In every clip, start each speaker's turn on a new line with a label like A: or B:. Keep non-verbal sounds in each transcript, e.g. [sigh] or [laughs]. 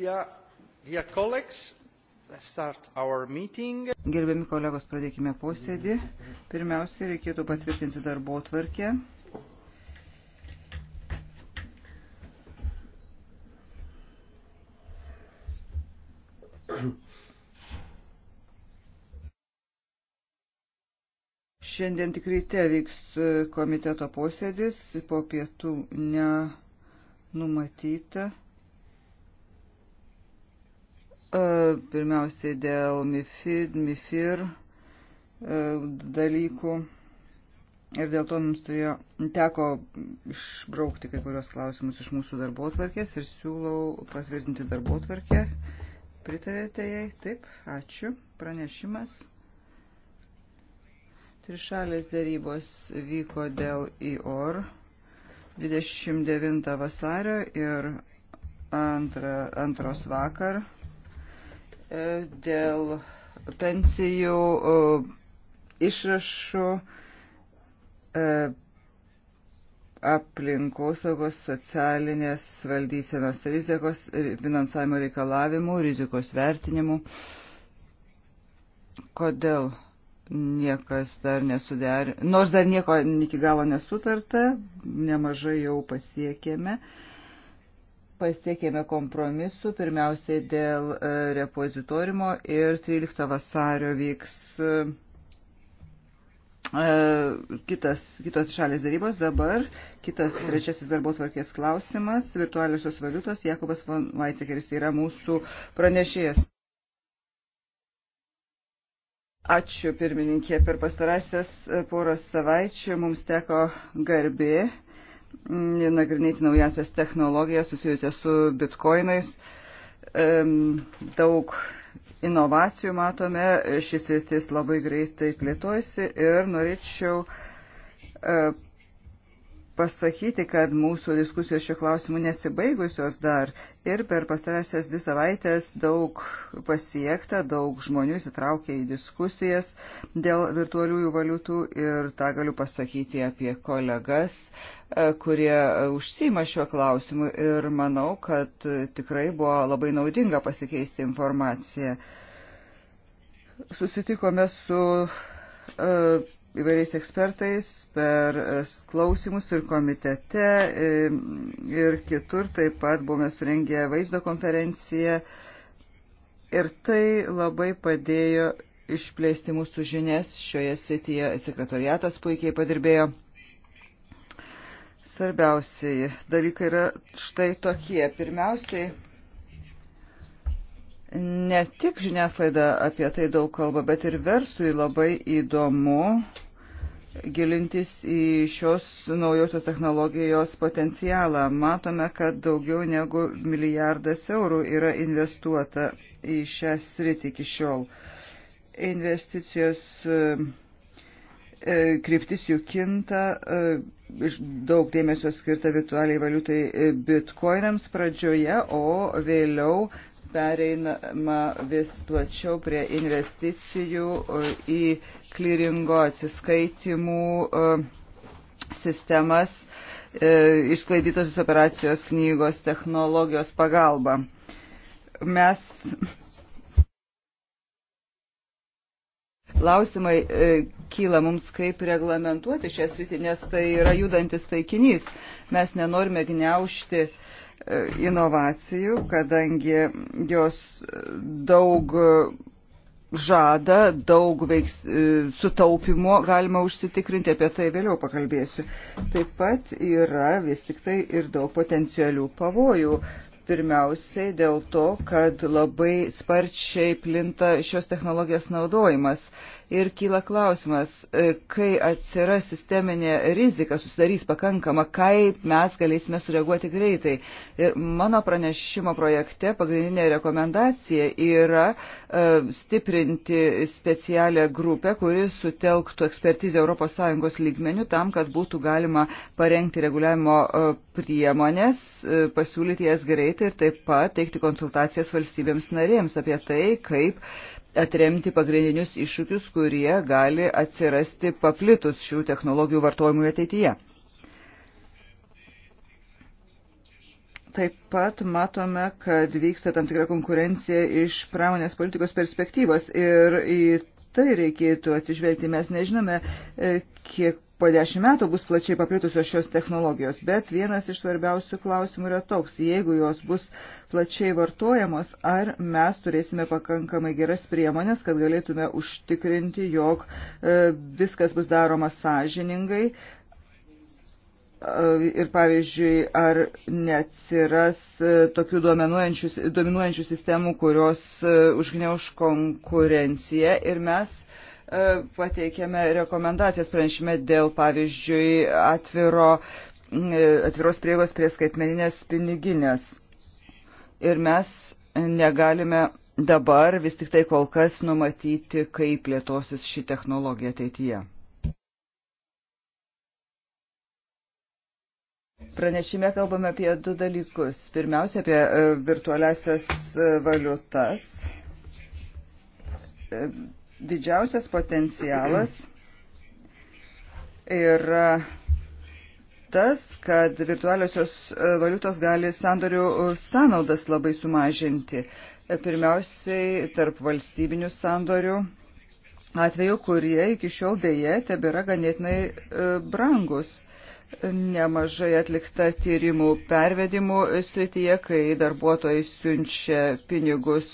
A: Gerbiami
B: kolegos, pradėkime posėdį. Pirmiausia, reikėtų patvirtinti darbo tvarkę. Šiandien tik ryte vyks komiteto posėdis, po pietų nenumatyta. E, pirmiausiai dėl MIFID, MIFIR e, dalykų. Ir dėl to mums turėjo, teko išbraukti kai kurios klausimus iš mūsų darbo tvarkės ir siūlau patvirtinti darbo tvarkę. Pritarėte jai? Taip, ačiū. Pranešimas. Trišalės dėrybos vyko dėl IOR 29 vasario ir antra, antros vakar dėl pensijų e, išrašų e, aplinkosaugos socialinės valdysenos rizikos e, finansavimo reikalavimų, rizikos vertinimų. Kodėl niekas dar nesuderė, nors dar nieko iki galo nesutarta, nemažai jau pasiekėme. E, pasiekėme kompromisų, pirmiausiai dėl e, repozitorimo ir 13 vasario vyks e, kitas, kitos šalės darybos. Dabar kitas trečiasis darbo tvarkės klausimas. Virtualiosios valiutos Jakobas von Weizsäkeris yra mūsų pranešėjas. Ačiū pirmininkė. Per pastarąsias e, poros savaičių mums teko garbė nagrinėti naujasias technologijas susijusias su bitkoinais. Daug inovacijų matome, šis rytis labai greitai plėtojasi ir norėčiau e, pasakyti, kad mūsų diskusijos šiuo klausimu nesibaigusios dar ir per pastarąsias dvi savaitės daug pasiekta, daug žmonių įsitraukė į diskusijas dėl virtualiųjų valiutų ir tą galiu pasakyti apie kolegas. E, kurie e, užsima šiuo klausimu ir manau, kad e, tikrai buvo labai naudinga pasikeisti informaciją. Susitikome su įvairiais ekspertais per klausimus ir komitete ir kitur taip pat buvome surengę vaizdo konferenciją ir tai labai padėjo išplėsti mūsų žinias šioje srityje. Sekretariatas puikiai padirbėjo. Svarbiausiai dalykai yra štai tokie. Pirmiausiai, ne tik žiniasklaida apie tai daug kalba, bet ir versui labai įdomu gilintis į šios naujosios technologijos potencialą. Matome, kad daugiau negu milijardas eurų yra investuota į šią sritį iki šiol. Investicijos e, kryptis jų kinta, e, daug dėmesio skirta virtualiai valiutai bitkoinams pradžioje, o vėliau pereinama vis plačiau prie investicijų e, į kliringo atsiskaitimų e, sistemas, e, išsklaidytosios operacijos knygos technologijos pagalba. Mes Klausimai e, kyla mums, kaip reglamentuoti šią sritį, nes tai yra judantis taikinys. Mes nenorime gniaušti e, inovacijų, kadangi jos daug žada, daug veiks, e, sutaupimo galima užsitikrinti, apie tai vėliau pakalbėsiu. Taip pat yra vis tik tai ir daug potencialių pavojų. E, pirmiausiai dėl to, kad labai sparčiai plinta šios technologijos naudojimas. Ir kyla klausimas, e, kai atsiras sisteminė rizika, susidarys pakankama, kaip mes galėsime sureaguoti greitai. Ir mano pranešimo projekte pagrindinė rekomendacija yra e, stiprinti specialią grupę, kuri sutelktų ekspertizę ES lygmenių tam, kad būtų galima parengti reguliavimo e, priemonės, pasiūlyti jas greitai ir taip pat teikti konsultacijas valstybėms narėms apie tai, kaip atremti pagrindinius iššūkius, kurie gali atsirasti paplitus šių technologijų vartojimui ateityje. Taip pat matome, kad vyksta tam tikra konkurencija iš pramonės politikos perspektyvos ir į tai reikėtų atsižvelgti. Mes nežinome, e, kiek po dešimt metų bus plačiai paplitusios šios technologijos, bet vienas iš svarbiausių klausimų yra toks, jeigu jos bus plačiai vartojamos, ar mes turėsime pakankamai geras priemonės, kad galėtume užtikrinti, jog e, viskas bus daroma sąžiningai. E, ir pavyzdžiui, ar neatsiras e, tokių dominuojančių sistemų, kurios e, užgneuž konkurenciją ir mes uh, E, pateikėme rekomendacijas pranešime dėl, pavyzdžiui, atviro, e, atviros priegos prie skaitmeninės piniginės. Ir mes negalime dabar vis tik tai kol kas numatyti, kaip plėtosis ši technologija ateityje. Pranešime kalbame apie du dalykus. Pirmiausia, apie e, virtualiasias valiutas didžiausias potencialas yra tas, kad virtualiosios e, valiutos gali sandorių e, sąnaudas labai sumažinti. E, pirmiausiai tarp valstybinių sandorių atveju, kurie iki šiol dėje tebėra ganėtinai brangus nemažai atlikta tyrimų pervedimų srityje, kai darbuotojai siunčia pinigus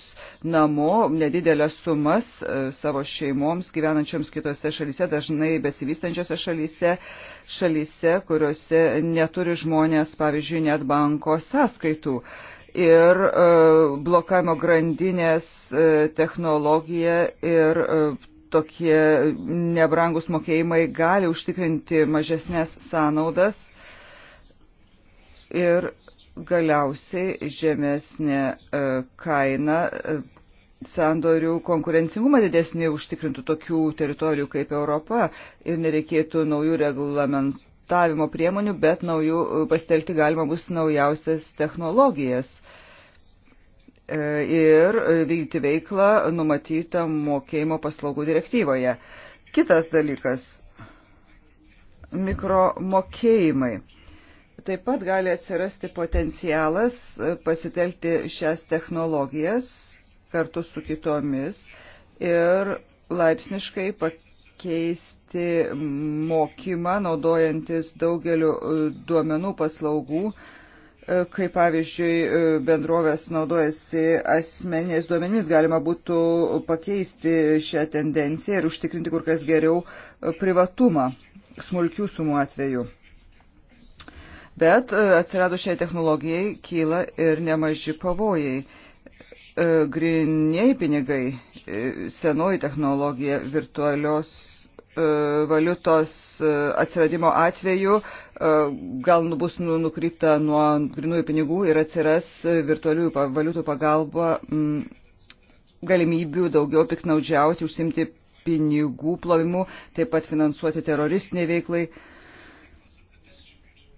B: namo, nedidelės sumas e, savo šeimoms gyvenančioms kitose šalyse, dažnai besivystančiose šalyse, šalyse, kuriuose neturi žmonės, pavyzdžiui, net banko sąskaitų. Ir e, blokavimo grandinės e, technologija ir tokie nebrangus mokėjimai gali užtikrinti mažesnės sąnaudas ir galiausiai žemesnė e, kaina e, sandorių konkurencingumą didesnį užtikrintų tokių teritorijų kaip Europa ir nereikėtų naujų reglamentavimo priemonių, bet naujų, e, pastelti galima bus naujausias technologijas. Uh, E, ir vykdyti veiklą numatytą mokėjimo paslaugų direktyvoje. Kitas dalykas - mikromokėjimai. Taip pat gali atsirasti potencialas e, pasitelkti šias technologijas kartu su kitomis ir laipsniškai pakeisti mokymą naudojantis daugeliu e, duomenų paslaugų kaip pavyzdžiui e, bendrovės naudojasi asmeniniais duomenimis, galima būtų pakeisti šią tendenciją ir užtikrinti kur kas geriau e, privatumą smulkių sumų atveju. Bet e, atsiradus šiai technologijai kyla ir nemaži pavojai. Griniai pinigai, senoji technologija virtualios valiutos atsiradimo atveju E, gal nu bus nu, nukrypta nuo grinųjų pinigų ir atsiras virtualiųjų valiutų pagalba mm, galimybių daugiau piknaudžiauti, užsimti pinigų plovimu, taip pat finansuoti teroristiniai veiklai. Uh,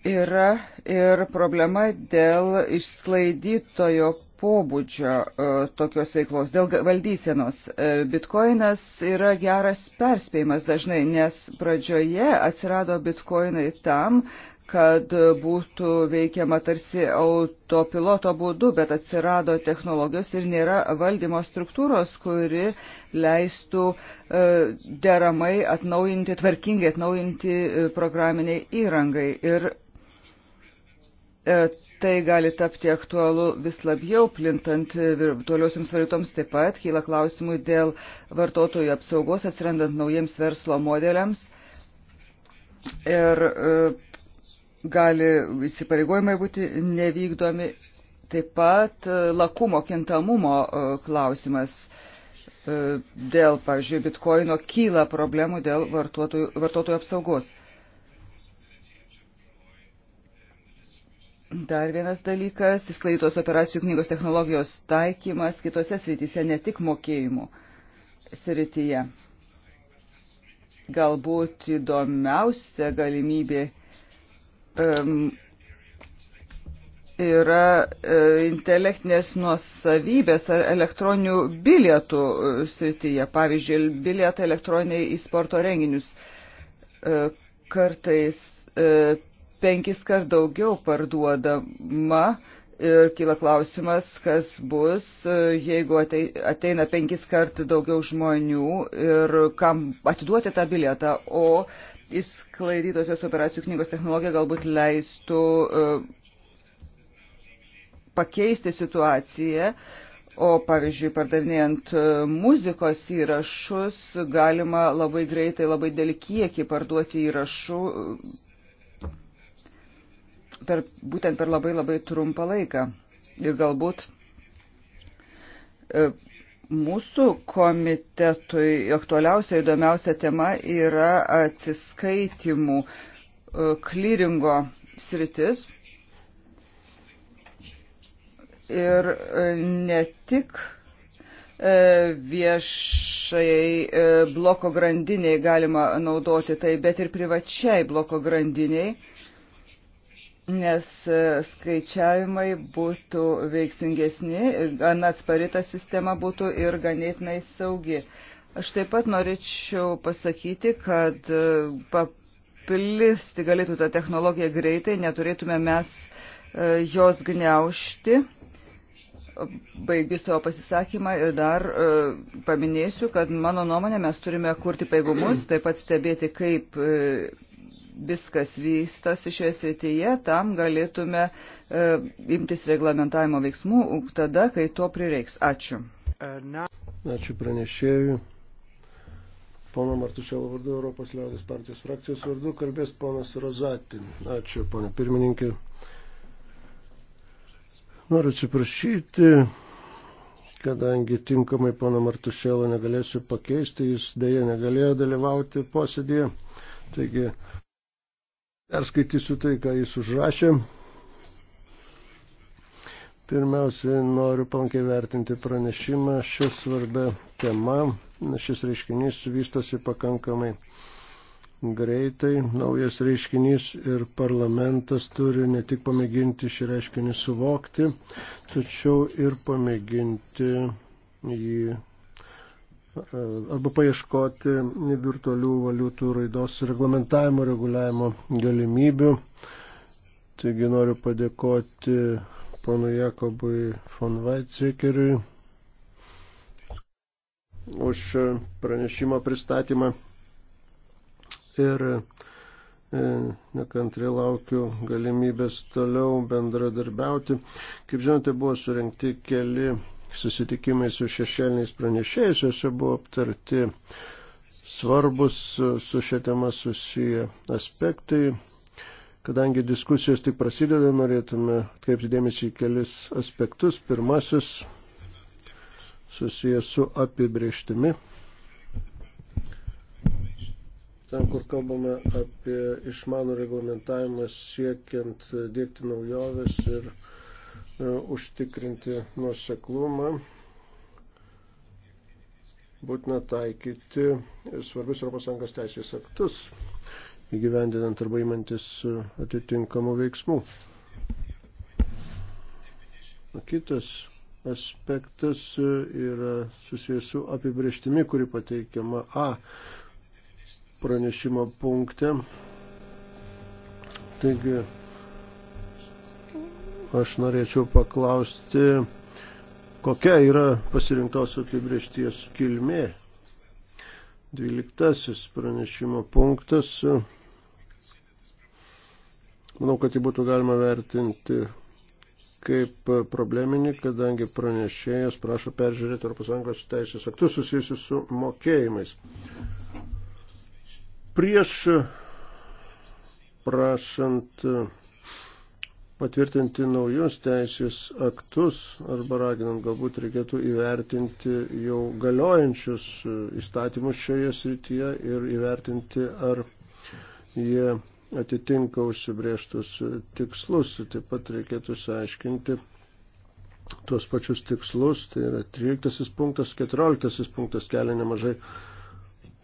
B: yra ir problema dėl išsklaidytojo pobūdžio e, tokios veiklos, dėl valdysenos. E, bitkoinas yra geras perspėjimas dažnai, nes pradžioje atsirado bitkoinai tam, kad būtų veikiama tarsi autopiloto būdu, bet atsirado technologijos ir nėra valdymo struktūros, kuri leistų e, deramai atnaujinti, tvarkingai atnaujinti programiniai įrangai. Ir E, tai gali tapti aktualu vis labiau plintant virtualiosioms valiutoms taip pat, kyla klausimų dėl vartotojų apsaugos atsirandant naujiems verslo modeliams ir e, gali įsipareigojimai būti nevykdomi. Taip pat e, lakumo kintamumo klausimas dėl, pavyzdžiui, bitkoino kyla problemų dėl vartotojų, vartotojų apsaugos. Dar vienas dalykas - įsklaidos operacijų knygos technologijos taikymas kitose srityse, ne tik mokėjimų srityje. Galbūt įdomiausia galimybė um, yra e, intelektinės nuosavybės ar elektroninių bilietų e, srityje. Pavyzdžiui, bilietai elektroniniai į sporto renginius. E, kartais penkis kart daugiau parduodama ir kyla klausimas, kas bus, e, jeigu ateina penkis kart daugiau žmonių ir kam atiduoti tą bilietą, o įsklaidytosios operacijų knygos technologija galbūt leistų e, pakeisti situaciją, o pavyzdžiui, pardavinėjant e, muzikos įrašus galima labai greitai, labai dėl kiekį parduoti įrašų per, būtent per labai labai trumpą laiką. Ir galbūt e, mūsų komitetui aktualiausia įdomiausia tema yra atsiskaitimų e, klyringo sritis. Ir e, ne tik viešai bloko grandiniai galima naudoti tai, bet ir privačiai bloko grandiniai nes e, skaičiavimai būtų veiksmingesni, gana atsparita sistema būtų ir ganėtinai saugi. Aš taip pat norėčiau pasakyti, kad e, paplisti galėtų tą technologiją greitai, neturėtume mes e, jos gniaušti. Baigiu savo pasisakymą ir dar paminėsiu, kad mano nuomonė mes turime kurti paigumus, taip pat stebėti, kaip viskas vystosi šioje srityje, tam galėtume e, imtis reglamentavimo veiksmų tada, kai to prireiks. Ačiū. Ačiū pranešėjui. Pono Martušėlo vardu Europos liaudės partijos frakcijos
A: vardu kalbės ponas Rozatin. Ačiū, ponė pirmininkė. Noriu atsiprašyti, kadangi tinkamai pono Martušėlo negalėsiu pakeisti, jis dėja negalėjo dalyvauti posėdėje. Taigi Perskaitysiu tai, ką jis užrašė. Pirmiausia, noriu palankiai vertinti pranešimą. Šis svarbia tema, šis reiškinys vystosi pakankamai greitai. Naujas reiškinys ir parlamentas turi ne tik pamėginti šį reiškinį suvokti, tačiau ir pamėginti jį arba paieškoti virtualių valiutų raidos reglamentavimo, reguliavimo galimybių. Taigi noriu padėkoti ponu Jakobui von Weizsäkeriui už pranešimo pristatymą ir e, nekantri laukiu galimybės toliau bendradarbiauti. Kaip žinote, buvo surinkti keli susitikimai su šešėliniais pranešėjais, juose buvo aptarti svarbus e, su šia tema susiję aspektai. Kadangi diskusijos tik prasideda, norėtume atkreipti dėmesį į kelis aspektus. Pirmasis susijęs su apibrieštimi. Ten, kur kalbame apie išmanų reglamentavimą siekiant dėkti naujoves ir uh, E, užtikrinti nuoseklumą, būtina taikyti svarbius ES teisės aktus, įgyvendinant arba įmantis e, atitinkamų veiksmų. Kitas aspektas e, yra susijęs su apibrieštimi, kuri pateikiama A pranešimo punkte. Taigi, Aš norėčiau paklausti, kokia yra pasirinktos apibriešties kilmė. Dvyliktasis pranešimo punktas. Manau, kad jį būtų galima vertinti kaip probleminį, kadangi pranešėjas prašo peržiūrėti ES teisės aktus susijusius su mokėjimais. Prieš prašant patvirtinti naujus teisės aktus arba raginant galbūt reikėtų įvertinti jau galiojančius e, įstatymus šioje srityje ir įvertinti, ar jie atitinka užsibrieštus e, tikslus. Taip pat reikėtų saiškinti tuos pačius tikslus, tai yra 13 punktas, 14 punktas kelia nemažai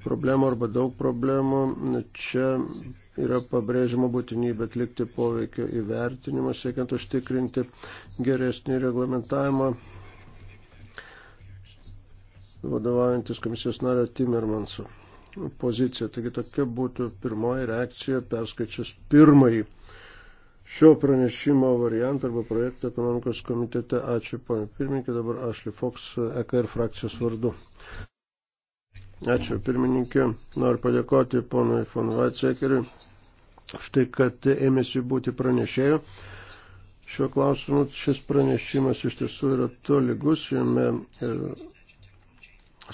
A: problemų arba daug problemų. Čia yra pabrėžiama būtinybė atlikti poveikio įvertinimą, siekiant užtikrinti geresnį reglamentavimą, vadovaujantis komisijos nario Timmermanso poziciją. Taigi tokia būtų pirmoji reakcija perskaičius pirmąjį šio pranešimo variantą arba projektą ekonomikos komitete. Ačiū, ponė pirmininkė, dabar Ašli Fox, EKR frakcijos vardu. Ačiū pirmininkė. Noriu padėkoti ponui von Weizsäkeriui štai kad ėmėsi būti pranešėjų. Šiuo klausimu šis pranešimas iš tiesų yra tolygus, jame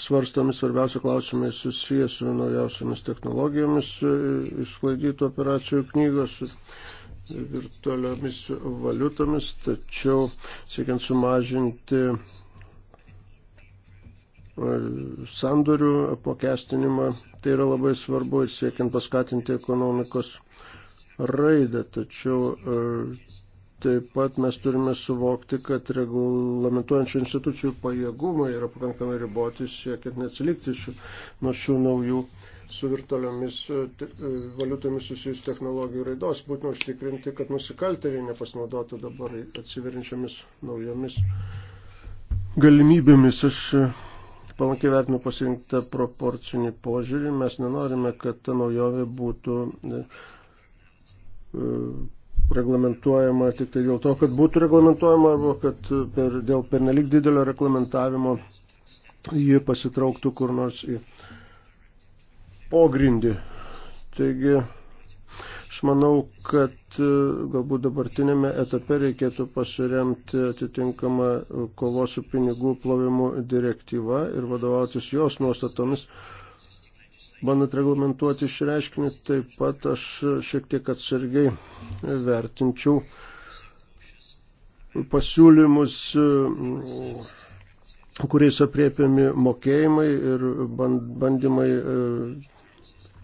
A: svarstomi svarbiausia klausimai susijęs su naujausiamis technologijomis, išsklaidytų operacijų knygos virtualiomis valiutomis, tačiau siekiant sumažinti sandorių apmokestinimą. Tai yra labai svarbu ir siekiant paskatinti ekonomikos raidą. Tačiau e, taip pat mes turime suvokti, kad reglamentuojančių institucijų pajėgumai yra pakankamai riboti, siekiant neatsilikti šių, nuo šių naujų su virtualiomis e, e, valiutomis susijusių technologijų raidos. Būtina užtikrinti, kad nusikaltėliai nepasinaudotų dabar atsiverinčiamis naujomis galimybėmis. Aš palankiai vertinu pasirinktą proporcinį požiūrį. Mes nenorime, kad ta naujovė būtų e, e, reglamentuojama tik tai dėl to, kad būtų reglamentuojama arba kad per, dėl pernelik didelio reglamentavimo ji pasitrauktų kur nors į pogrindį. Taigi Aš manau, kad e, galbūt dabartinėme etape reikėtų pasiremti atitinkamą kovos su pinigų plovimu direktyvą ir vadovautis jos nuostatomis. Bandant reglamentuoti šį reiškinį, taip pat aš šiek tiek atsargiai vertinčiau pasiūlymus, e, kuriais apriepiami mokėjimai ir bandymai e,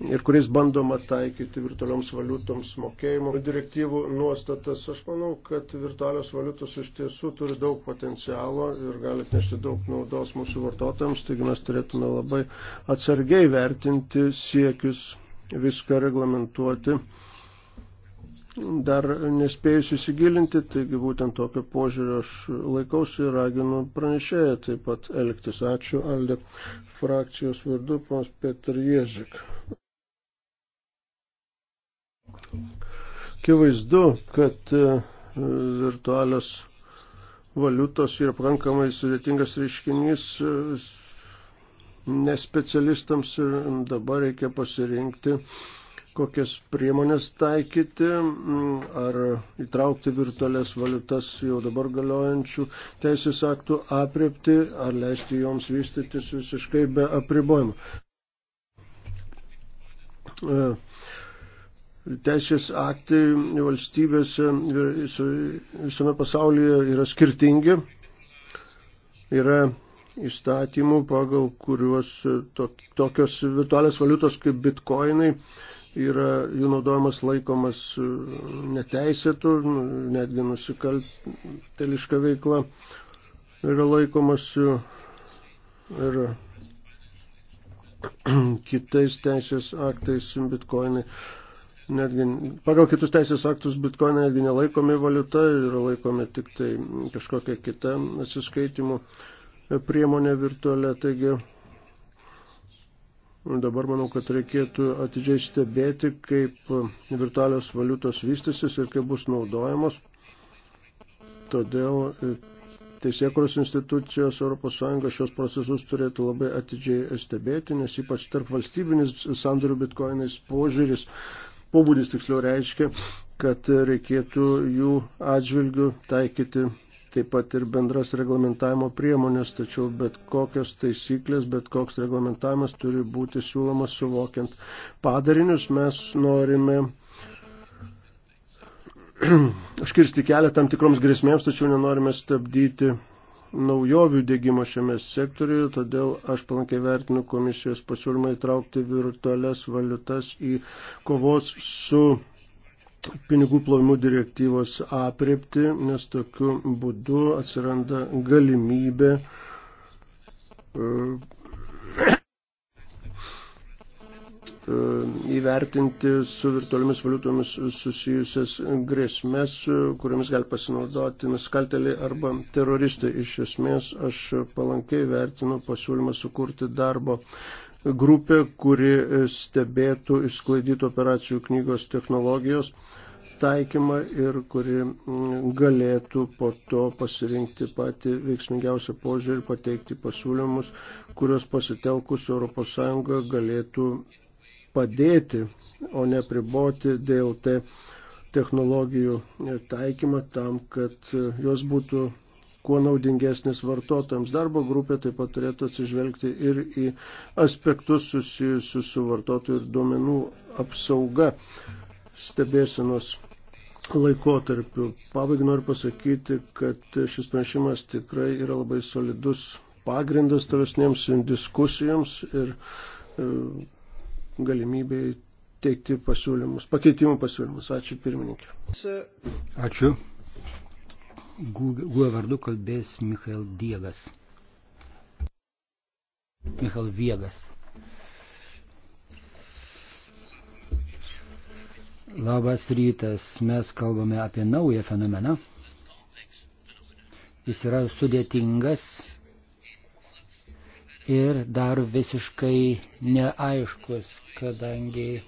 A: ir kuriais bandoma taikyti virtualioms valiutoms mokėjimo direktyvų nuostatas. Aš manau, kad virtualios valiutos iš tiesų turi daug potencialo ir gali atnešti daug naudos mūsų vartotojams, taigi mes turėtume labai atsargiai vertinti siekius viską reglamentuoti. Dar nespėjus įsigilinti, taigi būtent tokio požiūrio aš laikausi ir raginu pranešėją taip pat elgtis. Ačiū Aldė frakcijos vardu, pas Petr Jezik. Kivaizdu, kad e, virtualios valiutos yra pakankamai sudėtingas reiškinys e, nespecialistams ir dabar reikia pasirinkti, kokias priemonės taikyti, mm, ar įtraukti virtualias valiutas jau dabar galiojančių teisės aktų apriepti, ar leisti joms vystytis visiškai be apribojimų. E, teisės aktai valstybėse visame pasaulyje yra skirtingi. Yra įstatymų, pagal kuriuos tokios virtualios valiutos kaip bitkoinai yra jų naudojimas laikomas neteisėtų, netgi nusikalteliška veikla yra laikomas ir kitais teisės aktais bitkoinai netgi pagal kitus teisės aktus bitkoinai netgi nelaikomi valiuta, yra laikomi tik tai kažkokia kita atsiskaitimų priemonė virtualia. Taigi dabar manau, kad reikėtų atidžiai stebėti, kaip virtualios valiutos vystysis ir kaip bus naudojamos. Todėl teisėkuros institucijos ES šios procesus turėtų labai atidžiai stebėti, nes ypač tarp valstybinis sandorių bitkoinais požiūris pobūdis tiksliau reiškia, kad reikėtų jų atžvilgių taikyti taip pat ir bendras reglamentavimo priemonės, tačiau bet kokios taisyklės, bet koks reglamentavimas turi būti siūlomas suvokiant padarinius. Mes norime [clears throat] užkirsti kelią tam tikroms grėsmėms, tačiau nenorime stabdyti naujovių dėgymo šiame sektoriuje, todėl aš palankiai vertinu komisijos pasiūlymą įtraukti virtualias valiutas į kovos su pinigų plovimų direktyvos apriepti, nes tokiu būdu atsiranda galimybė E, įvertinti su virtualiomis valiutomis susijusias grėsmės, e, kuriamis gali pasinaudoti nusikalteliai arba teroristai. Iš esmės aš palankiai vertinu pasiūlymą sukurti darbo grupę, kuri stebėtų išsklaidytų operacijų knygos technologijos taikymą ir kuri mm, galėtų po to pasirinkti patį veiksmingiausią požiūrį ir pateikti pasiūlymus, kurios pasitelkus ES galėtų padėti, o ne priboti dėl te technologijų taikymą tam, kad jos būtų kuo naudingesnis vartotojams. Darbo grupė taip pat turėtų atsižvelgti ir į aspektus susijusius su vartotojų ir duomenų apsauga stebėsenos laikotarpiu. Pabaigai noriu pasakyti, kad šis pranešimas tikrai yra labai solidus pagrindas tolesniems diskusijoms ir e, galimybėj teikti pasiūlymus,
C: pakeitimų pasiūlymus. Ačiū pirmininkė. Ačiū. Google vardu kalbės Michael Diegas. Michael Viegas. Labas rytas, mes kalbame apie naują fenomeną. Jis yra sudėtingas ir dar visiškai neaiškus, kadangi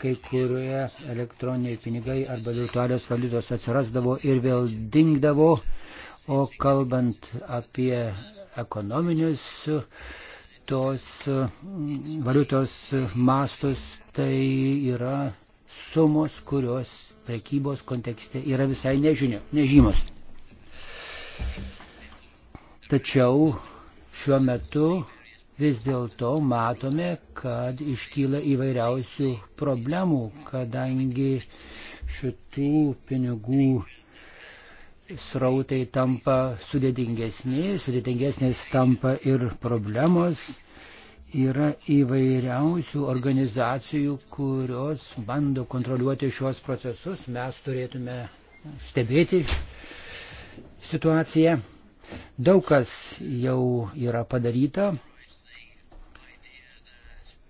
C: kai kurioje elektroniniai pinigai arba virtualios valiutos atsirasdavo ir vėl dingdavo, o kalbant apie ekonominius tos mm, valiutos mastus, tai yra sumos, kurios prekybos kontekste yra visai nežinio, nežymos. Tačiau šiuo metu vis dėlto matome, kad iškyla įvairiausių problemų, kadangi šitų pinigų srautai tampa sudėtingesni, sudėtingesnės tampa ir problemos. Yra įvairiausių organizacijų, kurios bando kontroliuoti šiuos procesus. Mes turėtume stebėti situaciją. Daug kas jau yra padaryta,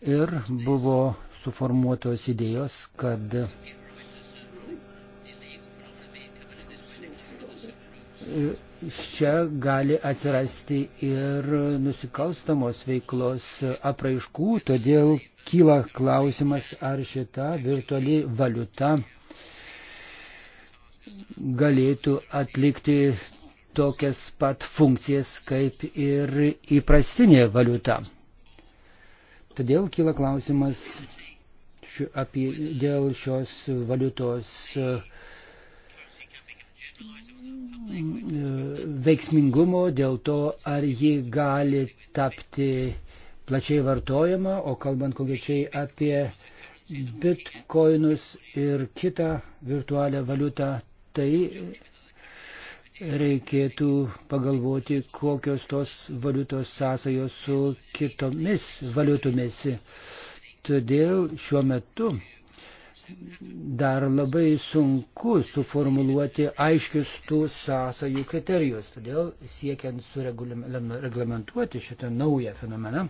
C: ir buvo suformuotos idėjos, kad čia gali atsirasti ir nusikalstamos veiklos apraiškų, todėl kyla klausimas, ar šita virtuali valiuta galėtų atlikti tokias pat funkcijas kaip ir įprastinė valiuta. Todėl kyla klausimas ši, apie, dėl šios valiutos e, veiksmingumo, dėl to, ar ji gali tapti plačiai vartojama, o kalbant konkrečiai apie bitkoinus ir kitą virtualią valiutą, tai reikėtų pagalvoti, kokios tos valiutos sąsajos su kitomis valiutomis. Todėl šiuo metu dar labai sunku suformuluoti aiškius tų sąsajų kriterijus. Todėl siekiant sureglamentuoti šitą naują fenomeną,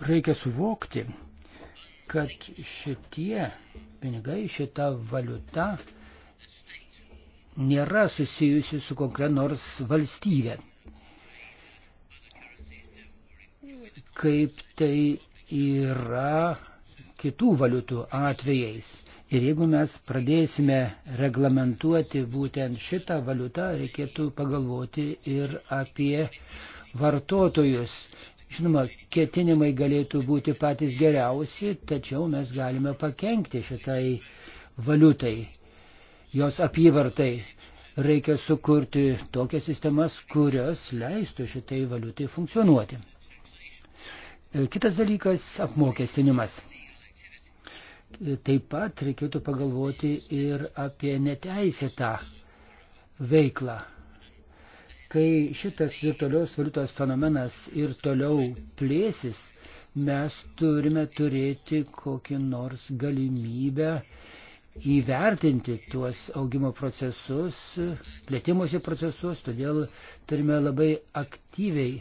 C: reikia suvokti, kad šitie pinigai, šita valiuta nėra susijusi su konkre nors valstybė. Kaip tai yra kitų valiutų atvejais. Ir jeigu mes pradėsime reglamentuoti būtent šitą valiutą, reikėtų pagalvoti ir apie vartotojus. Žinoma, ketinimai galėtų būti patys geriausi, tačiau mes galime pakengti šitai valiutai, jos apyvartai. Reikia sukurti tokias sistemas, kurios leistų šitai valiutai funkcionuoti. E, kitas dalykas - apmokestinimas. E, taip pat reikėtų pagalvoti ir apie neteisėtą veiklą kai šitas virtualios valiutos fenomenas ir toliau plėsis, mes turime turėti kokį nors galimybę įvertinti tuos augimo procesus, plėtimosi procesus, todėl turime labai aktyviai,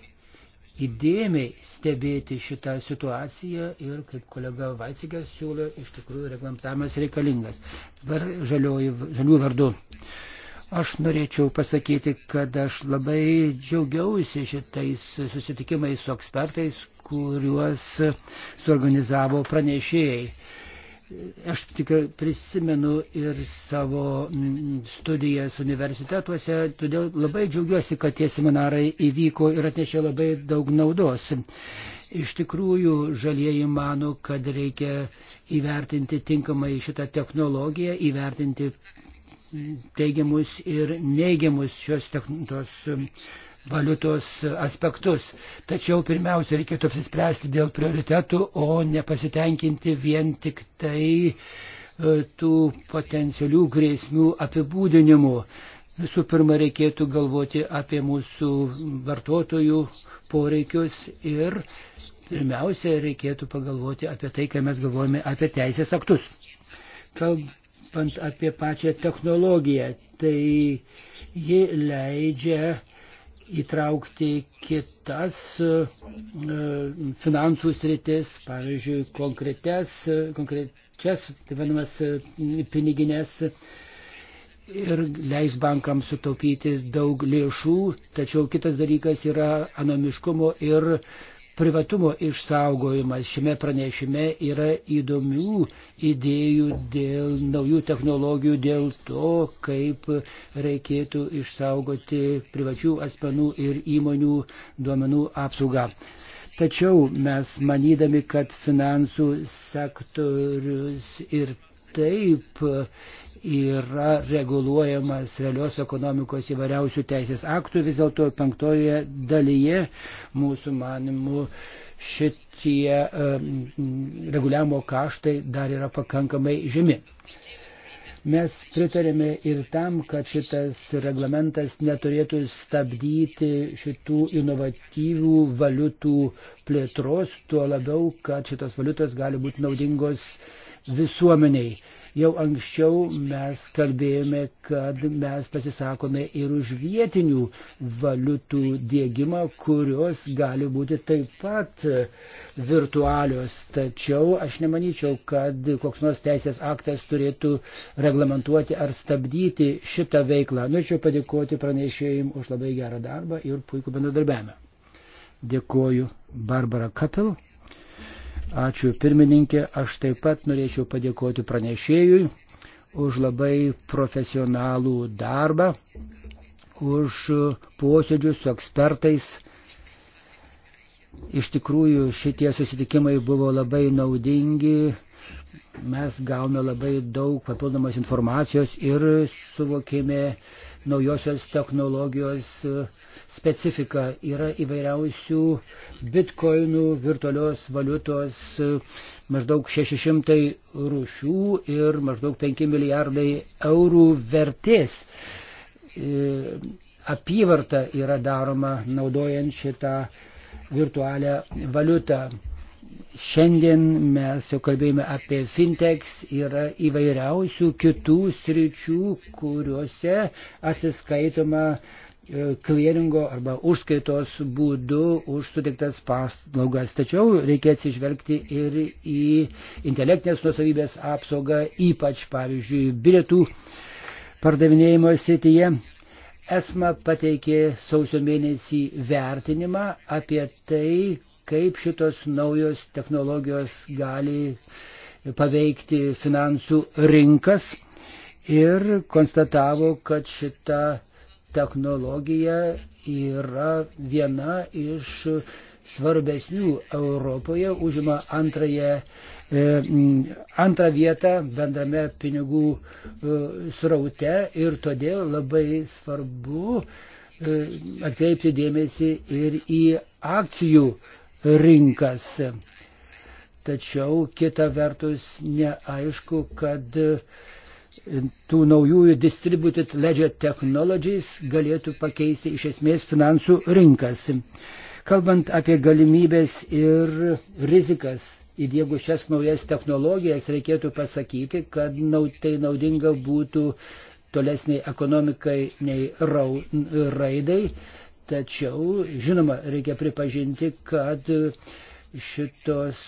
C: įdėmiai stebėti šitą situaciją ir, kaip kolega Vaicikas siūlo, iš tikrųjų reglamentavimas reikalingas. Dabar žaliųjų vardu. Aš norėčiau pasakyti, kad aš labai džiaugiausi šitais susitikimais su ekspertais, kuriuos suorganizavo pranešėjai. Aš tikrai prisimenu ir savo studijas universitetuose, todėl labai džiaugiuosi, kad tie seminarai įvyko ir atnešė labai daug naudos. Iš tikrųjų, žalieji mano, kad reikia įvertinti tinkamai šitą technologiją, įvertinti teigiamus ir neigiamus šios tos um, valiutos uh, aspektus. Tačiau pirmiausia, reikėtų apsispręsti dėl prioritetų, o nepasitenkinti vien tik tai uh, tų potencialių grėsmių apibūdinimų. Visų pirma, reikėtų galvoti apie mūsų vartotojų poreikius ir pirmiausia, reikėtų pagalvoti apie tai, ką mes galvojame apie teisės aktus. Kalb, kalbant apie pačią technologiją, tai ji leidžia įtraukti kitas e, finansų sritis, pavyzdžiui, konkrečias, tai vadinamas, e, piniginės ir leis bankams sutaupyti daug lėšų, tačiau kitas dalykas yra anomiškumo ir privatumo išsaugojimas. Šiame pranešime yra įdomių idėjų dėl naujų technologijų, dėl to, kaip reikėtų išsaugoti privačių asmenų ir įmonių duomenų apsaugą. Tačiau mes manydami, kad finansų sektorius ir taip yra reguluojamas realios ekonomikos įvairiausių teisės aktų, vis dėlto penktoje dalyje mūsų manimų šitie um, reguliavimo kaštai dar yra pakankamai žemi. Mes pritarėme ir tam, kad šitas reglamentas neturėtų stabdyti šitų inovatyvių valiutų plėtros, tuo labiau, kad šitos valiutos gali būti naudingos uh, visuomeniai. Jau anksčiau mes kalbėjome, kad mes pasisakome ir už vietinių valiutų dėgymą, kurios gali būti taip pat virtualios. Tačiau aš nemanyčiau, kad koks nors teisės aktas turėtų reglamentuoti ar stabdyti šitą veiklą. Norėčiau padėkoti pranešėjim už labai gerą darbą ir puikų bendradarbiavimą. Dėkoju Barbara Kapil. Ačiū pirmininkė, aš taip pat norėčiau padėkoti pranešėjui už labai profesionalų darbą, už posėdžius su ekspertais. Iš tikrųjų šitie susitikimai buvo labai naudingi, mes gavome labai daug papildomos informacijos ir suvokėme naujosios technologijos e, specifika. Yra įvairiausių bitkoinų, virtualios valiutos, e, maždaug 600 rūšių ir maždaug 5 milijardai eurų vertės e, apyvarta yra daroma naudojant šitą virtualią valiutą. Šiandien mes jau kalbėjome apie fintechs, yra įvairiausių kitų sričių, kuriuose atsiskaitoma e, klieringo arba užskaitos būdu už suteiktas paslaugas. Tačiau reikia atsižvelgti ir į intelektinės nusavybės apsaugą, ypač, pavyzdžiui, bilietų pardavinėjimo srityje. ESMA pateikė sausio mėnesį vertinimą apie tai, kaip šitos naujos technologijos gali paveikti finansų rinkas ir konstatavo, kad šita technologija yra viena iš svarbesnių Europoje, užima antrąją, e, antrą vietą bendrame pinigų e, sraute ir todėl labai svarbu e, atkreipti dėmesį ir į akcijų uh, rinkas. Tačiau kita vertus neaišku, kad tų naujųjų distributed ledger technologies galėtų pakeisti iš esmės finansų rinkas. Kalbant apie galimybės ir rizikas, įdėgu šias naujas technologijas, reikėtų pasakyti, kad tai naudinga būtų tolesniai ekonomikai nei raidai, Tačiau, žinoma, reikia pripažinti, kad šitos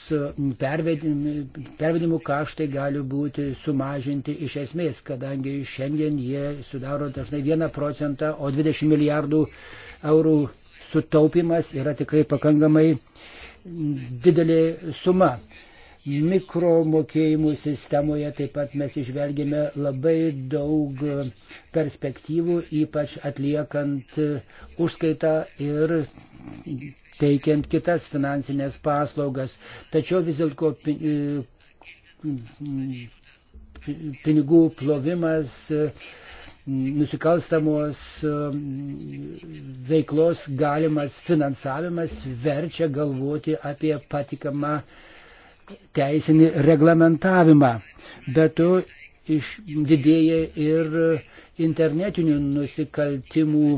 C: pervedimų kaštai gali būti sumažinti iš esmės, kadangi šiandien jie sudaro dažnai 1 procentą, o 20 milijardų eurų sutaupimas yra tikrai pakankamai didelė suma mikromokėjimų sistemoje taip pat mes išvelgėme labai daug perspektyvų, ypač atliekant užskaitą ir teikiant kitas finansinės paslaugas. Tačiau vis dėlto e, pinigų plovimas, nusikalstamos e, veiklos galimas finansavimas verčia galvoti apie patikimą teisinį reglamentavimą, bet to didėja ir internetinių nusikaltimų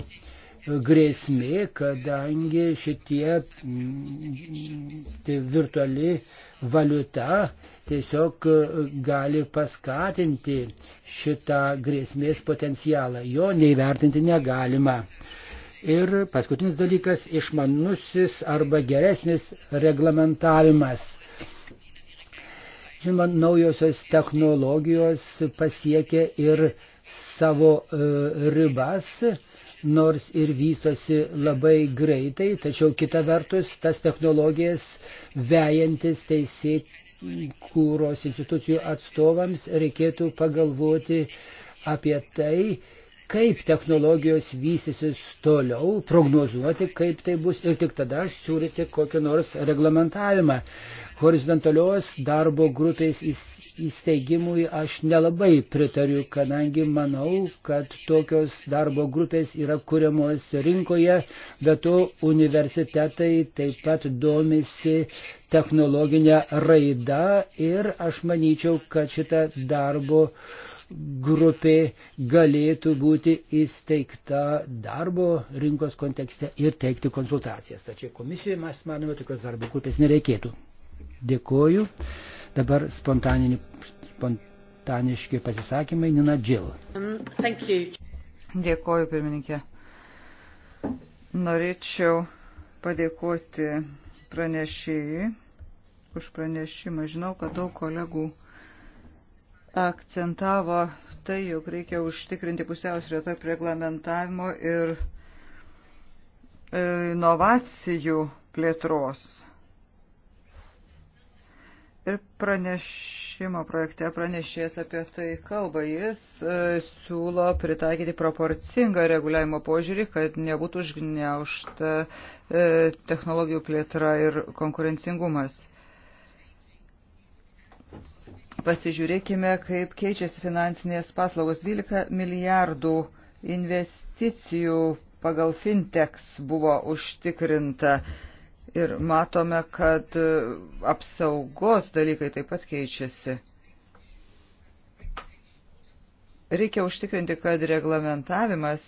C: grėsmė, kadangi šitie tai virtuali valiuta tiesiog gali paskatinti šitą grėsmės potencialą. Jo neįvertinti negalima. Ir paskutinis dalykas - išmanusis arba geresnis reglamentavimas Žinoma, naujosios technologijos pasiekia ir savo e, ribas, nors ir vystosi labai greitai, tačiau kita vertus tas technologijas vejantis teisė kūros institucijų atstovams reikėtų pagalvoti apie tai, kaip technologijos vystysis toliau, prognozuoti, kaip tai bus ir tik tada siūlyti kokį nors reglamentavimą. Horizontalios darbo grupės įsteigimui aš nelabai pritariu, kadangi manau, kad tokios darbo grupės yra kuriamos rinkoje, bet to universitetai taip pat domisi technologinę raidą ir aš manyčiau, kad šita darbo grupė grupė galėtų būti įsteigta darbo rinkos kontekste ir teikti konsultacijas. Tačiau komisijoje mes manome, tokios darbo grupės nereikėtų. Dėkoju. Dabar spontaniški pasisakymai. Nina Džil.
B: Um, Dėkoju, pirmininkė. Norėčiau padėkoti pranešėjui už pranešimą. Žinau, kad daug kolegų uh, akcentavo tai, jog reikia užtikrinti pusiausvyrę tarp reglamentavimo ir e, inovacijų plėtros. Ir pranešimo projekte pranešės apie tai kalba. Jis e, siūlo pritaikyti proporcingą reguliavimo požiūrį, kad nebūtų užgneušta e, technologijų plėtra ir konkurencingumas. E, Pasižiūrėkime, kaip keičiasi finansinės paslaugos. 12 milijardų investicijų pagal Fintex buvo užtikrinta. Ir matome, kad apsaugos dalykai taip pat keičiasi. Reikia užtikrinti, kad reglamentavimas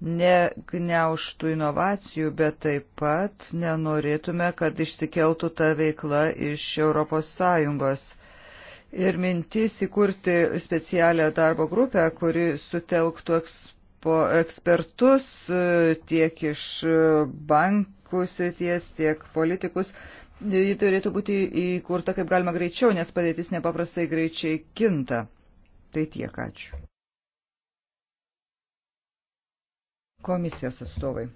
B: negniauštų inovacijų, bet taip pat nenorėtume, kad išsikeltų ta veikla iš ES. Ir mintis įkurti specialią darbo grupę, kuri sutelktų ekspo, ekspertus e, tiek iš bankų srities, tiek politikus, ji turėtų būti įkurta kaip galima greičiau, nes padėtis nepaprastai greičiai kinta. Tai tiek ačiū. komisijos atstovai.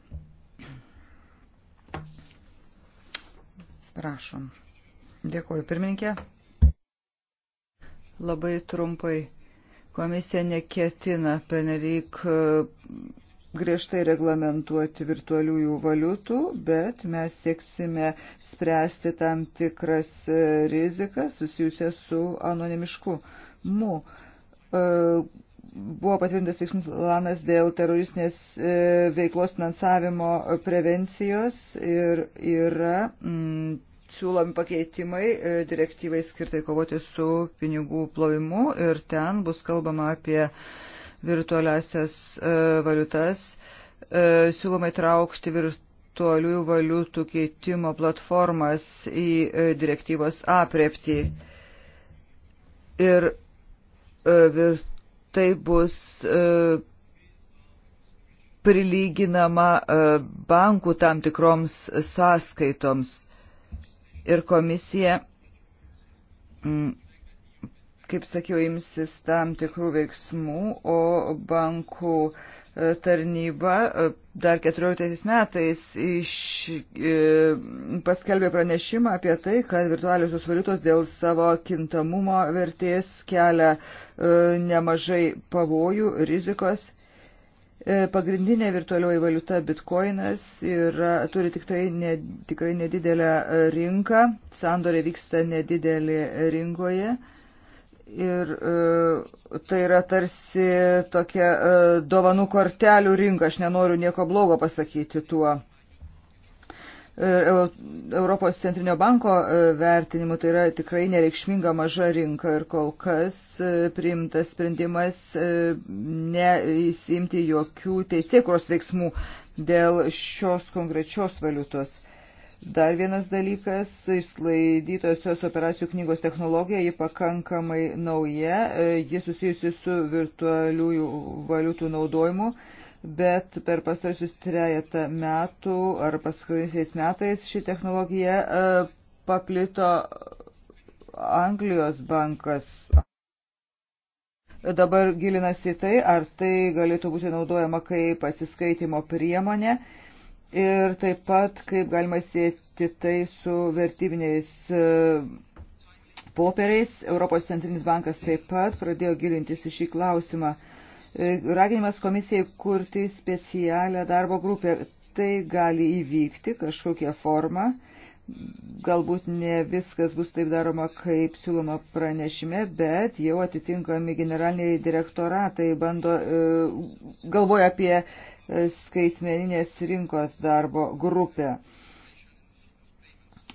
B: Prašom. Dėkuoju, pirmininkė. Labai trumpai. Komisija neketina penelyk e, griežtai reglamentuoti virtualiųjų valiutų, bet mes sieksime spręsti tam tikras e, rizikas susijusias su anonimišku. Mu e, buvo patvirtintas veiksmų planas dėl teroristinės e, veiklos finansavimo prevencijos ir yra mm, siūlomi pakeitimai e, direktyvai skirtai kovoti su pinigų plovimu ir ten bus kalbama apie virtualiasias e, valiutas. Siūloma įtraukti virtualiųjų valiutų keitimo platformas į direktyvos aprepti. Ir virtualiųjų tai bus e, prilyginama e, bankų tam tikroms sąskaitoms. Ir komisija, mm, kaip sakiau, imsis tam tikrų veiksmų, o bankų uh, tarnyba e, dar 14 metais iš, e, paskelbė pranešimą apie tai, kad virtualiosios valiutos dėl savo kintamumo vertės kelia e, nemažai pavojų, rizikos. Pagrindinė virtualioji valiuta bitkoinas yra, turi tik tai ne, tikrai nedidelę rinką, sandorė vyksta nedidelė rinkoje Ir e, tai yra tarsi tokia e, dovanų kortelių rinka, aš nenoriu nieko blogo pasakyti tuo. E, Europos centrinio banko vertinimu tai yra tikrai nereikšminga maža rinka ir kol kas priimtas sprendimas neįsimti jokių teisėkros veiksmų dėl šios konkrečios valiutos. Dar vienas dalykas - išsklaidytosios operacijų knygos technologija, ji pakankamai nauja, e, ji susijusi su virtualiųjų valiutų naudojimu, bet per pastarusius trejata metų ar paskutiniais metais ši technologija e, paplito Anglijos bankas. Dabar gilinasi tai, ar tai galėtų būti naudojama kaip atsiskaitimo priemonė ir taip pat kaip galima sėti tai su vertybiniais e, popieriais. Europos centrinis bankas taip pat pradėjo gilintis į šį klausimą. E, raginimas komisijai kurti specialią darbo grupę. Tai gali įvykti kažkokią formą. Galbūt ne viskas bus taip daroma, kaip siūloma pranešime, bet jau atitinkami generaliniai direktoratai bando, e, galvoja apie skaitmeninės rinkos darbo grupę.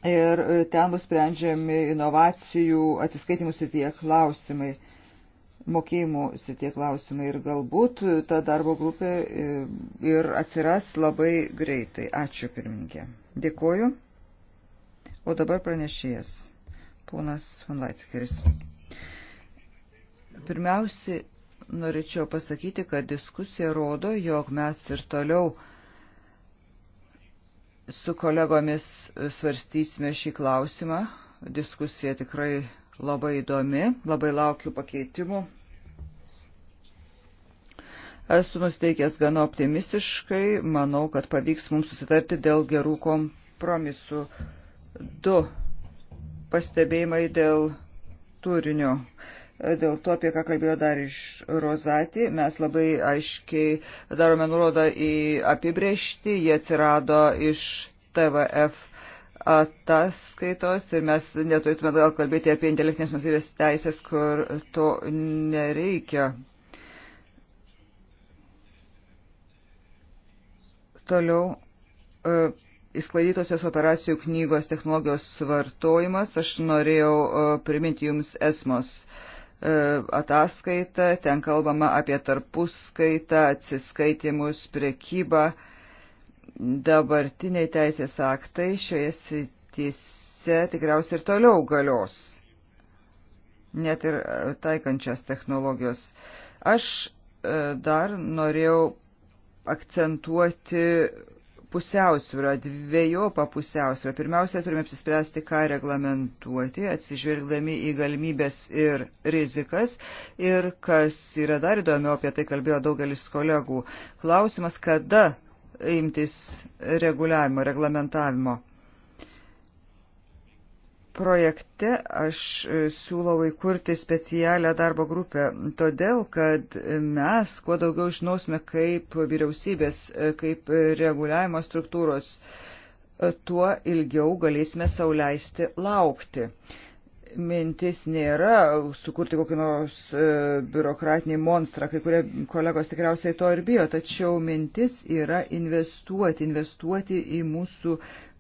B: Ir ten bus sprendžiami inovacijų atsiskaitimų srityje klausimai, mokėjimų srityje klausimai ir galbūt ta darbo grupė e, ir atsiras labai greitai. Ačiū pirmininkė. Dėkoju. O dabar pranešėjas, ponas Van Laitkeris. Pirmiausia, norėčiau pasakyti, kad diskusija rodo, jog mes ir toliau su kolegomis svarstysime šį klausimą. Diskusija tikrai labai įdomi, labai laukiu pakeitimų. Esu nusteikęs gana optimistiškai, manau, kad pavyks mums susitarti dėl gerų kompromisų. Du pastebėjimai dėl turinio. Uh, dėl to, apie ką kalbėjo dar iš Rozati. Mes labai aiškiai darome nurodą į apibrėžtį, jie atsirado iš TVF ataskaitos ir mes neturėtume gal kalbėti apie intelektinės nusivės teisės, kur to nereikia. Toliau. Uh, e, įsklaidytosios operacijų knygos technologijos vartojimas. Aš norėjau e, priminti Jums esmos uh, E, ataskaitą, ten kalbama apie tarpuskaitą, atsiskaitimus, prekybą. Dabartiniai teisės aktai šioje srityse tikriausiai ir toliau galios, net ir e, taikančias technologijos. Aš e, dar norėjau akcentuoti pusiausvyrą, dviejopą pusiausvyrą. Pirmiausia, turime apsispręsti, ką reglamentuoti, atsižvelgdami į galimybės ir rizikas. Ir kas yra dar įdomiau, apie tai kalbėjo daugelis kolegų. Klausimas, kada imtis reguliavimo, reglamentavimo projekte aš e, siūlau įkurti specialią darbo grupę, todėl kad mes kuo daugiau žinosime, kaip vyriausybės, e, kaip reguliavimo struktūros, e, tuo ilgiau galėsime sauliaisti laukti. Mintis nėra sukurti kokį nors biurokratinį monstrą, kai kurie kolegos tikriausiai to ir bijo, tačiau mintis yra investuoti, investuoti į mūsų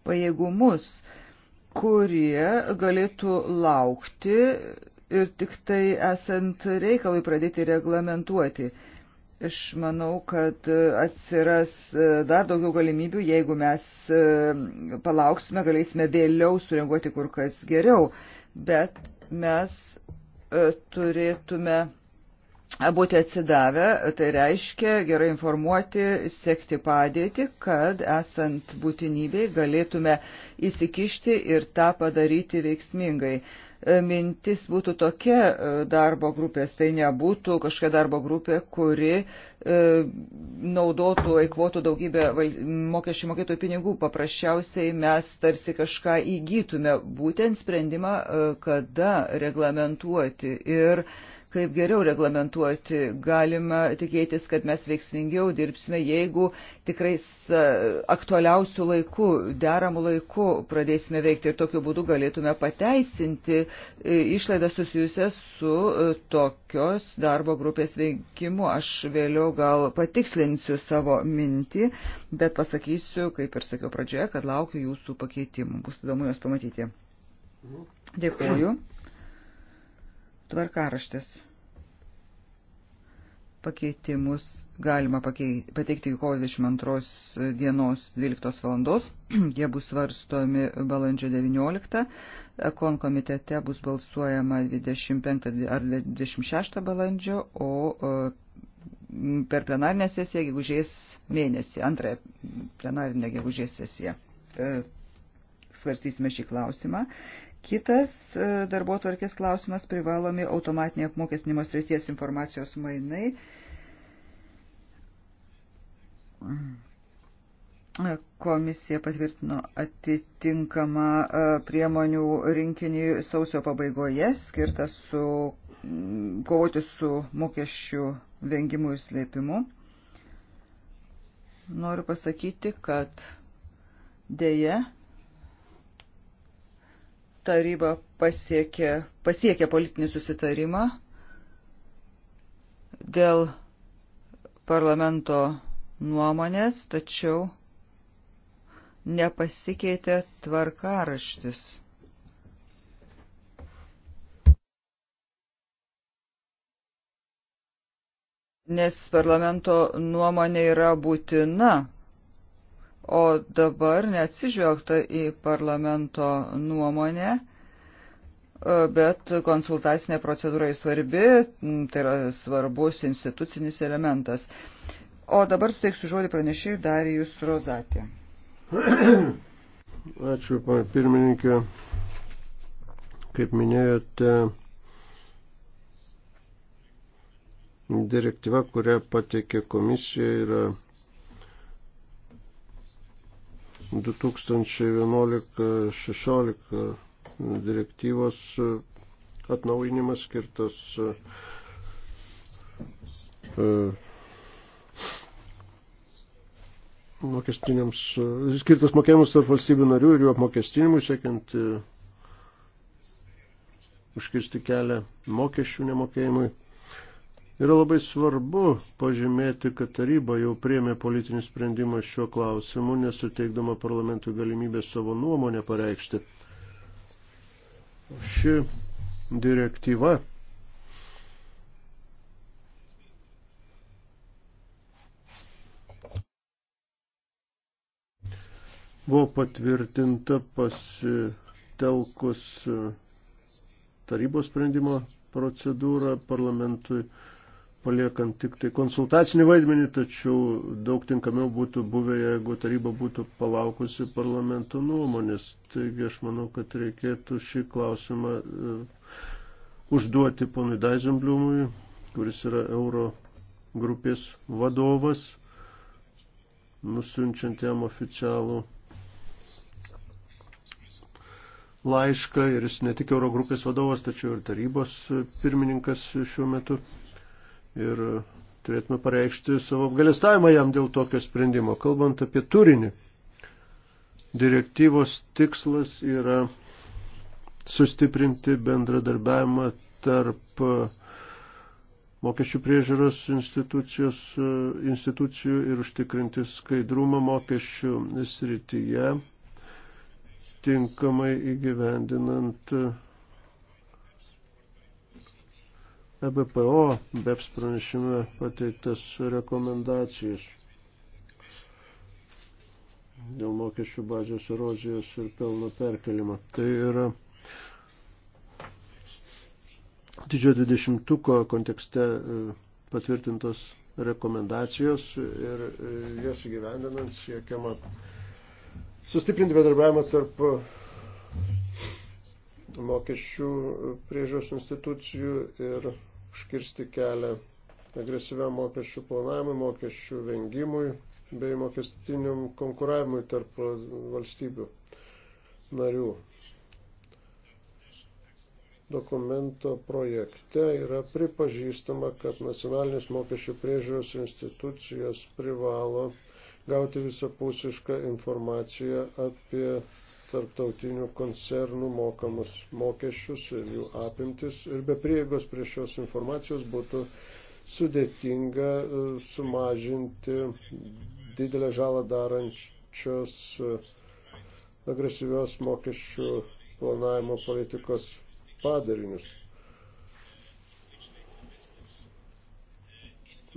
B: pajėgumus kurie galėtų laukti ir tik tai esant reikalui pradėti reglamentuoti. Aš manau, kad atsiras dar daugiau galimybių, jeigu mes e, palauksime, galėsime vėliau surenguoti kur kas geriau, bet mes e, turėtume būti atsidavę, tai reiškia gerai informuoti, sekti padėti, kad esant būtinybei galėtume įsikišti ir tą padaryti veiksmingai. E, mintis būtų tokia e, darbo grupės, tai nebūtų kažkokia darbo grupė, kuri e, naudotų, eikvotų daugybę mokesčių mokėtojų pinigų. Paprasčiausiai mes tarsi kažką įgytume, būtent sprendimą, kada reglamentuoti. Ir uh, kaip geriau reglamentuoti. Galima tikėtis, kad mes veiksmingiau dirbsime, jeigu tikrai aktualiausių laikų, deramų laikų pradėsime veikti ir tokiu būdu galėtume pateisinti e, išlaidą susijusią su e, tokios darbo grupės veikimu. Aš vėliau gal patikslinsiu savo mintį, bet pasakysiu, kaip ir sakiau pradžioje, kad laukiu jūsų pakeitimų. Bus įdomu juos pamatyti. Mhm. Dėkuoju. Tvarkaraštis. Pakeitimus galima pakei, pateikti iki kovo 22 dienos 12 valandos. [clears throat] Jie bus svarstomi balandžio 19. Kon komitete bus balsuojama 25 ar 26 balandžio, o per plenarinę sesiją gegužės mėnesį, antrąją plenarinę gegužės sesiją. E, svarstysime šį klausimą. Kitas e, darbo tvarkės klausimas privalomi automatinė apmokestinimo srities informacijos mainai. E, komisija patvirtino atitinkamą e, priemonių rinkinį sausio pabaigoje, skirtą su, kovoti su mokesčių vengimu ir slėpimu. Noriu pasakyti, kad dėje Taryba pasiekė, pasiekė politinį susitarimą dėl parlamento nuomonės, tačiau nepasikeitė tvarkaraštis. Nes parlamento nuomonė yra būtina o dabar neatsižvelgta į parlamento nuomonę, e, bet konsultacinė procedūra svarbi, tai yra svarbus institucinis elementas. O dabar suteiksiu žodį pranešėjui Darijus Rozatė. Ačiū,
A: pana pirmininkė. Kaip minėjote, direktyva, kurią pateikė komisija, yra 2011-16 direktyvos atnaujinimas skirtas e, mokestiniams, skirtas mokėjimus tarp valstybių narių ir jų apmokestinimui, siekiant e, užkirsti kelią mokesčių nemokėjimui. Yra labai svarbu pažymėti, kad taryba jau priemė politinį sprendimą šiuo klausimu, nesuteikdama parlamentui galimybę savo nuomonę pareikšti. Ši direktyva buvo patvirtinta pasitelkus tarybos sprendimo procedūrą parlamentui paliekant tik tai konsultacinį vaidmenį, tačiau daug tinkamiau būtų buvę, jeigu taryba būtų palaukusi parlamento nuomonės. Taigi aš manau, kad reikėtų šį klausimą e, užduoti ponui Daisembliumui, kuris yra euro grupės vadovas, nusiunčiant jam oficialų laišką ir jis ne tik Eurogrupės vadovas, tačiau ir tarybos pirmininkas šiuo metu ir turėtume pareikšti savo apgalestavimą jam dėl tokio sprendimo. Kalbant apie turinį, direktyvos tikslas yra sustiprinti bendradarbiavimą tarp mokesčių priežiūros institucijų ir užtikrinti skaidrumą mokesčių srityje, tinkamai įgyvendinant E BPO BEPS pranešime pateiktas rekomendacijas dėl mokesčių bazės erozijos ir pelno perkelimo. Tai yra didžio 20-ko kontekste e, patvirtintos rekomendacijos ir e, jas įgyvendinant siekiama sustiprinti bedarbiavimą tarp mokesčių priežiūros institucijų ir užkirsti kelią agresyviam mokesčių planavimui, mokesčių vengimui bei mokestiniam konkuravimui tarp valstybių narių. Dokumento projekte yra pripažįstama, kad nacionalinės mokesčių priežiūros institucijos privalo gauti visapusišką informaciją apie tarptautinių koncernų mokamus mokesčius ir jų apimtis ir be prieigos prie šios informacijos būtų sudėtinga e, sumažinti didelę žalą darančios e, agresyvios mokesčių planavimo politikos padarinius.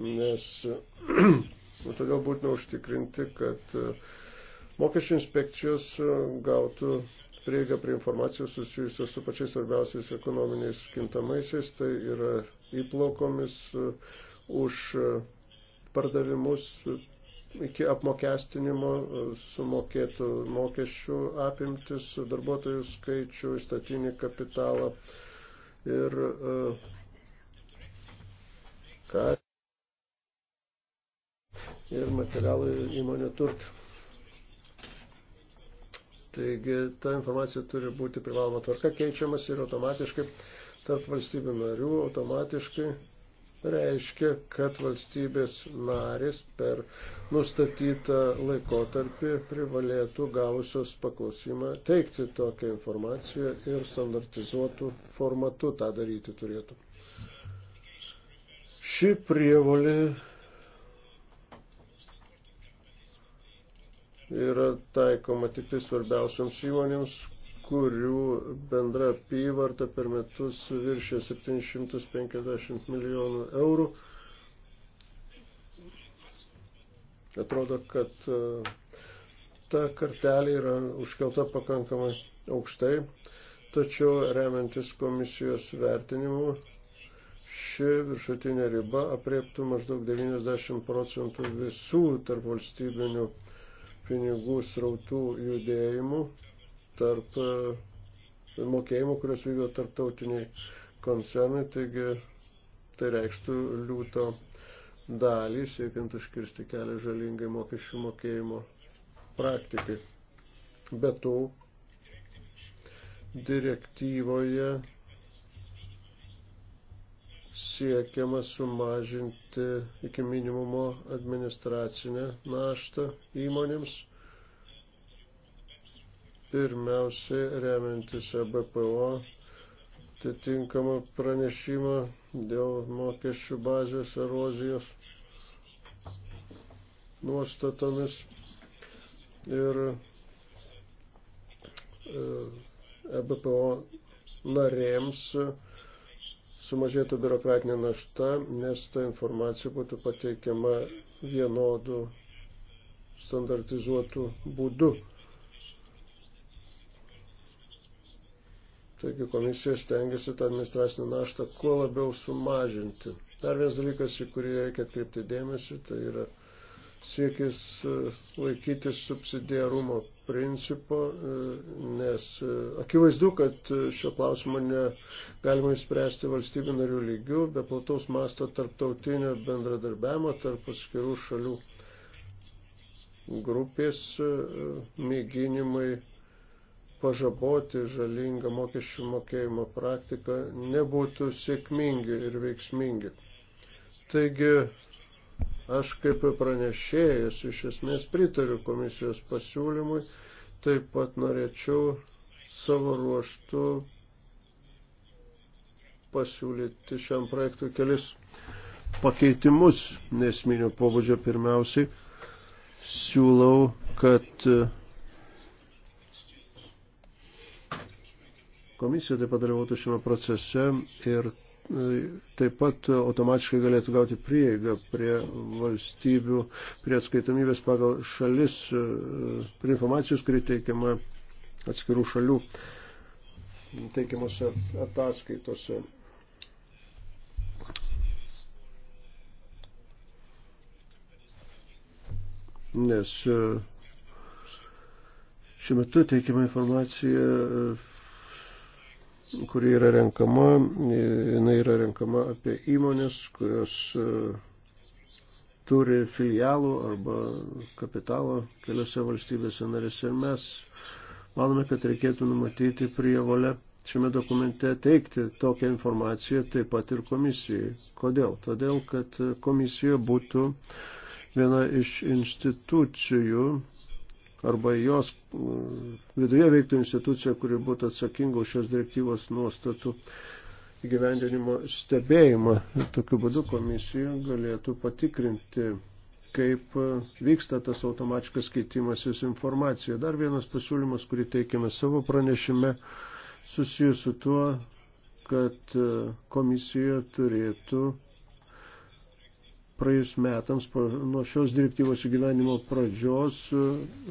A: Nes e, [clears throat] todėl būtina užtikrinti, kad uh, mokesčių inspekcijos e, gautų prieigą prie informacijos susijusios su pačiais svarbiausiais ekonominiais kintamaisiais, tai yra įplaukomis e, už e, pardavimus iki apmokestinimo sumokėtų mokesčių apimtis, darbuotojų skaičių, įstatinį kapitalą ir ką ir materialų įmonė turtą. Taigi ta informacija turi būti privaloma tvarka keičiamas ir automatiškai tarp valstybių narių automatiškai reiškia, kad valstybės narės per nustatytą laikotarpį privalėtų gavusios paklausimą teikti tokią informaciją ir standartizuotų formatu tą daryti turėtų. Ši prievolė yra taikoma tik tai svarbiausiams įmonėms, kurių bendra apyvarta per metus viršė 750 milijonų eurų. Atrodo, kad e, ta kartelė yra užkelta pakankamai aukštai, tačiau remiantis komisijos vertinimu, ši viršutinė riba apriektų maždaug 90 procentų visų tarp valstybinių pinigų srautų judėjimų tarp e, mokėjimų, kurios vykdo tarptautiniai koncernai, taigi tai reikštų liūto dalį, siekiant užkirsti kelią žalingai mokesčių mokėjimo praktikai. Be to, direktyvoje siekiama sumažinti iki minimumo administracinę naštą įmonėms, pirmiausiai remiantis e BPO atitinkamą pranešimą dėl mokesčių bazės erozijos nuostatomis ir EBPO e narėms sumažėtų biurokratinė našta, nes ta informacija būtų pateikiama vienodu standartizuotų būdų. Taigi komisija stengiasi tą administracinę naštą kuo labiau sumažinti. Dar vienas dalykas, į kurį reikia atkreipti dėmesį, tai yra siekis laikytis subsidiarumo principo, e, nes e, akivaizdu, kad e, šio klausimo negalima išspręsti valstybių narių lygių, be plataus masto tarptautinio bendradarbiavimo tarp atskirų šalių grupės mėginimai pažaboti žalingą mokesčių mokėjimo praktiką nebūtų sėkmingi ir veiksmingi. Taigi Aš kaip pranešėjas iš esmės pritariu komisijos pasiūlymui, taip pat norėčiau savo ruoštų pasiūlyti šiam projektui kelis pakeitimus nesminio pobūdžio pirmiausiai. Siūlau, kad komisija taip pat dalyvautų šiame procese ir taip pat automatiškai galėtų gauti prieigą prie valstybių, prie atskaitomybės pagal šalis, e, prie informacijos, kuri teikiama atskirų šalių teikiamose ataskaitose. Nes e, šiuo metu teikiama informacija e, kuri yra renkama, e, jinai yra renkama apie įmonės, kurios e, turi filialų arba kapitalo keliose valstybėse narėse. Ir mes manome, kad reikėtų numatyti prievolę šiame dokumente teikti tokią informaciją taip pat ir komisijai. Kodėl? Todėl, kad komisija būtų viena iš institucijų, arba jos mm, viduje veiktų institucija, kuri būtų atsakinga už šios direktyvos nuostatų įgyvendinimo stebėjimą. Ir tokiu būdu komisija galėtų patikrinti, kaip mm, vyksta tas automatiškas keitimasis informacija. Dar vienas pasiūlymas, kurį teikėme savo pranešime, susijęs su tuo, kad mm, komisija turėtų praėjus metams nuo šios direktyvos įgyvenimo pradžios e,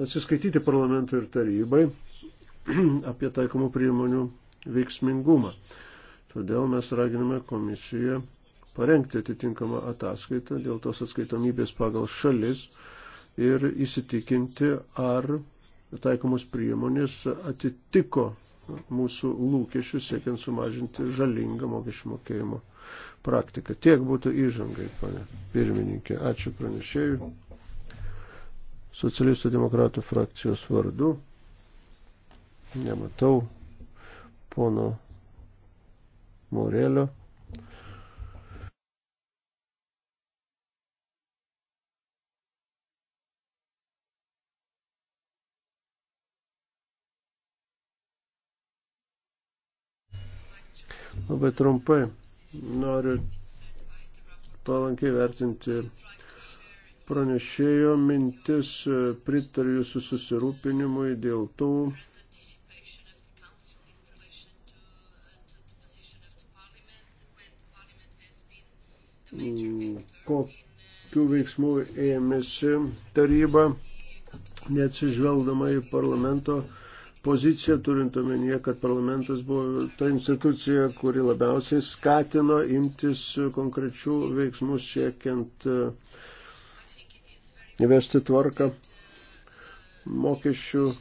A: atsiskaityti parlamentui ir tarybai [clears throat] apie taikomų priemonių veiksmingumą. Todėl mes raginame komisiją parengti atitinkamą ataskaitą dėl tos atskaitomybės pagal šalis ir įsitikinti, ar taikomos priemonės atitiko mūsų lūkesčius, siekiant sumažinti žalingą mokesčių mokėjimo praktiką. Tiek būtų įžangai, panė pirmininkė. Ačiū pranešėjui. Socialistų demokratų frakcijos vardu. Nematau pono Morelio. Labai trumpai noriu palankiai vertinti pranešėjo mintis, pritariu jūsų susirūpinimui dėl tų kokių veiksmų ėmėsi taryba, neatsižvelgdama į parlamento poziciją, turint omenyje, kad parlamentas buvo ta institucija, kuri labiausiai skatino imtis konkrečių veiksmų siekiant e, įvesti tvarką mokesčių e,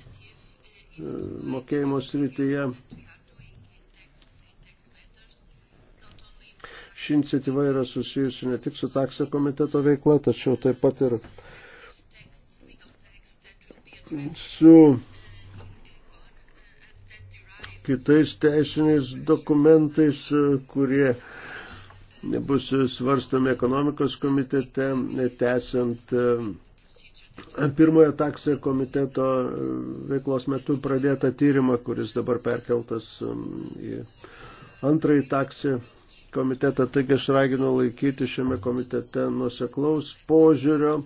A: mokėjimo srityje. Ši iniciatyva yra susijusi ne tik su takso komiteto veikla, tačiau taip pat ir su kitais teisiniais dokumentais, e, kurie bus svarstami ekonomikos komitete, tęsiant e, pirmojo taksio komiteto e, veiklos metu pradėtą tyrimą, kuris dabar perkeltas į antrąjį taksį komitetą. Taigi aš raginu laikyti šiame komitete nuseklaus požiūrio,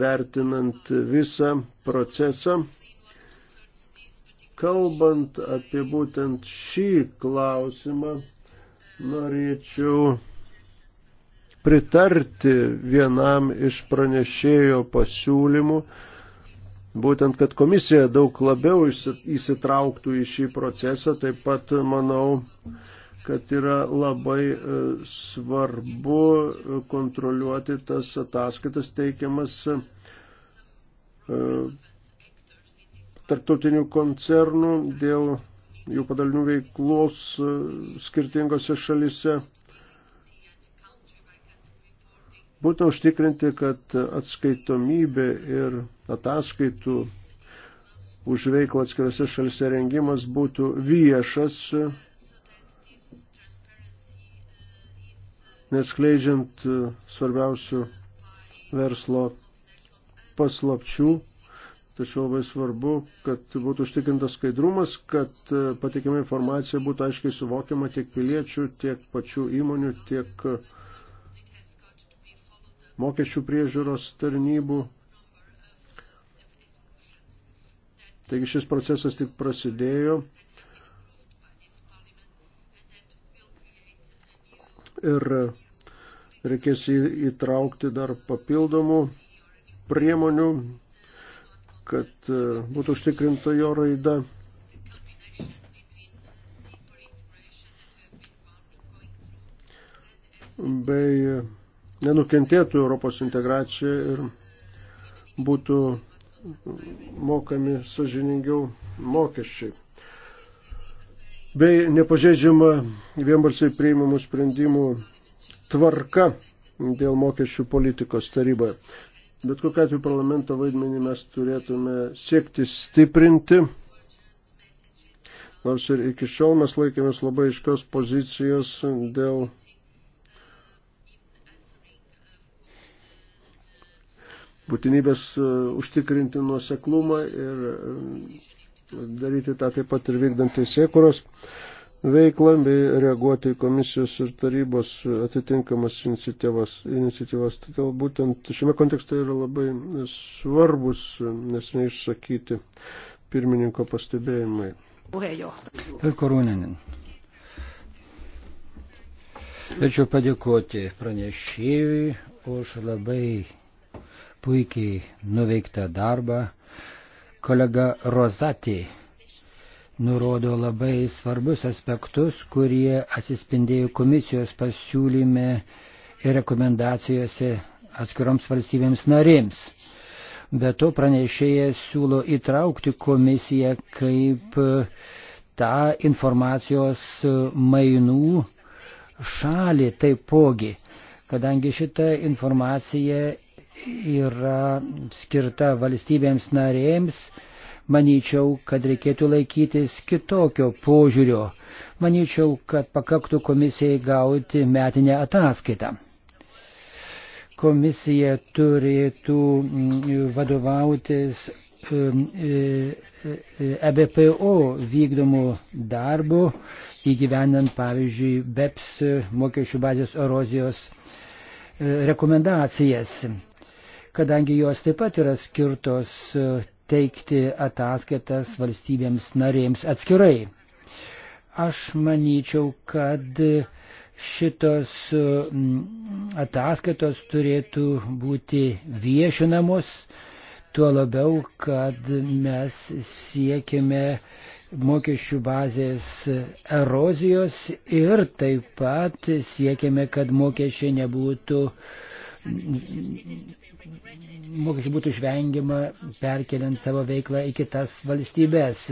A: vertinant visą procesą. Kalbant apie būtent šį klausimą, norėčiau pritarti vienam iš pranešėjo pasiūlymų, būtent, kad komisija daug labiau įsitrauktų į šį procesą, taip pat manau, kad yra labai e, svarbu kontroliuoti tas ataskaitas teikiamas e, tarptautinių koncernų dėl jų padalinių veiklos e, skirtingose šalise. Būtina užtikrinti, kad atskaitomybė ir ataskaitų už veiklą atskirose šalise rengimas būtų viešas, neskleidžiant e, svarbiausių verslo paslapčių. Tačiau labai svarbu, kad būtų užtikrintas skaidrumas, kad e, patikima informacija būtų aiškiai suvokiama tiek piliečių, tiek pačių įmonių, tiek e, mokesčių priežiūros tarnybų. Taigi šis procesas tik prasidėjo. Ir e, reikės įtraukti dar papildomų priemonių kad e, būtų užtikrinta jo raida. bei nenukentėtų Europos integracija ir būtų mokami sažiningiau mokesčiai. Bei nepažeidžiama vienbalsiai priimamų sprendimų tvarka dėl mokesčių politikos taryboje. Bet kokiu atveju parlamento vaidmenį mes turėtume siekti stiprinti. Nors ir iki šiol mes laikėmės labai iškios pozicijos dėl būtinybės e, užtikrinti nuoseklumą ir e, daryti tą taip pat ir vykdant teisėkuros veiklą bei reaguoti į komisijos ir tarybos atitinkamas iniciatyvas. iniciatyvas. Todėl būtent šiame kontekste yra labai svarbus, nes neišsakyti pirmininko pastebėjimai.
C: Ir Korūninin. Ačiū padėkoti pranešėjui už labai puikiai nuveiktą darbą. Kolega Rozatė nurodo labai svarbus aspektus, kurie atsispindėjo komisijos pasiūlyme ir rekomendacijose atskiroms valstybėms narėms. Be to pranešėjas siūlo įtraukti komisiją kaip e, tą informacijos mainų šalį taipogi, kadangi šita informacija yra skirta valstybėms narėms, manyčiau, kad reikėtų laikytis kitokio požiūrio. Manyčiau, kad pakaktų komisijai gauti metinę ataskaitą. Komisija turėtų mm, vadovautis mm, EBPO e, e vykdomų darbų, įgyvendant pavyzdžiui BEPS mokesčių bazės erozijos e, rekomendacijas, kadangi jos taip pat yra skirtos teikti ataskaitas valstybėms narėms atskirai. Aš manyčiau, kad šitos mm, ataskaitos turėtų būti viešinamos, tuo labiau, kad mes siekime mokesčių bazės erozijos ir taip pat siekime, kad mokesčiai nebūtų uh, mokesčių būtų išvengiama perkeliant savo veiklą į kitas valstybės.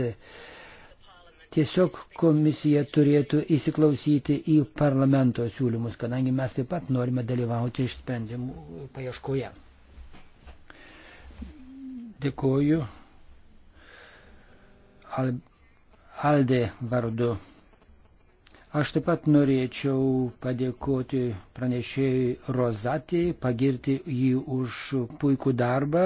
C: Tiesiog komisija turėtų įsiklausyti į parlamento siūlymus, kadangi mes taip pat norime dalyvauti iš sprendimų paieškoje. Dėkuoju. Aldė vardu. Aš taip pat norėčiau padėkoti pranešėjai Rozatį, pagirti jį už puikų darbą,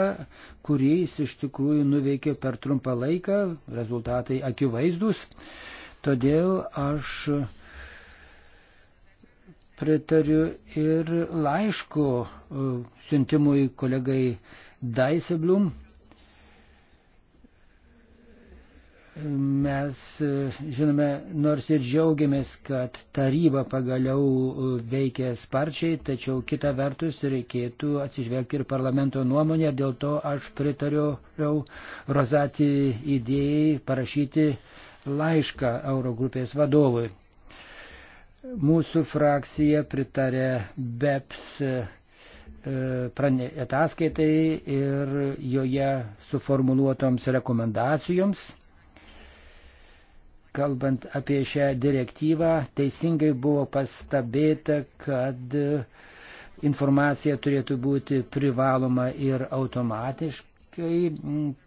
C: kurį jis iš tikrųjų nuveikė per trumpą laiką, rezultatai akivaizdus. Todėl aš pritariu ir laiško e, siuntimui kolegai Daiseblum Mes e, žinome, nors ir džiaugiamės, kad taryba pagaliau e, veikia sparčiai, tačiau kita vertus reikėtų atsižvelgti ir parlamento nuomonę, dėl to aš pritariu Rozatį idėjai parašyti laišką Eurogrupės vadovui. Mūsų frakcija pritarė BEPS e, ataskaitai ir joje suformuluotoms rekomendacijoms kalbant apie šią direktyvą, teisingai buvo pastabėta, kad informacija turėtų būti privaloma ir automatiškai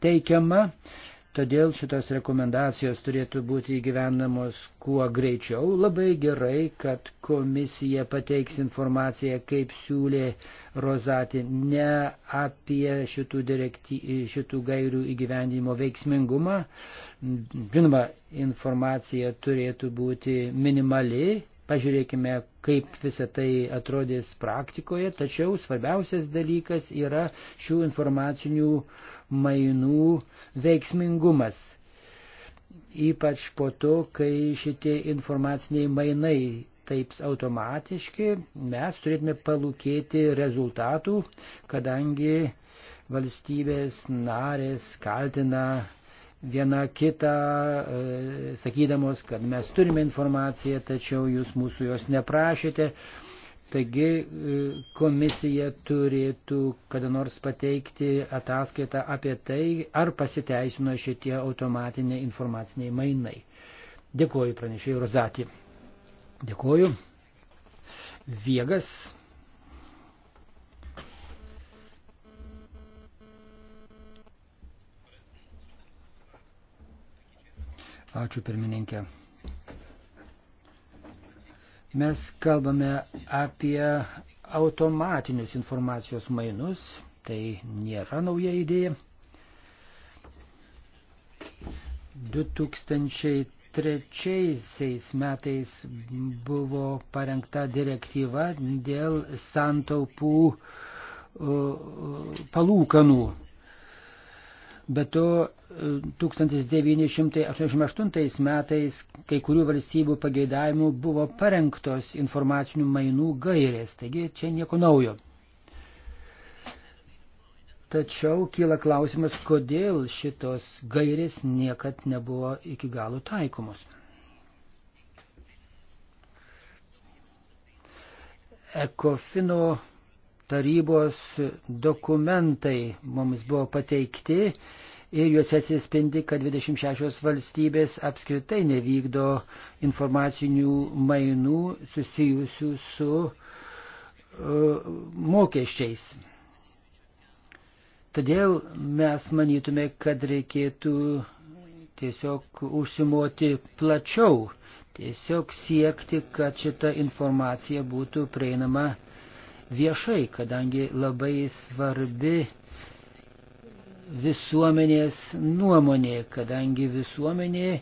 C: teikiama. Todėl šitos rekomendacijos turėtų būti įgyvenamos kuo greičiau. Labai gerai, kad komisija pateiks informaciją, kaip siūlė Rozati, ne apie šitų, direkty... šitų gairių įgyvendinimo veiksmingumą. Žinoma, informacija turėtų būti minimali. Pažiūrėkime, kaip visa tai atrodys praktikoje, tačiau svarbiausias dalykas yra šių informacinių uh, mainų veiksmingumas. Ypač po to, kai šitie informaciniai mainai taip automatiški, mes turėtume palūkėti rezultatų, kadangi valstybės narės kaltina viena kitą, e, sakydamos, kad mes turime informaciją, tačiau jūs mūsų jos neprašėte. Taigi e, komisija turėtų kada nors pateikti ataskaitą apie tai, ar pasiteisino šitie automatiniai informaciniai mainai. Dėkuoju pranešėjai Rozatį. Dėkuoju. Viegas. Ačiū pirmininkė. Mes kalbame apie automatinius informacijos mainus, tai nėra nauja idėja. 2003 metais buvo parengta direktyva dėl santaupų uh, palūkanų. Bet to 1988 metais kai kurių valstybių pageidavimu buvo parengtos informacinių mainų gairės, taigi čia nieko naujo. Tačiau kyla klausimas, kodėl šitos gairės niekad nebuvo iki galo taikomos. Ekofino tarybos dokumentai mums buvo pateikti ir juose atsispindi, kad 26 valstybės apskritai nevykdo informacinių mainų susijusių su uh, mokesčiais. Todėl mes manytume, kad reikėtų tiesiog užsimoti plačiau, tiesiog siekti, kad šita informacija būtų prieinama viešai, kadangi labai svarbi visuomenės nuomonė, kadangi visuomenė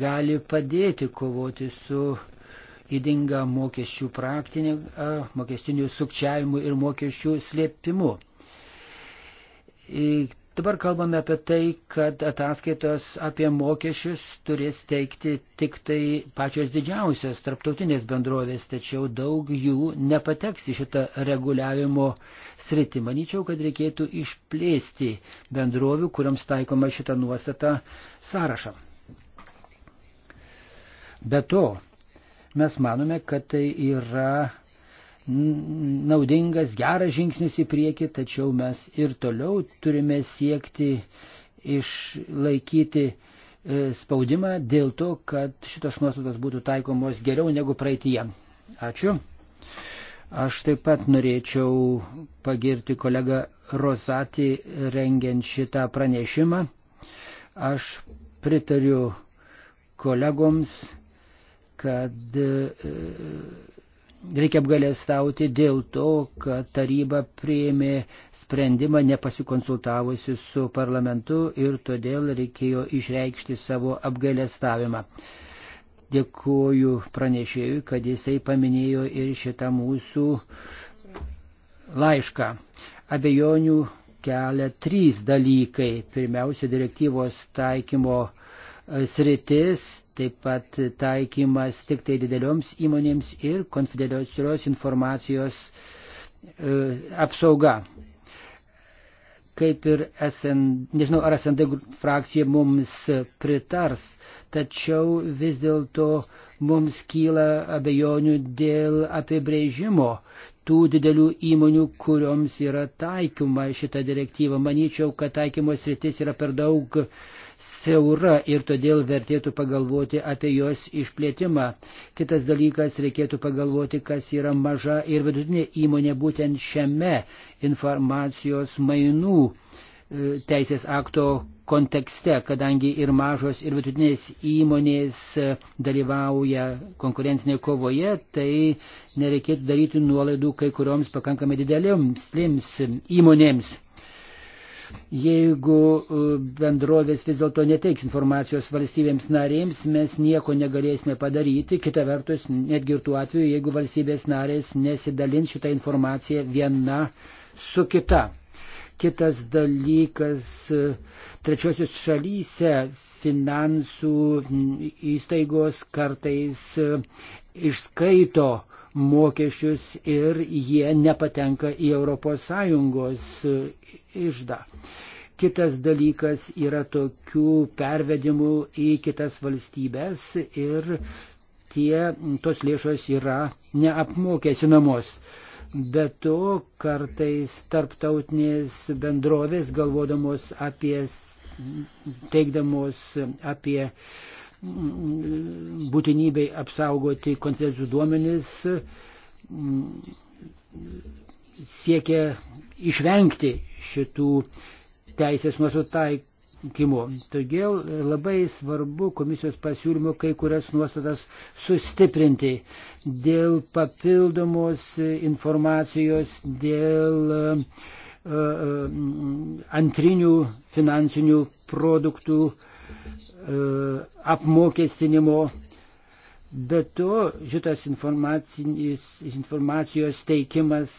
C: gali padėti kovoti su įdinga mokesčių praktinė, mokestinių sukčiavimų ir mokesčių slėpimu. Dabar kalbame apie tai, kad ataskaitos apie mokesčius turės teikti tik tai pačios didžiausios tarptautinės bendrovės, tačiau daug jų nepateks į šitą reguliavimo sritį. Manyčiau, kad reikėtų išplėsti bendrovių, kuriams taikoma šitą nuostatą sąrašą. Be to, mes manome, kad tai yra naudingas, geras žingsnis į priekį, tačiau mes ir toliau turime siekti išlaikyti e, spaudimą dėl to, kad šitos nuostatos būtų taikomos geriau negu praeitie. Ačiū. Aš taip pat norėčiau pagirti kolegą Rosati rengiant šitą pranešimą. Aš pritariu kolegoms, kad e, reikia apgalėstauti dėl to, kad taryba prieimė sprendimą nepasikonsultavusi su parlamentu ir todėl reikėjo išreikšti savo apgalėstavimą. Dėkuoju pranešėjui, kad jisai paminėjo ir šitą mūsų laišką. Abejonių kelia trys dalykai. Pirmiausia, direktyvos taikymo sritis taip pat taikymas tik tai didelioms įmonėms ir konfidencialios informacijos e, apsauga. Kaip ir SND, nežinau, ar SND frakcija mums pritars, tačiau vis dėlto mums kyla abejonių dėl apibrėžimo tų didelių įmonių, kurioms yra taikoma šita direktyva. Manyčiau, kad taikymos rytis yra per daug uh, siaura ir todėl vertėtų pagalvoti apie jos išplėtimą. Kitas dalykas, reikėtų pagalvoti, kas yra maža ir vidutinė įmonė būtent šiame informacijos mainų e, teisės akto kontekste, kadangi ir mažos, ir vidutinės įmonės e, dalyvauja konkurencinėje kovoje, tai nereikėtų daryti nuolaidų kai kurioms pakankamai didelėms įmonėms. Jeigu e, bendrovės vis dėlto neteiks informacijos valstybėms narėms, mes nieko negalėsime padaryti. Kita vertus, netgi ir tuo atveju, jeigu valstybės narės nesidalins šitą informaciją viena su kita. Kitas dalykas, e, trečiosios šalyse finansų įstaigos kartais e, išskaito mokesčius ir jie nepatenka į ES išdą. Kitas dalykas yra tokių pervedimų į kitas valstybės ir tie, tos lėšos yra neapmokėsinamos. Be to, kartais tarptautinės bendrovės, galvodamos apie, teikdamos apie uh, būtinybei apsaugoti konfidencialius duomenis siekia išvengti šitų teisės nuostatų taikymo. Todėl labai svarbu komisijos pasiūlymo kai kurias nuostatas sustiprinti dėl papildomos informacijos, dėl uh, uh, antrinių finansinių produktų uh, E, apmokestinimo. Be to, šitas informacijos teikimas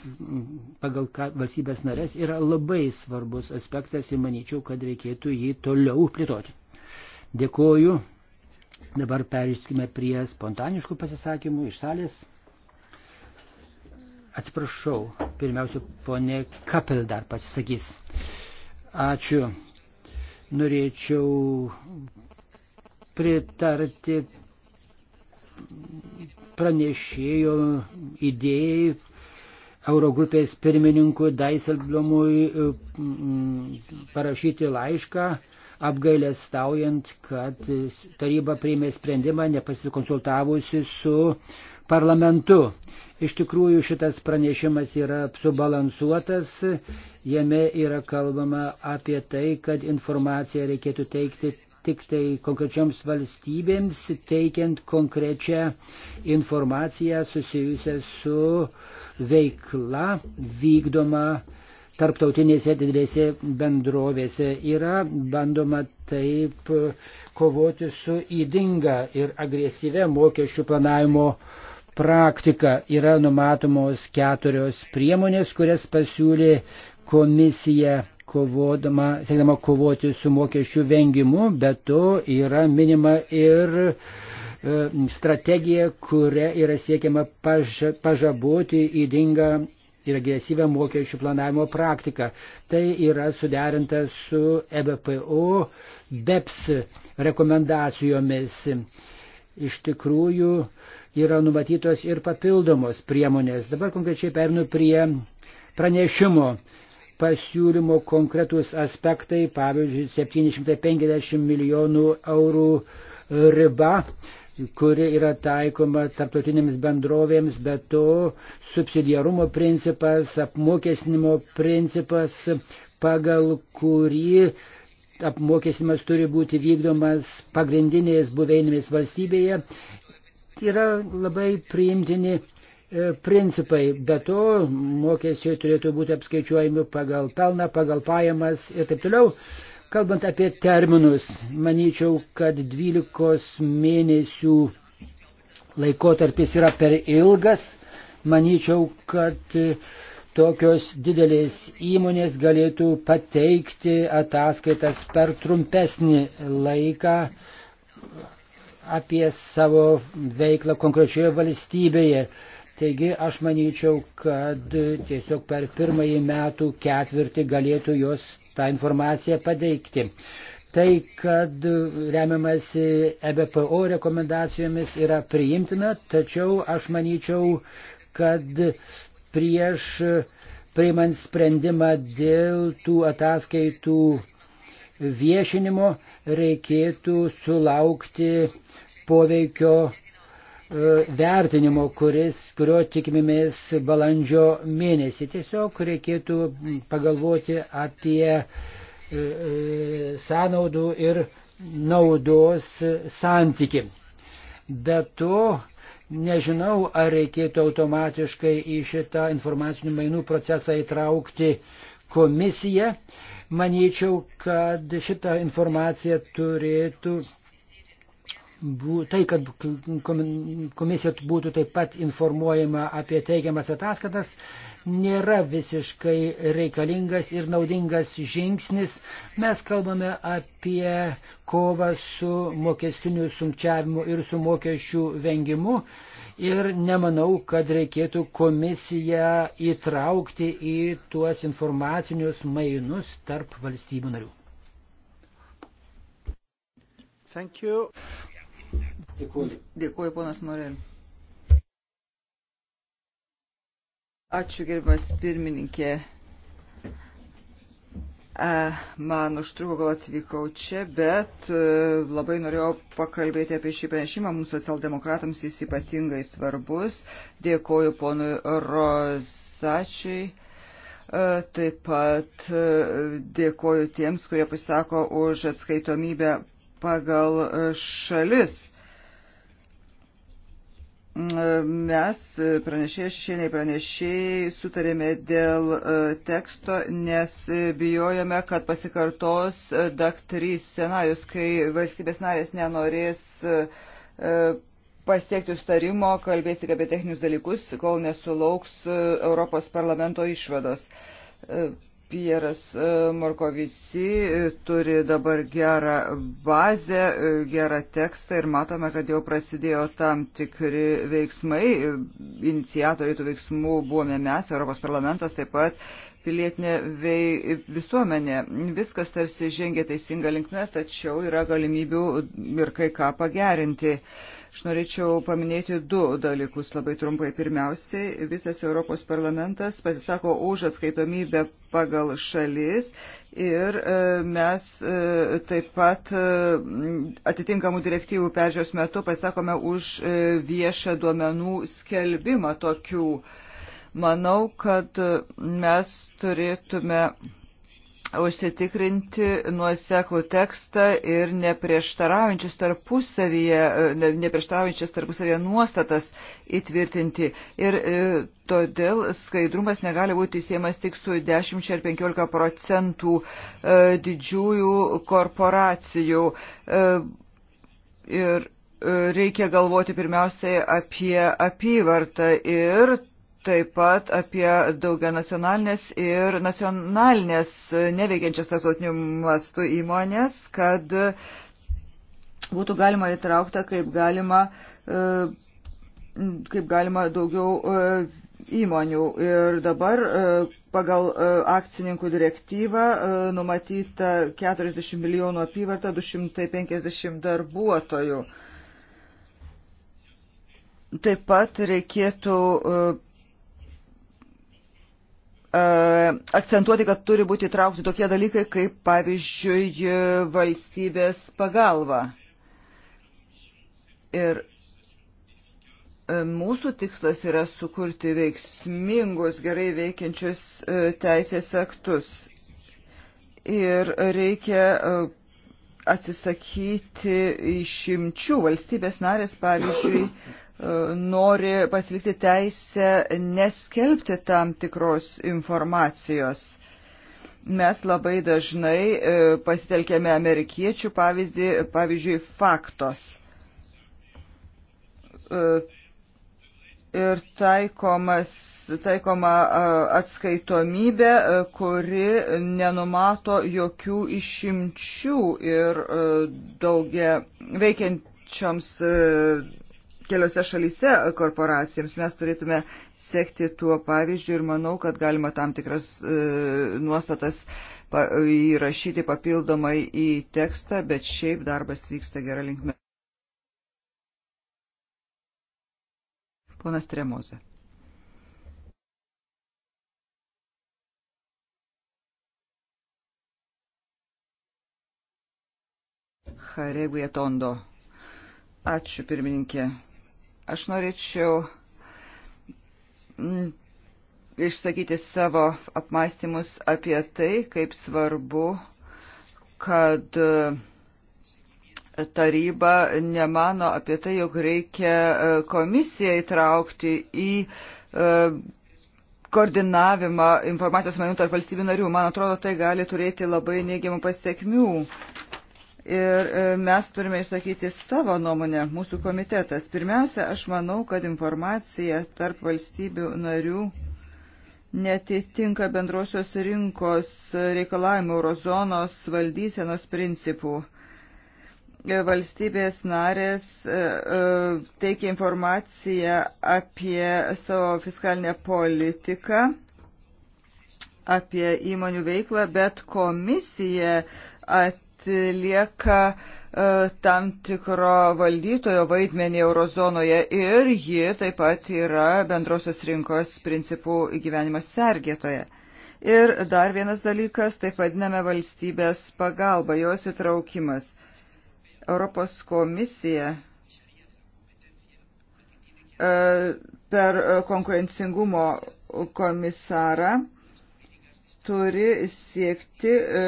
C: pagal valstybės narės yra labai svarbus aspektas ir manyčiau, kad reikėtų jį toliau plėtoti. Dėkoju. Dabar perėskime prie spontaniškų pasisakymų iš salės. Atsiprašau, pirmiausia, ponė Kapel dar pasisakys. Ačiū norėčiau pritarti pranešėjo idėjai Eurogrupės pirmininkui Daiselblomui mm, parašyti laišką apgailestaujant, kad taryba priėmė sprendimą nepasikonsultavusi su parlamentu. Iš tikrųjų šitas pranešimas yra subalansuotas, jame yra kalbama apie tai, kad informaciją reikėtų teikti tik tai konkrečioms valstybėms, teikiant konkrečią informaciją susijusią su veikla vykdoma tarptautinėse didelėse bendrovėse yra bandoma taip kovoti su įdinga ir agresyvia mokesčių planavimo praktiką yra numatomos keturios priemonės, kurias pasiūlė komisija kovodama, siekdama kovoti su mokesčių vengimu, bet to yra minima ir e, strategija, kuria yra siekiama paž, pažaboti įdingą ir agresyvę mokesčių planavimo praktiką. Tai yra suderinta su EBPO BEPS rekomendacijomis. Iš tikrųjų, yra numatytos ir papildomos priemonės. Dabar konkrečiai perinu prie pranešimo pasiūlymo konkretus aspektai, pavyzdžiui, 750 milijonų eurų riba kuri yra taikoma tarptautinėms bendrovėms, bet to subsidiarumo principas, apmokestinimo principas, pagal kurį apmokestinimas turi būti vykdomas pagrindinės buveinėmis valstybėje yra labai priimtini e, principai. Be to, mokesčiai turėtų būti apskaičiuojami pagal pelną, pagal pajamas ir taip toliau. Kalbant apie terminus, manyčiau, kad 12 mėnesių laikotarpis yra per ilgas. Manyčiau, kad e, tokios didelės įmonės galėtų pateikti ataskaitas per trumpesnį laiką apie savo veiklą konkrečioje valstybėje. Taigi aš manyčiau, kad tiesiog per pirmąjį metų ketvirtį galėtų jos tą informaciją pateikti. Tai, kad remiamasi EBPO rekomendacijomis yra priimtina, tačiau aš manyčiau, kad prieš priimant sprendimą dėl tų ataskaitų viešinimo reikėtų sulaukti poveikio e, vertinimo, kuris, kurio tikimėmės balandžio mėnesį. Tiesiog reikėtų pagalvoti apie e, e, sąnaudų ir naudos santyki. Be to, nežinau, ar reikėtų automatiškai į šitą informacinių mainų procesą įtraukti komisiją. Manyčiau, kad šitą informaciją turėtų tai, kad komisija būtų taip pat informuojama apie teigiamas ataskaitas, nėra visiškai reikalingas ir naudingas žingsnis. Mes kalbame apie kovą su mokestiniu sunkčiavimu ir su mokesčių vengimu ir nemanau, kad reikėtų komisiją įtraukti į tuos informacinius mainus tarp valstybių narių.
B: Dėkuoju. Dėkuoju, ponas Morel. Ačiū, gerbimas pirmininkė. E, man užtruko, kol atvykau čia, bet e, labai norėjau pakalbėti apie šį pranešimą. Mums socialdemokratams jis ypatingai svarbus. Dėkoju ponui Rozačiui. E, taip pat dėkoju tiems, kurie pasisako už atskaitomybę pagal šalis mes pranešėjai, šešėliai pranešėjai sutarėme dėl e, teksto, nes bijojame, kad pasikartos e, daktrys scenarius, kai valstybės narės nenorės e, pasiekti sustarimo, kalbės tik apie techninius dalykus, kol nesulauks Europos parlamento išvados. Pieras e, Morkovici e, turi dabar gerą bazę, e, gerą tekstą ir matome, kad jau prasidėjo tam tikri veiksmai. Inicijatoriai tų veiksmų buvome mes, Europos parlamentas taip pat pilietinė vei, visuomenė. Viskas tarsi žengia teisinga linkme, tačiau yra galimybių ir kai ką pagerinti. Uh, Aš norėčiau paminėti du dalykus labai trumpai. Pirmiausiai, visas Europos parlamentas pasisako už atskaitomybę pagal šalis ir e, mes e, taip pat e, atitinkamų direktyvų peržiūros metu pasisakome už viešą duomenų skelbimą tokių. Manau, kad mes turėtume užsitikrinti nuoseklų tekstą ir neprieštaraujančius tarpusavyje, neprieštaraujančias tarpusavyje nuostatas įtvirtinti. Ir e, todėl skaidrumas negali būti siejamas tik su 10 ar 15 procentų e, didžiųjų korporacijų. E, ir reikia galvoti pirmiausiai apie apyvartą ir taip pat apie daugia nacionalinės ir nacionalinės e, neveikiančias tarptautinių mastų įmonės, kad būtų galima įtraukta kaip galima, e, kaip galima daugiau e, įmonių. Ir dabar pagal akcininkų direktyvą numatyta 40 milijonų apyvarta 250 darbuotojų. Taip pat reikėtų E, akcentuoti, kad turi būti įtraukti tokie dalykai, kaip pavyzdžiui valstybės pagalba. Ir e, mūsų tikslas yra sukurti veiksmingus, gerai veikiančius e, teisės aktus. Ir reikia atsisakyti išimčių valstybės narės, pavyzdžiui, nori pasilikti teisę neskelbti tam tikros informacijos. Mes labai dažnai e, pasitelkėme amerikiečių pavyzdį, pavyzdžiui, faktos. E, ir taikomas, taikoma e, atskaitomybė, kuri nenumato jokių išimčių ir daugia veikiančioms keliose šalyse korporacijoms. Mes turėtume sekti tuo pavyzdžiu ir manau, kad galima tam tikras e, nuostatas pa, įrašyti papildomai į tekstą, bet šiaip darbas vyksta gerą linkmę. Ponas Tremoze. Hareguetondo. Ačiū pirmininkė. Aš norėčiau mm, išsakyti savo apmąstymus apie tai, kaip svarbu, kad e, taryba nemano apie tai, jog reikia e, komisiją įtraukti į e, koordinavimą informacijos mainų tarp valstybių narių. Man atrodo, tai gali turėti labai neigiamų pasiekmių ir e, mes turime išsakyti savo nuomonę, mūsų komitetas. Pirmiausia, aš manau, kad informacija tarp valstybių narių netitinka bendrosios rinkos reikalavimų eurozonos valdysenos principų. E, valstybės narės e, teikia informaciją apie savo fiskalinę politiką, apie įmonių veiklą, bet komisija at atlieka e, tam tikro valdytojo vaidmenį eurozonoje ir ji taip pat yra bendrosios rinkos principų gyvenimas sergėtoje. Ir dar vienas dalykas, taip vadiname valstybės pagalba, jos įtraukimas. Europos komisija e, per konkurencingumo komisarą turi siekti e,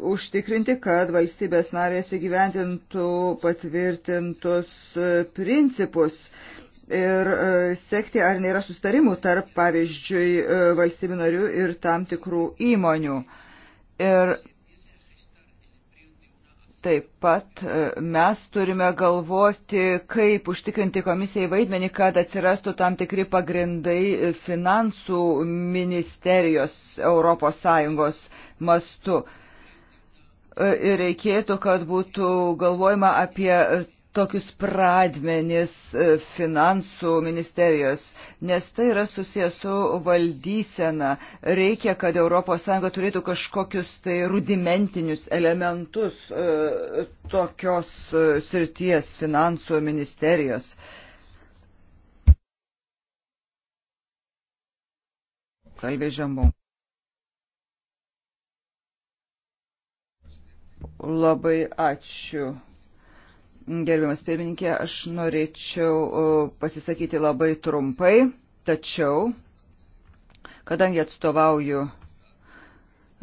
B: užtikrinti, kad valstybės narės įgyvendintų patvirtintus e, principus ir e, sekti, ar nėra sustarimų tarp, pavyzdžiui, e, valstybių narių ir tam tikrų įmonių. Ir taip pat mes turime galvoti, kaip užtikrinti komisijai vaidmenį, kad atsirastų tam tikri pagrindai finansų ministerijos ES mastu ir reikėtų, kad būtų galvojama apie tokius pradmenis e, finansų ministerijos, nes tai yra susijęs su valdysena. Reikia, kad ES turėtų kažkokius tai rudimentinius elementus e, tokios e, srities finansų ministerijos. Kalbė žemų. Labai ačiū. Gerbiamas pirmininkė, aš norėčiau e, pasisakyti labai trumpai, tačiau, kadangi atstovauju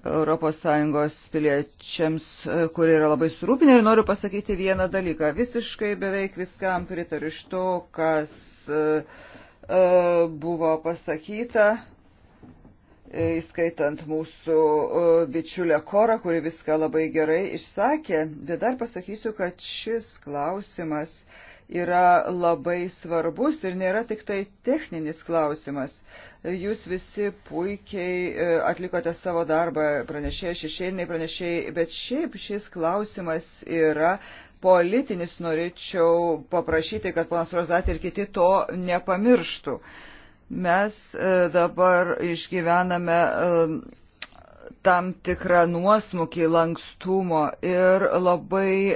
B: ES piliečiams, e, kurie yra labai surūpinę ir noriu pasakyti vieną dalyką. Visiškai beveik viskam pritariu iš to, kas e, buvo pasakyta E, įskaitant mūsų e, bičiulę Korą, kuri viską labai gerai išsakė, bet dar pasakysiu, kad šis klausimas yra labai svarbus ir nėra tik tai techninis klausimas. Jūs visi puikiai e, atlikote savo darbą, pranešėjai, šešėliniai pranešėjai, bet šiaip šis klausimas yra politinis, norėčiau paprašyti, kad panas Rozat ir kiti to nepamirštų. Uh, Mes e, dabar išgyvename e, tam tikrą nuosmukį lankstumo ir labai e,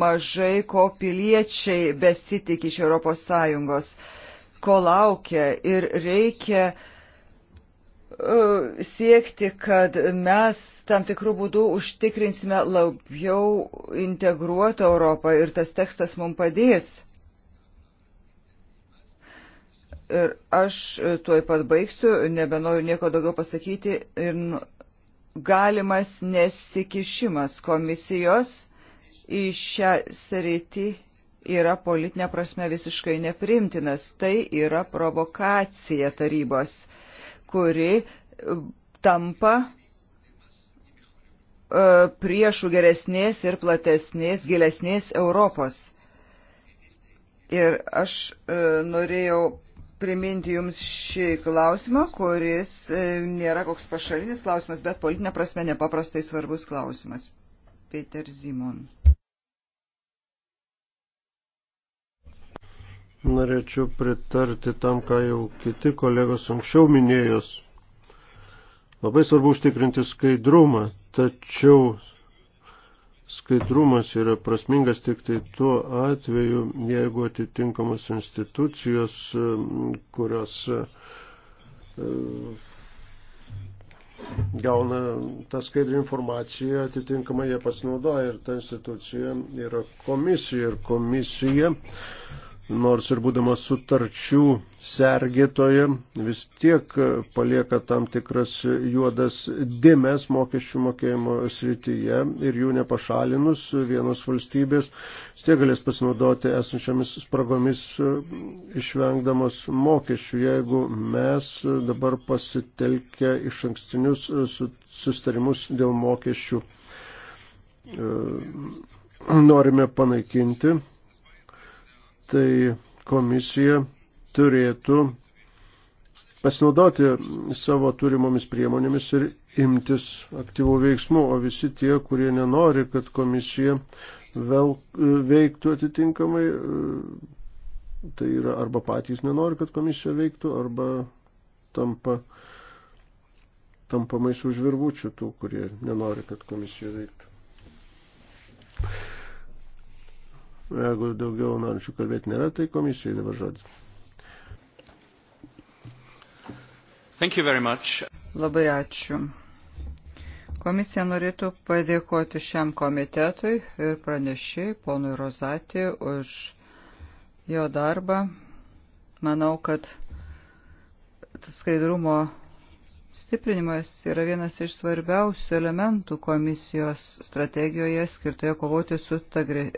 B: mažai ko piliečiai besitik iš ES, ko laukia ir reikia siekti, kad mes tam tikrų būdų užtikrinsime labiau integruotą Europą ir tas tekstas mums padės. Ir aš tuoj pat baigsiu, nebenoriu nieko daugiau pasakyti. Ir nu, galimas nesikišimas komisijos į šią sritį yra politinė prasme visiškai neprimtinas. Tai yra provokacija tarybos, kuri e, tampa e, priešų geresnės ir platesnės, gilesnės Europos. Ir aš e, norėjau priminti Jums šį klausimą, kuris e, nėra koks pašalinis klausimas, bet politinė prasme nepaprastai svarbus klausimas. Peter Zimon.
A: Norėčiau pritarti tam, ką jau kiti kolegos anksčiau minėjos. Labai svarbu užtikrinti skaidrumą, tačiau Skaidrumas yra prasmingas tik tai tuo atveju, jeigu atitinkamos institucijos, kurios e, gauna tą skaidrį informaciją, atitinkamai jie pasinaudoja ir ta institucija yra komisija ir komisija, nors ir būdama sutarčių sergėtoja vis tiek palieka tam tikras juodas dėmes mokesčių mokėjimo srityje ir jų nepašalinus vienos valstybės vis tiek galės pasinaudoti esančiamis spragomis e, išvengdamos mokesčių. Jeigu mes dabar pasitelkę iš ankstinius e, sustarimus dėl mokesčių e, norime panaikinti, tai komisija turėtų pasinaudoti savo turimomis priemonėmis ir imtis aktyvų veiksmų, o visi tie, kurie nenori, kad komisija vėl e, veiktų atitinkamai, e, tai yra arba patys nenori, kad komisija veiktų, arba tampa tampamais už virvučių tų, kurie nenori, kad komisija veiktų. Jeigu daugiau norinčių kalbėti nėra, tai komisijai dabar žodis.
B: Labai ačiū. Komisija norėtų padėkoti šiam komitetui ir pranešiai ponui Rozatį už jo darbą. Manau, kad skaidrumo stiprinimas yra vienas iš svarbiausių elementų komisijos strategijoje skirtoje kovoti su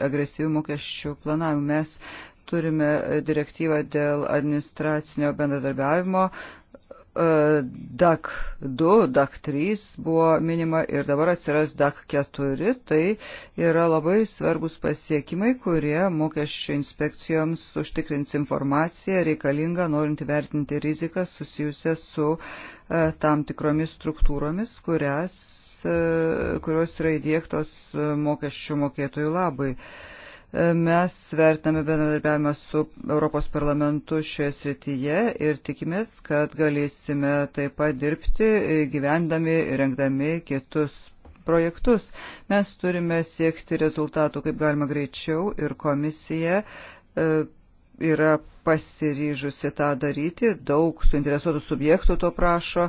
B: agresyviu mokesčių planavimu. Mes turime direktyvą dėl administracinio bendradarbiavimo, DAC 2, DAC 3 buvo minima ir dabar atsiras DAC 4, tai yra labai svarbus pasiekimai, kurie mokesčių inspekcijoms užtikrins informaciją reikalingą norint vertinti riziką susijusią su e, tam tikromis struktūromis, kurias, e, kurios yra įdėktos mokesčių mokėtojų labai. Mes vertiname bendradarbiavimą su Europos parlamentu šioje srityje ir tikimės, kad galėsime taip pat dirbti, gyvendami, rengdami kitus projektus. Mes turime siekti rezultatų kaip galima greičiau ir komisija e, yra pasiryžusi tą daryti, daug suinteresuotų subjektų to prašo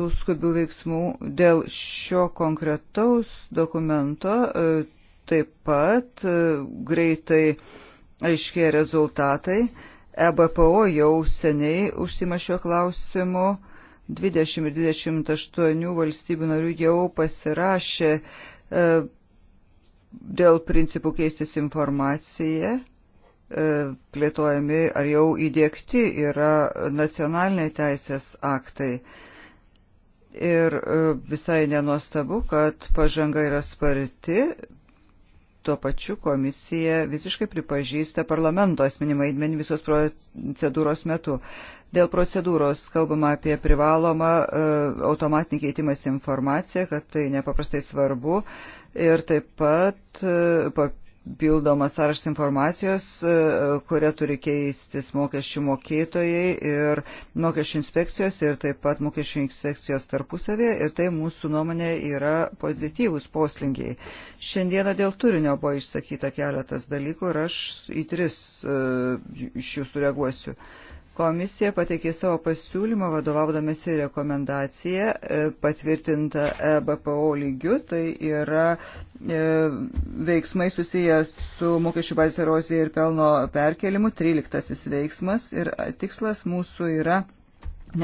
B: tų skubių veiksmų. Dėl šio konkretaus dokumento e, taip pat e, greitai aiškėja rezultatai. EBPO jau seniai užsima šiuo klausimu. 20 ir 28 valstybių narių jau pasirašė e, dėl principų keistis informacija e, plėtojami ar jau įdėkti yra nacionaliniai teisės aktai. Ir visai nenuostabu, kad pažanga yra sparti, Tuo pačiu komisija visiškai pripažįsta parlamento asmenį vaidmenį visos procedūros metu. Dėl procedūros kalbama apie privalomą e, automatinį keitimąsi informaciją, kad tai nepaprastai svarbu. Ir taip pat e, pildomas sąrašas informacijos, e, kurią turi keistis mokesčių mokėtojai ir mokesčių inspekcijos ir taip pat mokesčių inspekcijos tarpusavėje ir tai mūsų nuomonė yra pozityvūs poslingiai. Šiandieną dėl turinio buvo išsakyta keletas dalykų ir aš į tris e, iš jų sureaguosiu. Komisija pateikė savo pasiūlymą vadovaudamėsi rekomendaciją e, patvirtintą e BPO lygiu, tai yra e, veiksmai susijęs su mokesčių bazės erozija ir pelno perkelimu, 13 veiksmas ir tikslas mūsų yra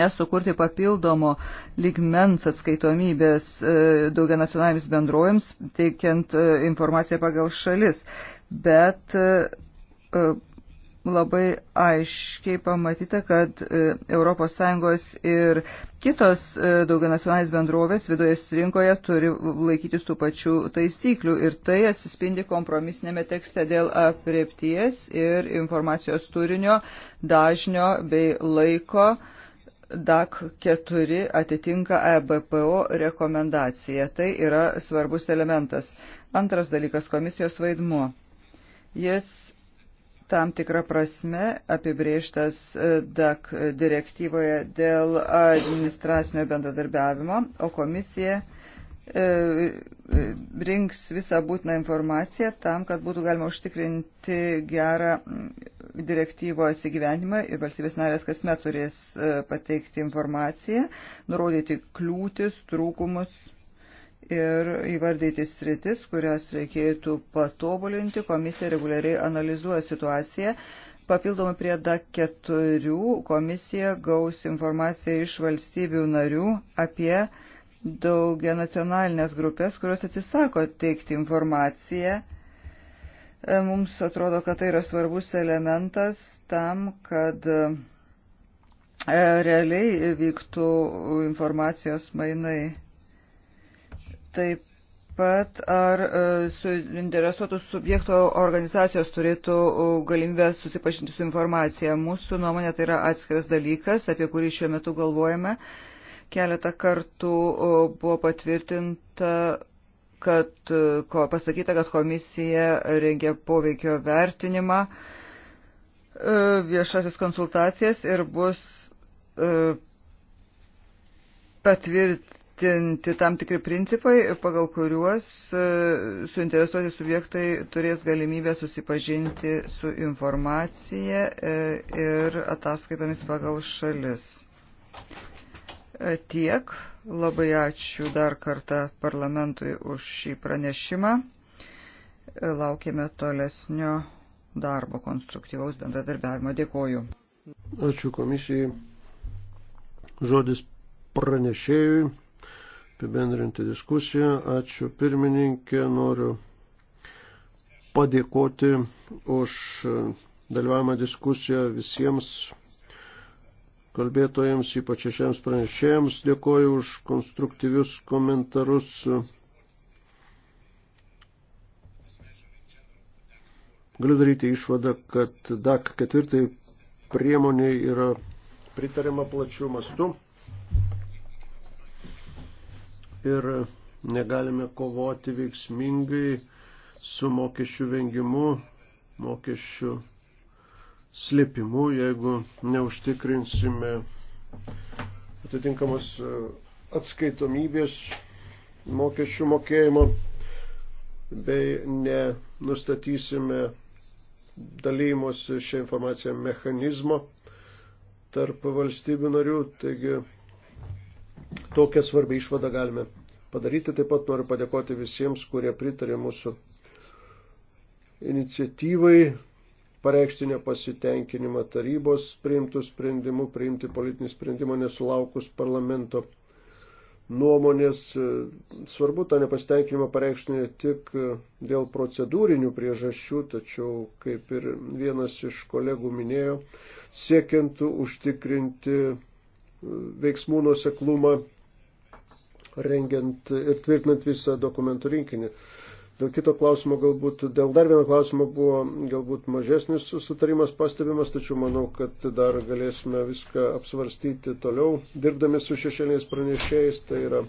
B: nesukurti papildomo ligmens atskaitomybės daugia nacionalinėms bendrojams, teikiant informaciją pagal šalis, bet labai aiškiai pamatyta, kad ES ir kitos e, daugianacionalinės bendrovės vidoje rinkoje turi laikytis tų pačių taisyklių ir tai atsispindi kompromisinėme tekste dėl apriepties ir informacijos turinio, dažnio bei laiko. DAC 4 atitinka EBPO rekomendaciją. Tai yra svarbus elementas. Antras dalykas - komisijos vaidmuo. Jis tam tikrą prasme apibrėžtas e, DAC direktyvoje dėl administracinio bendradarbiavimo, o komisija e, e, rinks visą būtiną informaciją tam, kad būtų galima užtikrinti gerą direktyvos įgyvenimą ir valstybės narės kasmet turės pateikti informaciją, nurodyti kliūtis, trūkumus ir įvardyti sritis, kurias reikėtų patobulinti. Komisija reguliariai analizuoja situaciją. Papildomai prie DAC 4 komisija gaus informaciją iš valstybių narių apie daugia nacionalinės grupės, kurios atsisako teikti informaciją. E, mums atrodo, kad tai yra svarbus elementas tam, kad e, realiai vyktų informacijos mainai. Taip pat ar e, suinteresuotų subjektų organizacijos turėtų e, galimybę susipažinti su informacija. Mūsų nuomonė tai yra atskiras dalykas, apie kurį šiuo metu galvojame. Keletą kartų e, buvo patvirtinta, kad pasakyta, kad komisija rengia poveikio vertinimą, viešasis konsultacijas ir bus patvirtinta patvirtinti tam tikri principai, pagal kuriuos e, suinteresuoti subjektai turės galimybę susipažinti su informacija e, ir ataskaitomis pagal šalis. E, tiek. Labai ačiū dar kartą parlamentui už šį pranešimą. Laukime tolesnio darbo konstruktyvaus bendradarbiavimo. Dėkoju. Ačiū komisijai. Žodis pranešėjui
A: apibendrinti diskusiją. Ačiū pirmininkė, noriu padėkoti už dalyvavimą diskusiją visiems kalbėtojams, ypač šiems pranešėjams. Dėkoju už konstruktyvius komentarus. Galiu daryti išvadą, kad DAC ketvirtai priemonė yra pritariama plačių mastų ir negalime kovoti veiksmingai su mokesčių vengimu, mokesčių slėpimu, jeigu neužtikrinsime atitinkamos e, atskaitomybės mokesčių mokėjimo bei nenustatysime dalymosi šią informaciją mechanizmo tarp valstybių narių. Taigi Tokią svarbę išvadą galime padaryti. Taip pat noriu padėkoti visiems, kurie pritarė mūsų iniciatyvai pareikšti nepasitenkinimą tarybos priimtų sprendimų, priimti politinį sprendimą nesulaukus parlamento nuomonės. Svarbu tą nepasitenkinimą pareikšti ne tik dėl procedūrinių priežasčių, tačiau, kaip ir vienas iš kolegų minėjo, siekiant užtikrinti veiksmų nuseklumą rengiant ir tvirtinant visą dokumentų rinkinį. Dėl kito klausimo galbūt, dėl dar vieno klausimo buvo galbūt mažesnis sutarimas pastebimas, tačiau manau, kad dar galėsime viską apsvarstyti toliau, dirbdami su šešėliniais pranešėjais, tai yra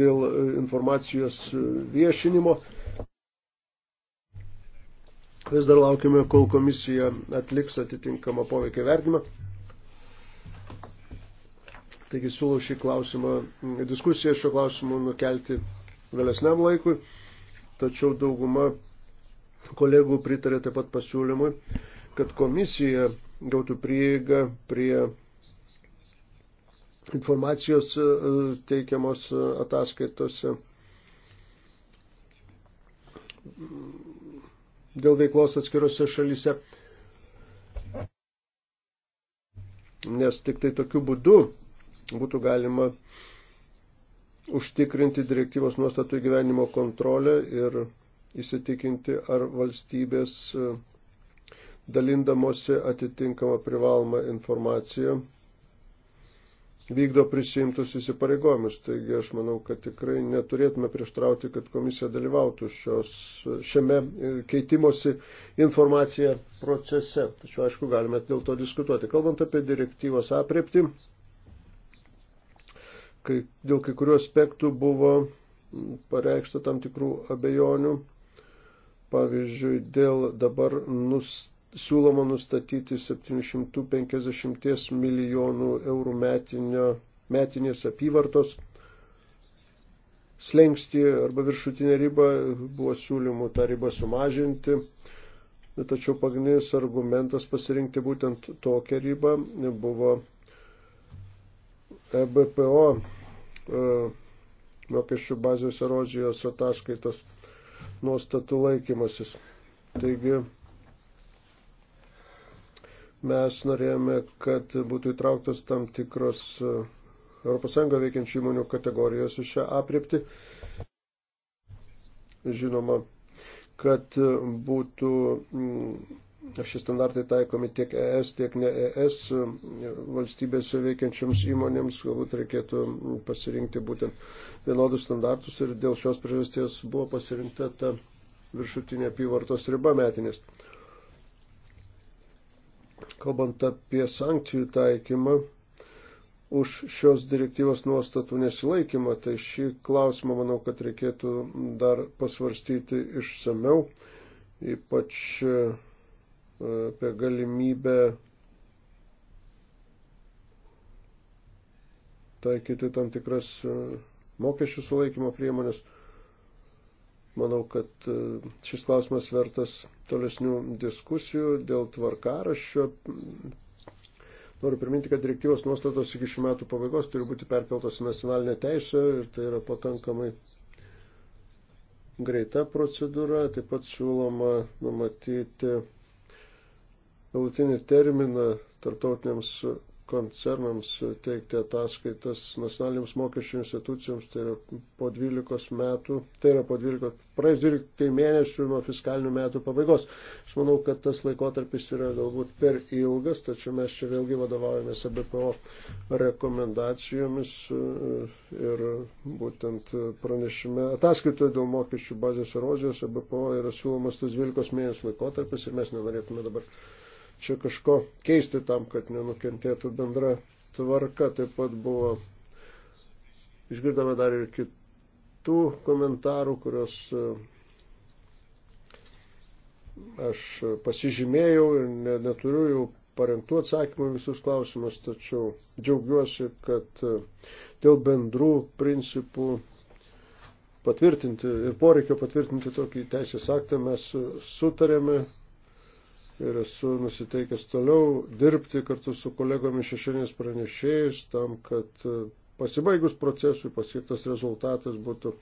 A: dėl informacijos viešinimo. Vis dar laukime, kol komisija atliks atitinkamą poveikį vertimą. Taigi siūlau šį klausimą, mm, diskusiją šio klausimu nukelti vėlesniam laikui, tačiau dauguma kolegų pritarė taip pat pasiūlymui, kad komisija gautų prieigą prie informacijos e, teikiamos e, ataskaitose dėl veiklos atskirose šalyse. Nes tik tai tokiu būdu būtų galima užtikrinti direktyvos nuostatų įgyvenimo kontrolę ir įsitikinti, ar valstybės e, dalindamosi atitinkamą privalomą informaciją vykdo prisimtus įsipareigojimus. Taigi aš manau, kad tikrai neturėtume prieštrauti, kad komisija dalyvautų šios, šiame e, keitimosi informacija procese. Tačiau, aišku, galime dėl to diskutuoti. Kalbant apie direktyvos apriepti, kai, dėl kai kurių aspektų buvo pareikšta tam tikrų abejonių. Pavyzdžiui, dėl dabar nus, siūloma nustatyti 750 milijonų eurų metinio, metinės apyvartos slengsti arba viršutinę ribą, buvo siūlymų tą ribą sumažinti. Tačiau pagrindinis argumentas pasirinkti būtent tokią ribą buvo EBPO e, mokesčių bazės erozijos ataskaitos nuostatų laikymasis. Taigi mes norėjome, kad būtų įtrauktos tam tikros ES veikiančių įmonių kategorijos iš šią apripti. Žinoma, kad būtų šie standartai taikomi tiek ES, tiek ne ES e, valstybėse veikiančioms įmonėms, galbūt reikėtų pasirinkti būtent vienodus standartus ir dėl šios priežasties buvo pasirinkta ta viršutinė apyvartos riba metinės. Kalbant apie sankcijų taikymą už šios direktyvos nuostatų nesilaikymą, tai šį klausimą manau, kad reikėtų dar pasvarstyti išsameu, ypač e, apie galimybę taikyti tam tikras e, mokesčių sulaikymo priemonės. Manau, kad e, šis klausimas vertas tolesnių diskusijų dėl tvarkaraščio. Noriu priminti, kad direktyvos nuostatos iki šių metų pabaigos turi būti perkeltos į nacionalinę teisę ir tai yra pakankamai greita procedūra. Taip pat siūloma numatyti galutinį terminą tarptautiniams koncernams teikti ataskaitas nacionalinėms mokesčių institucijoms, tai yra po 12 metų, tai yra po 12, praeis 12 mėnesių nuo fiskalinių metų pabaigos. Aš manau, kad tas laikotarpis yra galbūt per ilgas, tačiau mes čia vėlgi vadovaujamės ABPO rekomendacijomis e, ir būtent pranešime ataskaitoje dėl mokesčių bazės erozijos ABPO yra siūlomas tas 12 mėnesių laikotarpis ir mes nenorėtume dabar čia kažko keisti tam, kad nenukentėtų bendra tvarka. Taip pat buvo, išgirdome dar ir kitų komentarų, kurios e, aš pasižymėjau ir neturiu jau parengtų atsakymų visus klausimus, tačiau džiaugiuosi, kad e, dėl bendrų principų patvirtinti ir poreikio patvirtinti tokį teisės aktą mes sutarėme ir esu nusiteikęs toliau dirbti kartu su kolegomis šešinės pranešėjais tam, kad e, pasibaigus procesui pasiektas rezultatas būtų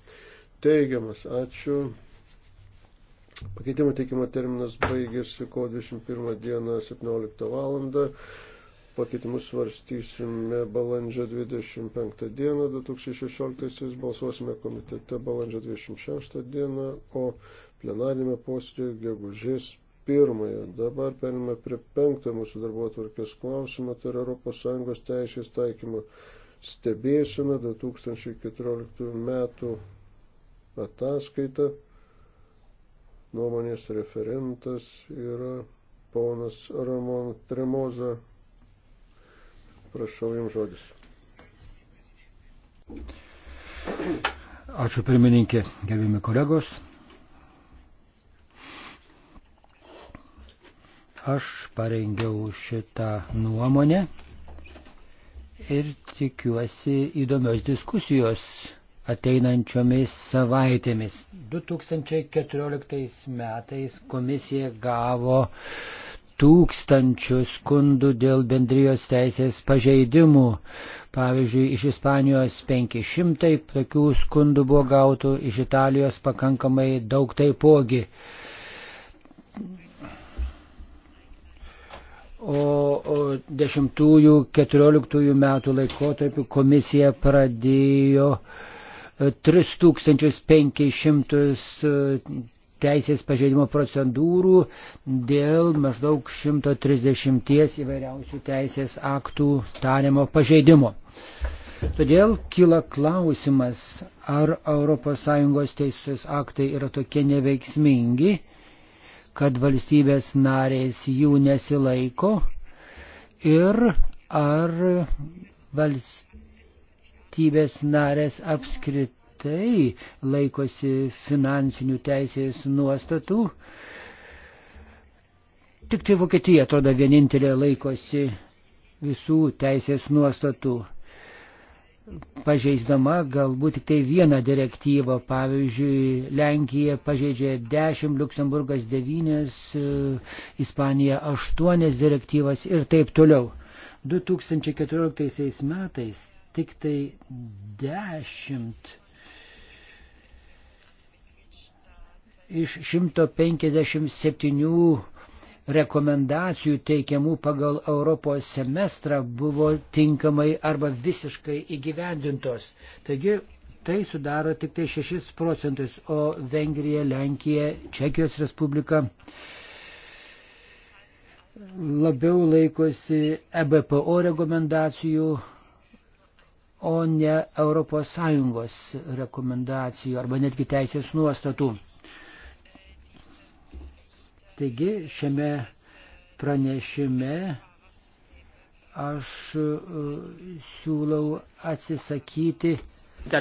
A: teigiamas. Ačiū. Pakeitimo teikimo terminas baigėsi kovo 21 dieną 17 valandą. Pakeitimus svarstysime balandžio 25 dieną 2016, balsuosime komitete balandžio 26 dieną, o plenarinėme posėdėje gegužės pirmąją. Dabar perėmė prie penktą mūsų darbo atvarkės klausimą, tai yra ES teisės taikymo stebėsime 2014 metų ataskaitą. Nuomonės referentas yra ponas Ramon Tremoza. Prašau jums žodis.
C: Ačiū pirmininkė, gerbimi kolegos. Aš parengiau šitą nuomonę ir tikiuosi įdomios diskusijos ateinančiomis savaitėmis. 2014 metais komisija gavo tūkstančių skundų dėl bendrijos teisės pažeidimų. Pavyzdžiui, iš Ispanijos 500 tokių skundų buvo gautų, iš Italijos pakankamai daug taipogi. O 10-14 metų laikotarpiu komisija pradėjo 3500 e, e, teisės pažeidimo procedūrų dėl maždaug 130 įvairiausių teisės aktų tariamo pažeidimo. Todėl kyla klausimas, ar ES teisės aktai yra tokie neveiksmingi, kad valstybės narės jų nesilaiko ir ar valstybės narės apskritai laikosi finansinių teisės nuostatų. Tik tai Vokietija atrodo vienintelė laikosi visų teisės nuostatų pažeisdama galbūt tik tai vieną direktyvą. Pavyzdžiui, Lenkija pažeidžia 10, Luksemburgas 9, e, Ispanija 8 direktyvas ir taip toliau. 2014 metais tik tai 10 iš 157 rekomendacijų teikiamų pagal Europos semestrą buvo tinkamai arba visiškai įgyvendintos. Taigi tai sudaro tik tai 6 procentus, o Vengrija, Lenkija, Čekijos Respublika labiau laikosi EBPO rekomendacijų, o ne ES rekomendacijų arba netgi teisės nuostatų. Taigi šiame pranešime aš e, siūlau atsisakyti e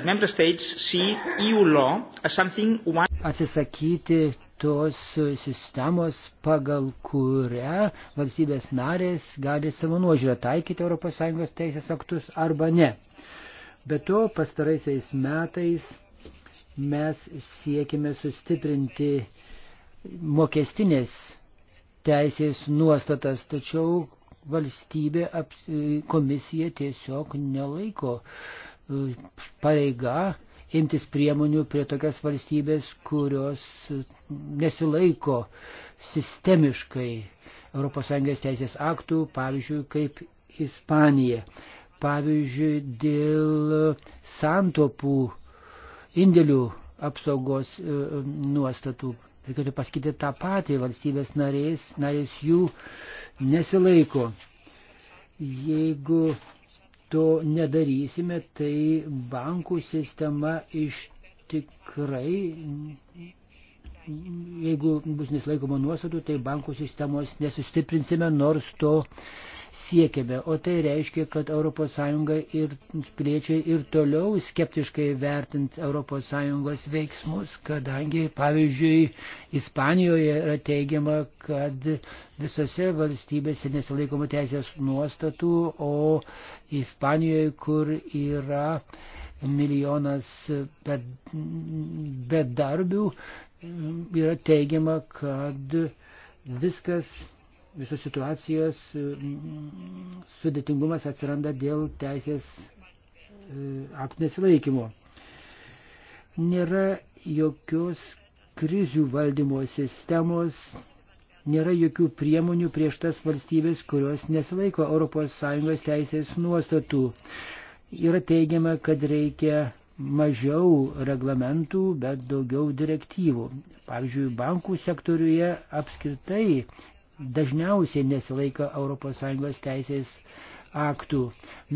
C: atsisakyti tos sistemos, pagal kurią valstybės narės gali savo nuožiūrę taikyti ES teisės aktus arba ne. Be to, pastaraisiais metais mes siekime sustiprinti uh, mokestinės teisės nuostatas, tačiau valstybė, e, komisija tiesiog nelaiko e, pareiga imtis priemonių prie tokias valstybės, kurios nesilaiko sistemiškai ES teisės aktų, pavyzdžiui, kaip Ispanija. Pavyzdžiui, dėl santopų indėlių apsaugos e, nuostatų Ir galiu pasakyti tą patį, valstybės narės, narės jų nesilaiko. Jeigu to nedarysime, tai bankų sistema iš tikrai, jeigu bus nesilaikoma nuostatų, tai bankų sistemos nesustiprinsime, nors to siekiame, o tai reiškia, kad ES ir piliečiai ir toliau skeptiškai vertint ES veiksmus, kadangi, pavyzdžiui, Ispanijoje yra teigiama, kad visose valstybėse nesilaikoma teisės nuostatų, o Ispanijoje, kur yra milijonas bedarbių, yra teigiama, kad viskas visos situacijos mm, sudėtingumas atsiranda dėl teisės e, aktų nesilaikymo. Nėra jokios krizių valdymo sistemos, nėra jokių priemonių prieš tas valstybės, kurios nesilaiko ES teisės nuostatų. Yra teigiama, kad reikia mažiau reglamentų, bet daugiau direktyvų. Pavyzdžiui, bankų sektoriuje apskritai dažniausiai nesilaiko ES teisės aktų.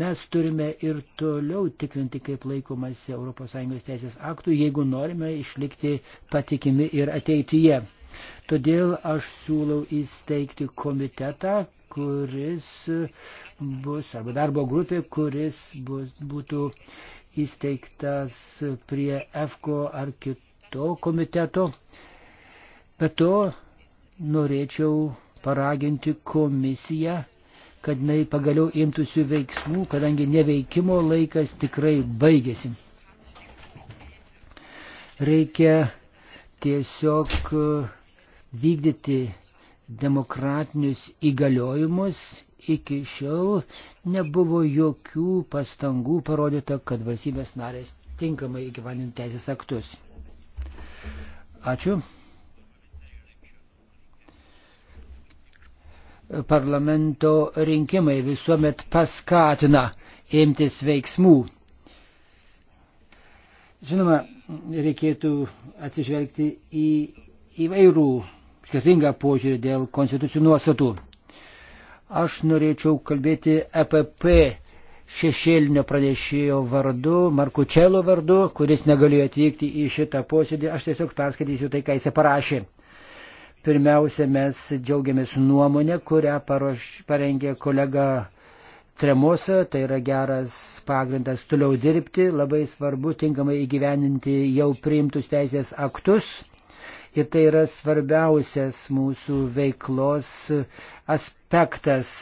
C: Mes turime ir toliau tikrinti, kaip laikomasi ES teisės aktų, jeigu norime išlikti patikimi ir ateityje. Todėl aš siūlau įsteigti komitetą, kuris bus, arba darbo grupė, kuris bus, būtų įsteigtas prie EFKO ar kito komiteto. Be to, norėčiau paraginti komisiją, kad jinai pagaliau imtųsi veiksmų, kadangi neveikimo laikas tikrai baigėsi. Reikia tiesiog e, vykdyti demokratinius įgaliojimus. Iki šiol nebuvo jokių pastangų parodyta, kad valstybės narės tinkamai įgyvendinti teisės aktus. Ačiū. parlamento rinkimai visuomet paskatina imtis veiksmų. Žinoma, reikėtų atsižvelgti į įvairų skirtingą požiūrį dėl konstitucijų nuostatų. Aš norėčiau kalbėti EPP šešėlinio pranešėjo vardu, Markučelo vardu, kuris negalėjo atvykti į šitą posėdį. Aš tiesiog perskaitysiu tai, ką jis parašė. Pirmiausia, mes džiaugiamės nuomonę, kurią paruoš, parengė kolega Tremosa, tai yra geras pagrindas toliau dirbti, labai svarbu tinkamai įgyveninti jau priimtus teisės aktus. Ir tai yra svarbiausias mūsų veiklos aspektas.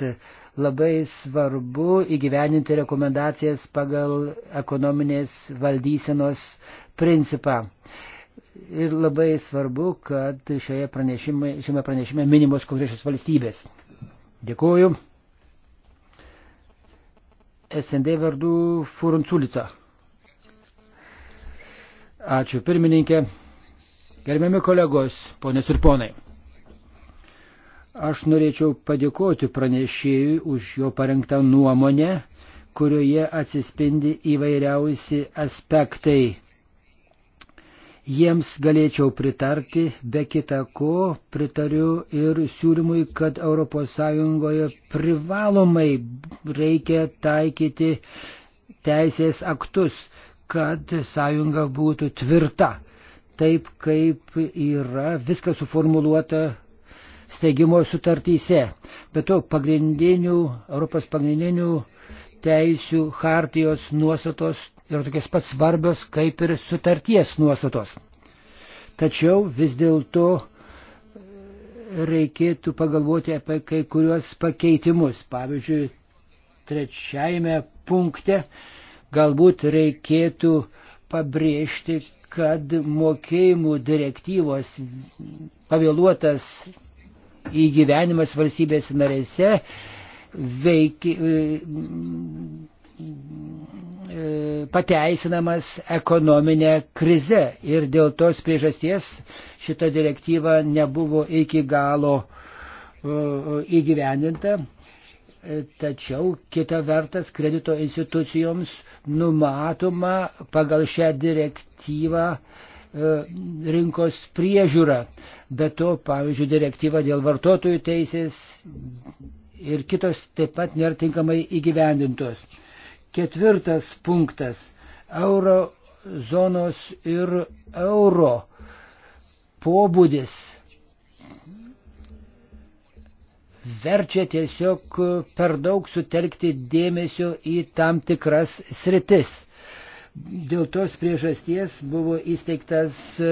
C: Labai svarbu įgyveninti rekomendacijas pagal ekonominės valdysenos principą. Ir labai svarbu, kad šioje pranešime, šiame pranešime minimos konkrečios valstybės. Dėkuoju. SND vardu Furunculita. Ačiū pirmininkė. Gerbiami kolegos, ponės ir ponai. Aš norėčiau padėkoti pranešėjui už jo parengtą nuomonę, kurioje atsispindi įvairiausi aspektai Jiems galėčiau pritarti, be kita ko pritariu ir siūlymui, kad ES privalomai reikia taikyti teisės aktus, kad sąjunga būtų tvirta, taip kaip yra viskas suformuluota steigimo sutartyse. Bet to pagrindinių, Europos pagrindinių teisių hartijos nuostatos yra tokios pat svarbios kaip ir sutarties nuostatos. Tačiau vis dėlto e, reikėtų pagalvoti apie kai kuriuos pakeitimus. Pavyzdžiui, trečiajame punkte galbūt reikėtų pabrėžti, kad mokėjimų direktyvos pavėluotas įgyvenimas valstybės narėse veiki, e, E, pateisinamas ekonominė krize ir dėl tos priežasties šita direktyva nebuvo iki galo e, įgyvendinta. E, tačiau kita vertas kredito institucijoms numatoma pagal šią direktyvą rinkos priežiūra. Be to, pavyzdžiui, direktyva dėl vartotojų teisės ir kitos taip pat nėra tinkamai įgyvendintos. Ketvirtas punktas - euro zonos ir euro pobūdis verčia tiesiog per daug sutelkti dėmesio į tam tikras sritis. Dėl tos priežasties buvo įsteigtas e,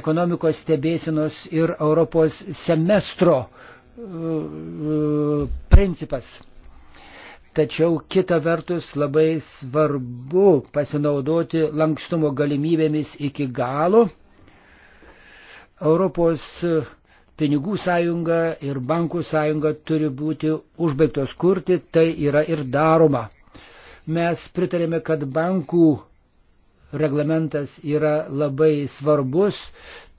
C: ekonomikos stebėsinos ir Europos semestro e, e, principas. Tačiau kita vertus labai svarbu pasinaudoti lankstumo galimybėmis iki galo. Europos pinigų sąjunga ir bankų sąjunga turi būti užbaigtos kurti, tai yra ir daroma. Mes pritarėme, kad bankų reglamentas yra labai svarbus,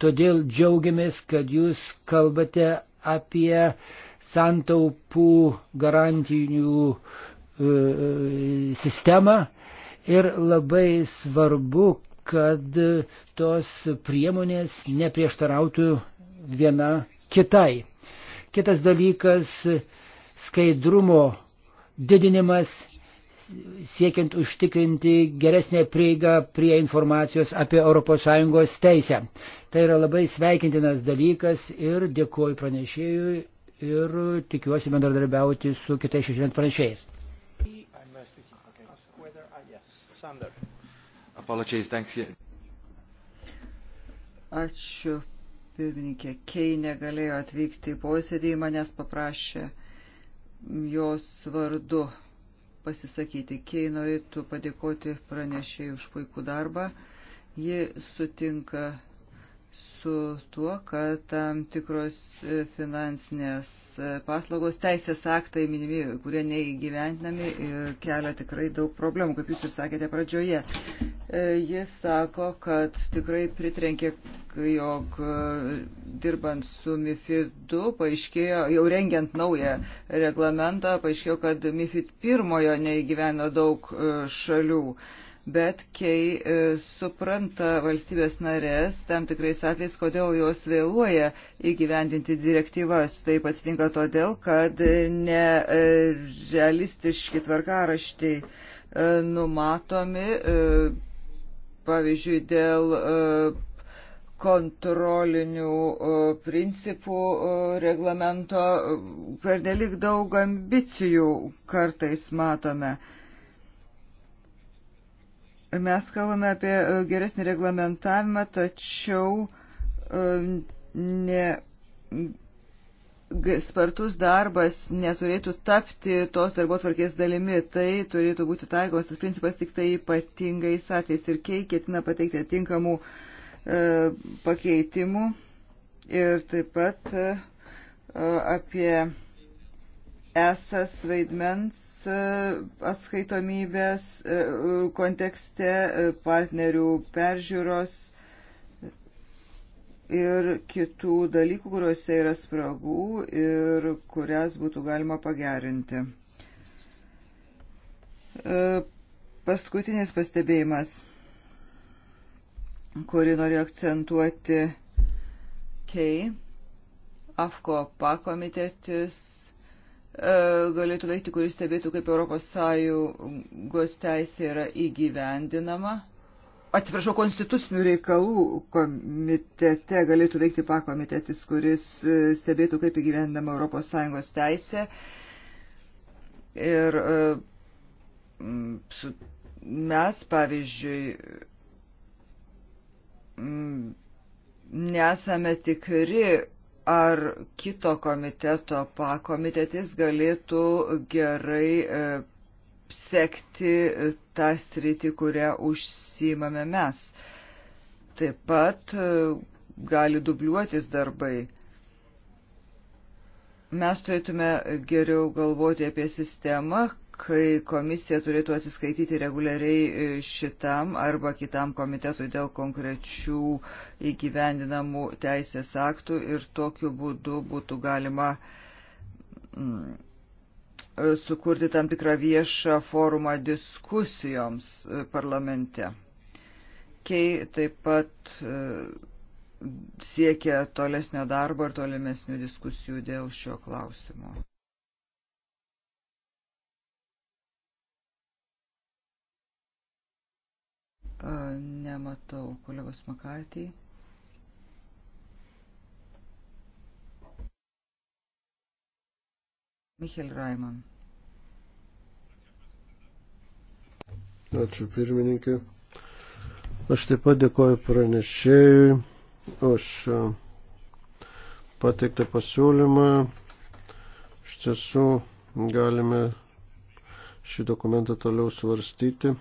C: todėl džiaugiamės, kad jūs kalbate apie santaupų garantijų e, e, sistemą ir labai svarbu, kad tos priemonės neprieštarautų viena kitai. Kitas dalykas - skaidrumo didinimas, siekiant užtikrinti geresnę prieigą prie informacijos apie ES teisę. Tai yra labai sveikintinas dalykas ir dėkuoju pranešėjui ir tikiuosi bendradarbiauti su kitais šešėlint pranešėjais.
B: Ačiū, pirmininkė. Kei negalėjo atvykti į posėdį, manęs paprašė jos vardu pasisakyti. Kei norėtų padėkoti pranešėjai už puikų darbą. Ji sutinka su tuo, kad tam tikros e, finansinės e, paslaugos teisės aktai minimi, kurie neįgyventinami ir kelia tikrai daug problemų, kaip jūs ir sakėte pradžioje. E, jis sako, kad tikrai pritrenkė, jog dirbant su MIFID 2, paaiškėjo, jau rengiant naują reglamentą, paaiškėjo, kad MIFID 1 neįgyveno daug šalių bet kai e, supranta valstybės narės tam tikrais atvejais, kodėl jos vėluoja įgyvendinti direktyvas. Taip atsitinka todėl, kad nerealistiški e, tvarkaraštai e, numatomi, e, pavyzdžiui, dėl e, kontrolinių e, principų e, reglamento per nelik daug ambicijų kartais matome. E, Mes kalbame apie e, geresnį reglamentavimą, tačiau e, ne spartus darbas neturėtų tapti tos darbo tvarkės dalimi. Tai turėtų būti taikomas tas principas tik tai ypatingais atvejais. Ir kei ketina pateikti atinkamų e, pakeitimų. Ir taip pat e, apie esas vaidmens atskaitomybės e, kontekste, e, partnerių peržiūros ir kitų dalykų, kuriuose yra spragų ir kurias būtų galima pagerinti. E, paskutinis pastebėjimas, kurį noriu akcentuoti Kei, AFKO pakomitetis E, galėtų veikti, kuris stebėtų, kaip ES teisė yra įgyvendinama. Atsiprašau, konstitucinių reikalų komitete galėtų veikti pakomitetis, kuris e, stebėtų, kaip įgyvendinama ES teisė. Ir e, mes, pavyzdžiui, nesame tikri, ar kito komiteto pakomitetis galėtų gerai e, sekti e, tą sritį, kurią užsimame mes. Taip pat e, gali dubliuotis darbai. Mes turėtume geriau galvoti apie sistemą, kai komisija turėtų atsiskaityti reguliariai e, šitam arba kitam komitetui dėl konkrečių įgyvendinamų teisės aktų ir tokiu būdu būtų galima mm, e, sukurti tam tikrą viešą forumą diskusijoms e, parlamente. Kei taip pat siekia tolesnio darbo ir tolimesnių diskusijų dėl šio klausimo. Nematau kolegos Makartį. Michel Raiman.
A: Ačiū pirmininkė. Aš taip pat dėkoju pranešėjui už pateiktą pasiūlymą. Iš tiesų galime šį dokumentą toliau svarstyti.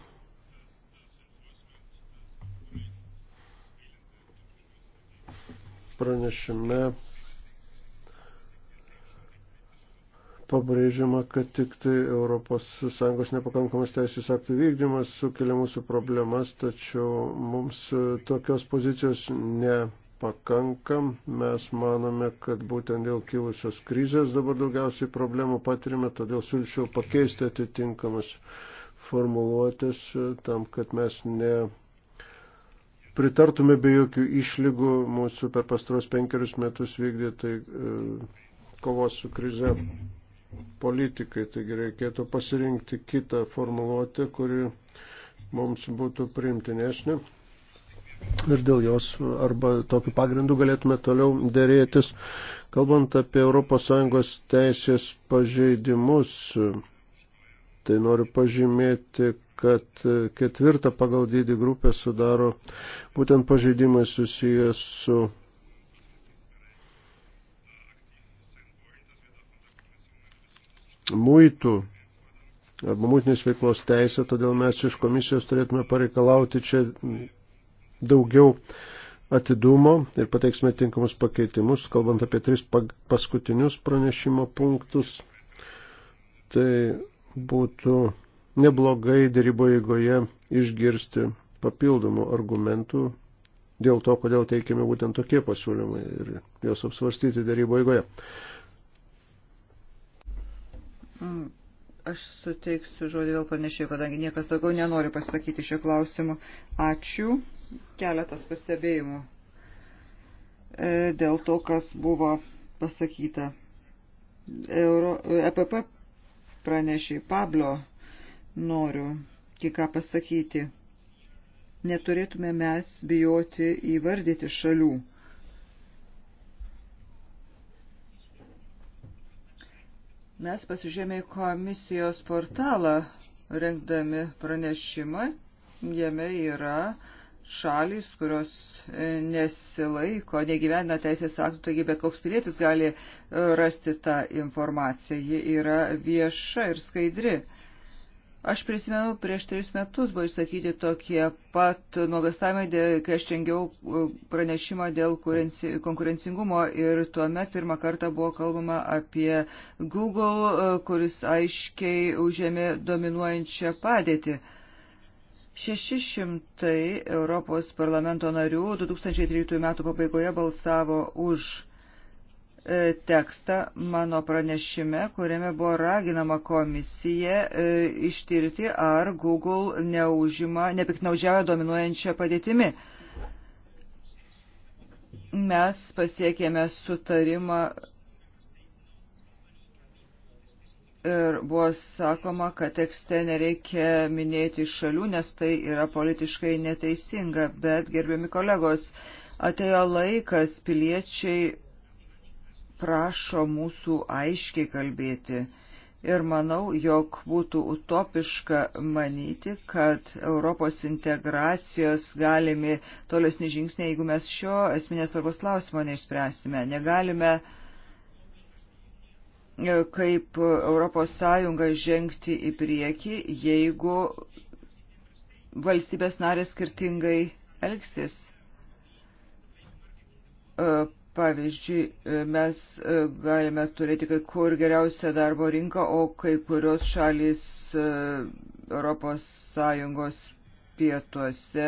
A: pranešime pabrėžiama, kad tik tai ES nepakankamas teisės aktų vykdymas sukelia mūsų problemas, tačiau mums tokios pozicijos nepakanka. Mes manome, kad būtent dėl kilusios krizės dabar daugiausiai problemų patirime, todėl siūlyčiau pakeisti atitinkamas formuluotės tam, kad mes ne pritartume be jokių išlygų mūsų per pastaros penkerius metus vykdytai e, kovos su krize politikai. Taigi reikėtų pasirinkti kitą formuluotę, kuri mums būtų priimtinesnė. Ir dėl jos arba tokiu pagrindu galėtume toliau dėrėtis. Kalbant apie ES teisės pažeidimus, tai noriu pažymėti, kad e, ketvirtą pagal dydį grupę sudaro būtent pažeidimai susijęs su muitų arba mūtinės veiklos teisė, todėl mes iš komisijos turėtume pareikalauti čia daugiau atidumo ir pateiksime tinkamus pakeitimus, kalbant apie tris paskutinius pranešimo punktus. Tai būtų neblogai dėrybo eigoje išgirsti papildomų argumentų dėl to, kodėl teikiami būtent tokie pasiūlymai ir juos apsvarstyti dėrybo eigoje.
B: Mm, aš suteiksiu žodį vėl pranešėjų, kadangi niekas daugiau nenori pasakyti šio klausimu. Ačiū. Keletas pastebėjimų e, dėl to, kas buvo pasakyta. Euro, EPP pranešė Pablo noriu tik ką pasakyti. Neturėtume mes bijoti įvardyti šalių. Mes pasižiūrėjome į komisijos portalą, rengdami pranešimą. Jame yra šalis, kurios e, nesilaiko, negyvena teisės aktų, taigi bet koks pilietis gali e, rasti tą informaciją. Ji yra vieša ir skaidri. Aš prisimenu, prieš tris metus buvo išsakyti tokie pat nuogastavimai, kai aš rengiau e, pranešimą dėl konkurencingumo ir tuomet pirmą kartą buvo kalbama apie Google, e, kuris aiškiai užėmė dominuojančią padėtį. 600 Europos parlamento narių 2003 metų pabaigoje balsavo už E, tekstą mano pranešime, kuriame buvo raginama komisija e, ištirti, ar Google neužima, nepiknaudžiavo dominuojančią padėtimi mes pasiekėme sutarimą ir buvo sakoma, kad tekste nereikia minėti šalių, nes tai yra politiškai neteisinga, bet gerbiami kolegos, atėjo laikas piliečiai prašo mūsų aiškiai kalbėti. Ir manau, jog būtų utopiška manyti, kad Europos integracijos galimi tolesni žingsniai, jeigu mes šio esminės svarbos klausimo neišspręsime. Negalime e, kaip Europos Sąjunga žengti į priekį, jeigu valstybės narės skirtingai elgsis e, Pavyzdžiui, e, mes e, galime turėti kai kur geriausią darbo rinką, o kai kurios šalys ES pietuose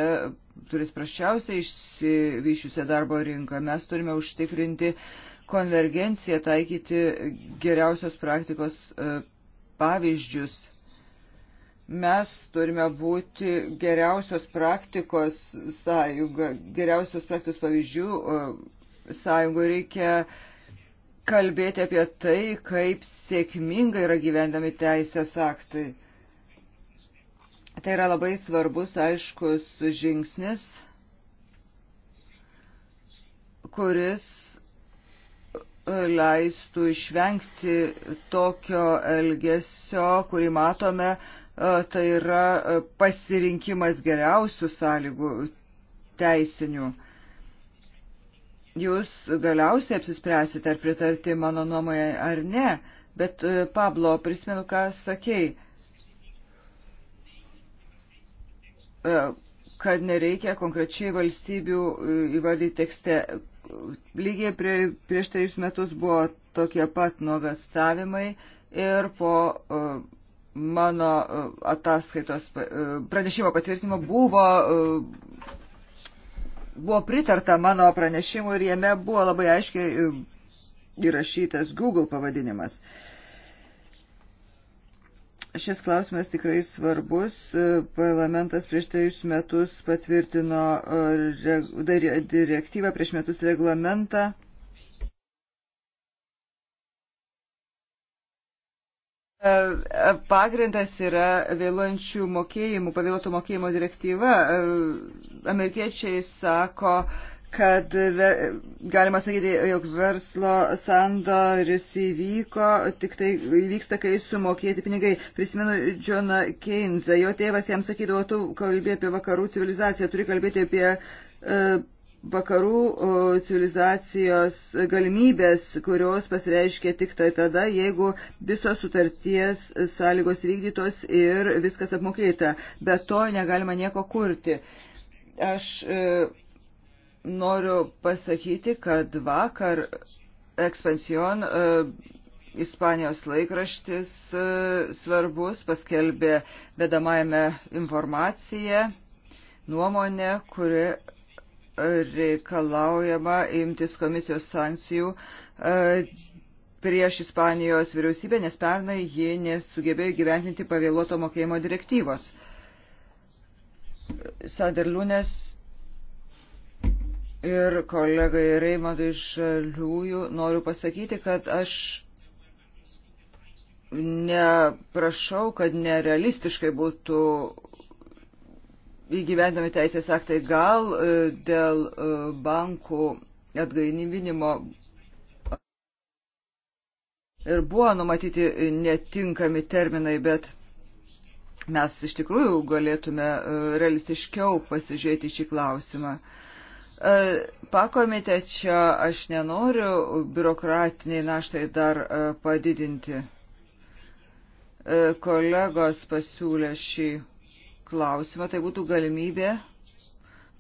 B: turis praščiausiai išsivyšiusią darbo rinką. Mes turime užtikrinti konvergenciją, taikyti geriausios praktikos e, pavyzdžius. Mes turime būti geriausios praktikos sąjunga, geriausios praktikos pavyzdžių sąjungoje reikia kalbėti apie tai, kaip sėkmingai yra gyvendami teisės aktai. Tai yra labai svarbus, aiškus žingsnis, kuris leistų išvengti tokio elgesio, kurį matome, e, tai yra e, pasirinkimas geriausių sąlygų teisinių jūs galiausiai apsispręsite, ar pritarti mano nuomoje ar ne. Bet, e, Pablo, prisimenu, ką sakei, e, kad nereikia konkrečiai valstybių e, įvardyti tekste. Lygiai prie, prieš trejus metus buvo tokie pat nuogastavimai ir po mano ataskaitos pranešimo patvirtimo buvo buvo pritarta mano pranešimu ir jame buvo labai aiškiai e, įrašytas Google pavadinimas. Šis klausimas tikrai svarbus. E, Parlamentas prieš trejus metus patvirtino e, direktyvą, prieš metus reglamentą E, e, pagrindas yra vėluojančių mokėjimų, pavėluotų mokėjimo direktyva. E, amerikiečiai sako, kad galima sakyti, jog verslo sandoris įvyko, tik tai įvyksta, kai sumokėti pinigai. Prisimenu Johną Keynesą, jo tėvas jam sakydavo, tu kalbė apie vakarų civilizaciją, turi kalbėti apie vakarų civilizacijos galimybės, kurios pasireiškia tik tai tada, jeigu visos sutarties sąlygos vykdytos ir viskas apmokėta. Be to negalima nieko kurti. Aš e, noriu pasakyti, kad vakar ekspansion e, Ispanijos laikraštis e, svarbus paskelbė vedamajame informaciją, nuomonę, kuri reikalaujama imtis komisijos sankcijų e, prieš Ispanijos vyriausybę, nes pernai ji nesugebėjo gyventinti pavėluoto mokėjimo direktyvos. Saderliūnės ir kolegai Reimondui Žaliųjų noriu pasakyti, kad aš neprašau, kad nerealistiškai būtų įgyvendami teisės aktai gal e, dėl e, bankų atgainivinimo ir buvo numatyti netinkami terminai, bet mes iš tikrųjų galėtume e, realistiškiau pasižiūrėti šį klausimą. Pakomite čia aš nenoriu biurokratiniai naštai dar padidinti. Kolegos pasiūlė šį klausimą, tai būtų galimybė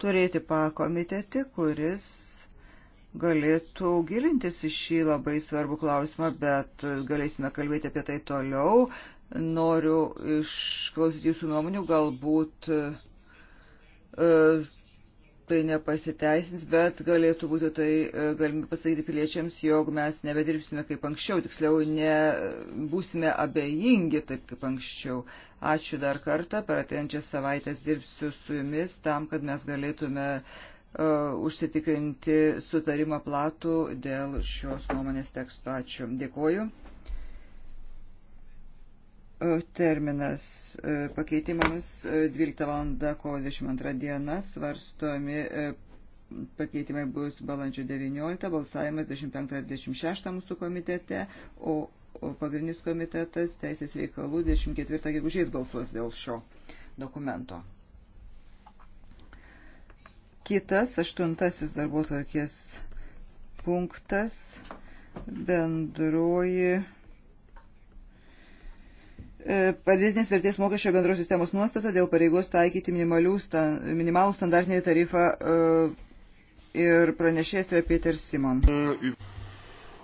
B: turėti pakomitetį, kuris galėtų gilintis į šį labai svarbų klausimą, bet galėsime kalbėti apie tai toliau. Noriu išklausyti jūsų nuomonių, galbūt e, tai nepasiteisins, bet galėtų būti tai, e, galime pasakyti piliečiams, jog mes nebedirbsime kaip anksčiau, tiksliau nebūsime abejingi taip kaip anksčiau. Ačiū dar kartą, per atėjančias savaitės dirbsiu su jumis tam, kad mes galėtume uh, užsitikrinti sutarimą platų dėl šios nuomonės teksto. Ačiū. Dėkoju terminas e, pakeitimams 12 e, val. kovo 22 diena svarstomi e, pakeitimai bus balandžio 19, balsavimas 25-26 mūsų komitete, o, o pagrindinis komitetas Teisės reikalų 24 gegužės balsuos dėl šio dokumento. Kitas, aštuntasis darbo tvarkės punktas, bendroji E, Padidinės vertės mokesčio bendros sistemos nuostata dėl pareigos taikyti stand, minimalų standartinį tarifą e, ir pranešėjas yra Peter Simon.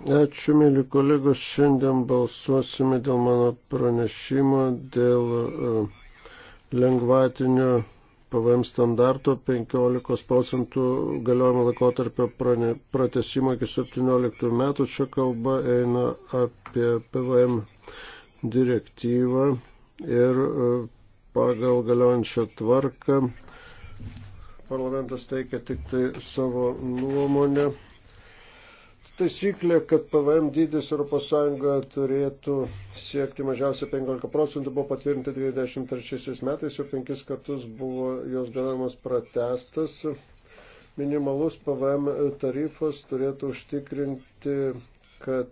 A: Ačiū, mėly kolegos, šiandien balsuosime dėl mano pranešimo dėl e, lengvatinio PVM standarto 15 procentų galiojimo laikotarpio pratesimo iki 17 metų. Čia kalba eina apie PVM direktyvą ir e, pagal galiojančią tvarką parlamentas teikia tik tai savo nuomonę. Taisyklė, kad PVM dydis ES turėtų siekti mažiausiai 15 procentų, buvo patvirtinta 1993 metais, jau penkis kartus buvo jos galiojimas pratestas. Minimalus PVM tarifas turėtų užtikrinti kad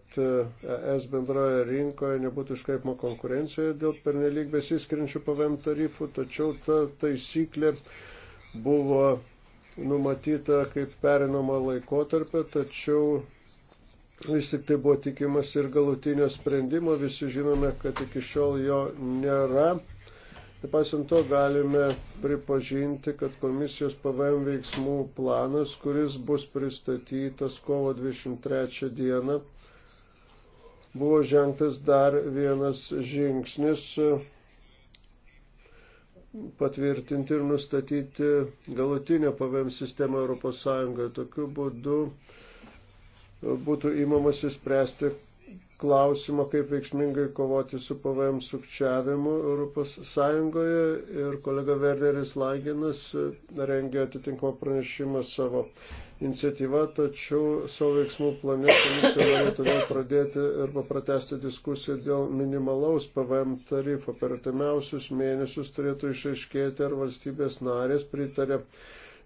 A: ES e bendroje rinkoje nebūtų iškaipmo konkurencijoje dėl pernelyg besiskrinčių PVM tarifų, tačiau ta taisyklė buvo numatyta kaip perinama laikotarpė, tačiau vis tik tai buvo tikimas ir galutinio sprendimo, visi žinome, kad iki šiol jo nėra. Nepaisant to galime pripažinti, kad komisijos PVM veiksmų planas, kuris bus pristatytas kovo 23 dieną, buvo žengtas dar vienas žingsnis e, patvirtinti ir nustatyti galutinę PVM sistemą ES. Tokiu būdu būtų įmamasi spręsti klausimą, kaip veiksmingai kovoti su PVM sukčiavimu ES ir kolega Werneris Laginas rengia atitinkamą pranešimą savo iniciatyvą, tačiau savo veiksmų plane komisija norėtų vėl pradėti ir papratesti diskusiją dėl minimalaus PVM tarifo. Per atimiausius mėnesius turėtų išaiškėti, ar valstybės narės pritarė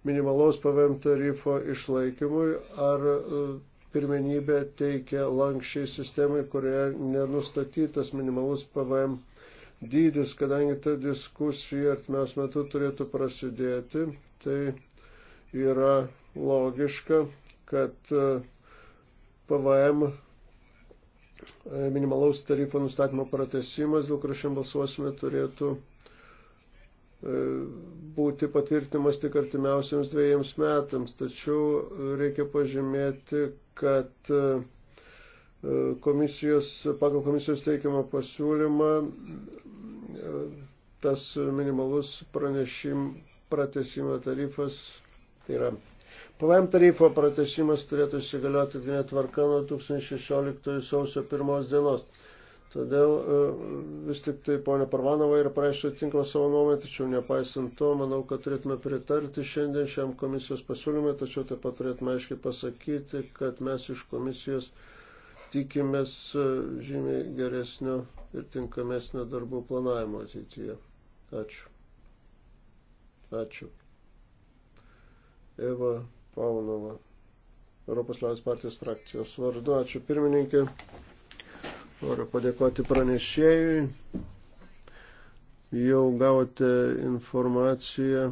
A: minimalaus PVM tarifo išlaikymui, ar pirmenybę teikia lankščiai sistemai, kurioje nenustatytas minimalus PVM dydis, kadangi ta diskusija artimiaus metu turėtų prasidėti, tai yra logiška, kad e, PVM e, minimalaus tarifo nustatymo pratesimas, dėl kurio šiandien balsuosime, turėtų e, būti patvirtinimas tik artimiausiams dviejams metams. Tačiau reikia pažymėti, kad e, e, komisijos, pagal komisijos teikiamą pasiūlymą e, tas minimalus pranešim, pratesimo tarifas, tai yra PVM tarifo pratesimas turėtų įsigalioti tvarka nuo 2016 sausio 1 dienos. Todėl e, vis tik tai ponia Parvanova ir prašė tinklą savo nuomonę, tačiau nepaisant to, manau, kad turėtume pritarti šiandien šiam komisijos pasiūlymui, tačiau taip pat turėtume aiškiai pasakyti, kad mes iš komisijos tikimės e, žymiai geresnio ir tinkamesnio darbų planavimo ateityje. Ačiū. Ačiū. Eva Paunova, Europos Liaudės partijos frakcijos vardu. Ačiū pirmininkė. Noriu padėkoti pranešėjui. Jau gavote informaciją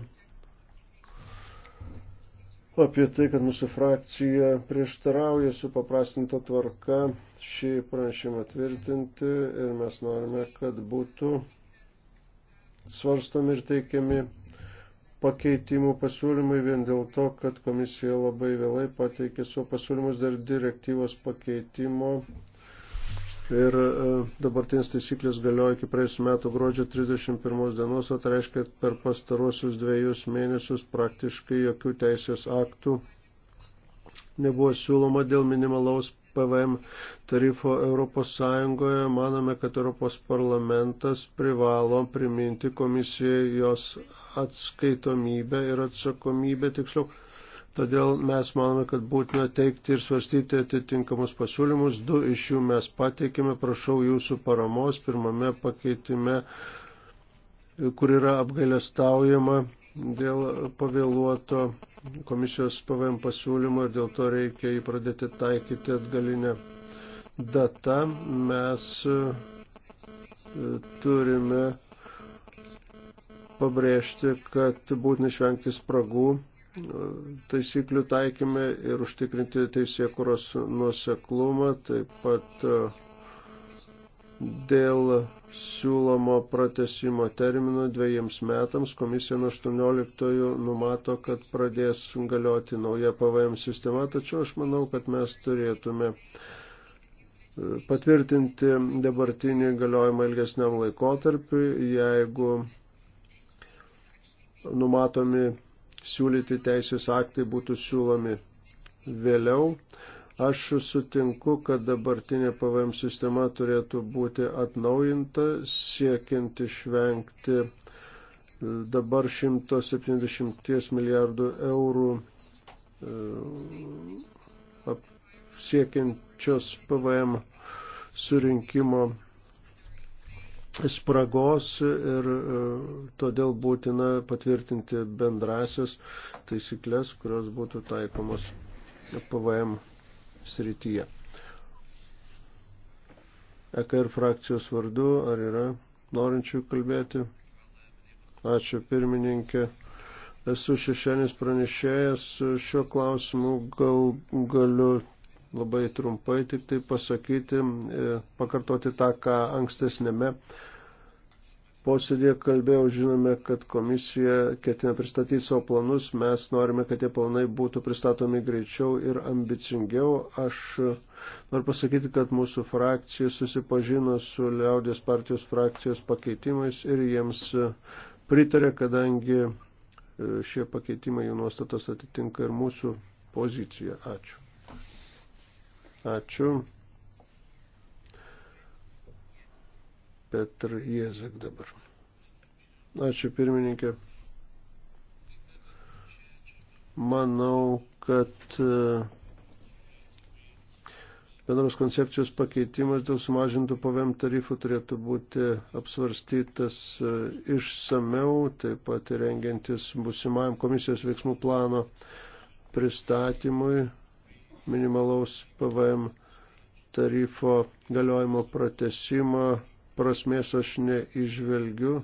A: apie tai, kad mūsų frakcija prieštarauja su paprastinta tvarka šį pranešimą tvirtinti ir mes norime, kad būtų svarstomi ir teikiami pakeitimų pasiūlymai vien dėl to, kad komisija labai vėlai pateikė savo pasiūlymus dėl direktyvos pakeitimo Ir e, dabartinės taisyklės galioja iki praėjusiu metu gruodžio 31 dienos, o tai reiškia, kad per pastaruosius dviejus mėnesius praktiškai jokių teisės aktų nebuvo siūloma dėl minimalaus PVM tarifo Europos Sąjungoje. Manome, kad Europos parlamentas privalo priminti komisijai jos atskaitomybę ir atsakomybę tiksliau Todėl mes manome, kad būtina teikti ir svarstyti atitinkamus pasiūlymus. Du iš jų mes pateikėme, prašau jūsų paramos. Pirmame pakeitime, kur yra apgailestaujama dėl pavėluoto komisijos PVM pasiūlymo ir dėl to reikia jį pradėti taikyti atgalinę datą. Mes e, turime pabrėžti, kad būtina išvengti spragų taisyklių taikymę ir užtikrinti teisėkuros nuoseklumą, taip pat e, dėl siūlomo pratesimo termino dviejams metams komisija nuo 18 numato, kad pradės galioti nauja PVM sistema, tačiau aš manau, kad mes turėtume e, patvirtinti dabartinį galiojimą ilgesniam laikotarpiu, jeigu numatomi siūlyti teisės aktai būtų siūlomi vėliau. Aš sutinku, kad dabartinė PVM sistema turėtų būti atnaujinta, siekiant išvengti dabar 170 milijardų eurų e, siekiančios PVM surinkimo spragos ir e, todėl būtina patvirtinti bendrasios taisyklės, kurios būtų taikomos PVM srityje. EKR frakcijos vardu, ar yra norinčių kalbėti? Ačiū pirmininkė. Esu šešienis pranešėjas šiuo klausimu, gal galiu labai trumpai tik tai pasakyti, e, pakartoti tą, ką ankstesnėme posėdėje kalbėjau, žinome, kad komisija ketina pristatyti savo planus, mes norime, kad tie planai būtų pristatomi greičiau ir ambicingiau. Aš noriu pasakyti, kad mūsų frakcija susipažino su liaudės partijos frakcijos pakeitimais ir jiems pritarė, kadangi e, šie pakeitimai jų nuostatas atitinka ir mūsų poziciją. Ačiū. Ačiū. Petr Jezek dabar. Ačiū pirmininkė. Manau, kad e, bendros koncepcijos pakeitimas dėl sumažintų PVM tarifų turėtų būti apsvarstytas e, išsameu, taip pat rengiantis busimajam komisijos veiksmų plano pristatymui minimalaus PVM tarifo galiojimo pratesimo prasmės aš neižvelgiu.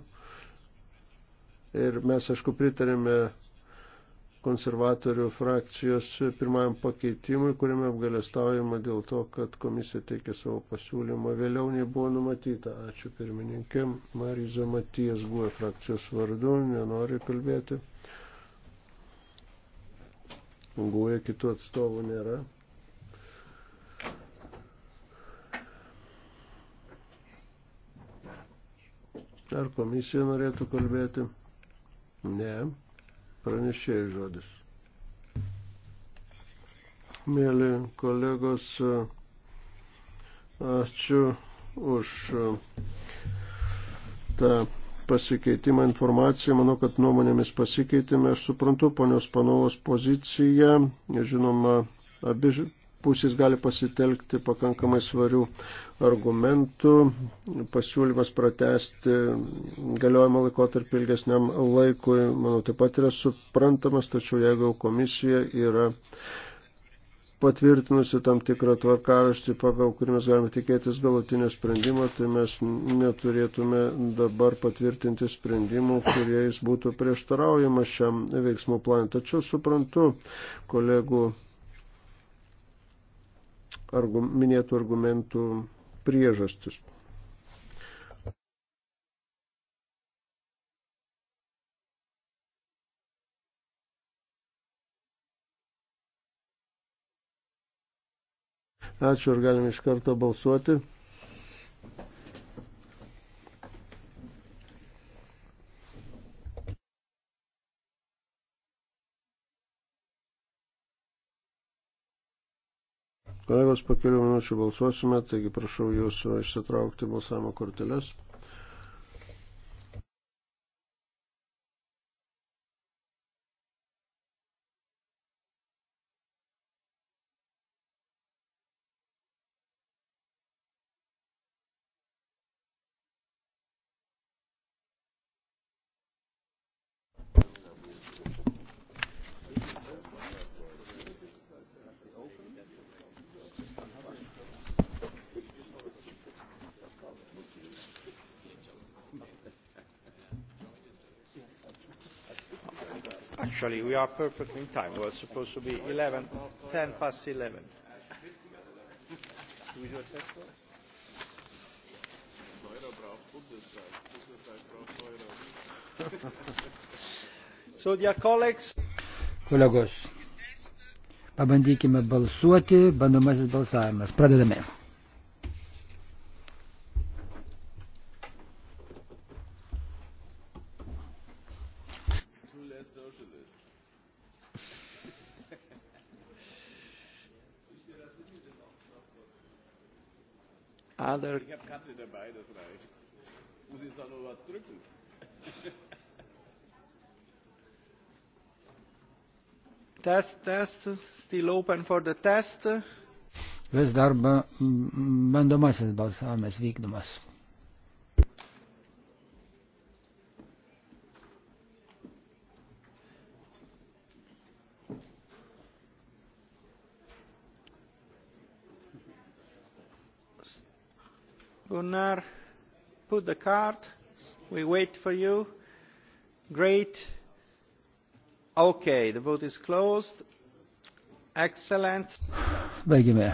A: Ir mes, aišku, pritarėme konservatorių frakcijos pirmajam pakeitimui, kuriame apgalėstaujama dėl to, kad komisija teikė savo pasiūlymą vėliau nei buvo numatyta. Ačiū pirmininkė. Mariza Matijas buvo frakcijos vardu, nenori kalbėti. Guoja kitų atstovų nėra. Ar komisija norėtų kalbėti? Ne. Pranešėjai žodis. Mėly kolegos, ačiū už tą pasikeitimą informaciją. Manau, kad nuomonėmis pasikeitėme. Aš suprantu ponios Panovos poziciją. Žinoma, abi pusės gali pasitelkti pakankamai svarių argumentų. Pasiūlymas pratesti galiojimo laikotarpį ilgesniam laikui, manau, taip pat yra suprantamas, tačiau jeigu komisija yra patvirtinusi tam tikrą tvarkaraštį, pagal kurį mes galime tikėtis galutinio sprendimo, tai mes neturėtume dabar patvirtinti sprendimų, kuriais būtų prieštaraujama šiam veiksmų planui. Tačiau suprantu kolegų argum, minėtų argumentų priežastis. Ačiū ir galime iš karto balsuoti. Kolegos, po kelių minučių balsuosime, taigi prašau jūsų išsitraukti balsavimo korteles. are perfectly in time. It was supposed to be 11, 10 past 11. Do we do a test for it? Neuer braucht [laughs] Bundeszeit. Bundeszeit braucht Neuer. so, dear colleagues.
C: Kolegos, pabandykime balsuoti, bandomasis balsavimas. Pradedame.
B: Other ich habe
A: Karte dabei, das reicht. Muss jetzt auch noch was drücken. [laughs] test, test, still open for the test.
C: Vis dar bandomasis balsavimas vykdomas. commissioner put the card we wait for you great okay the vote is
A: closed excellent
C: baigėme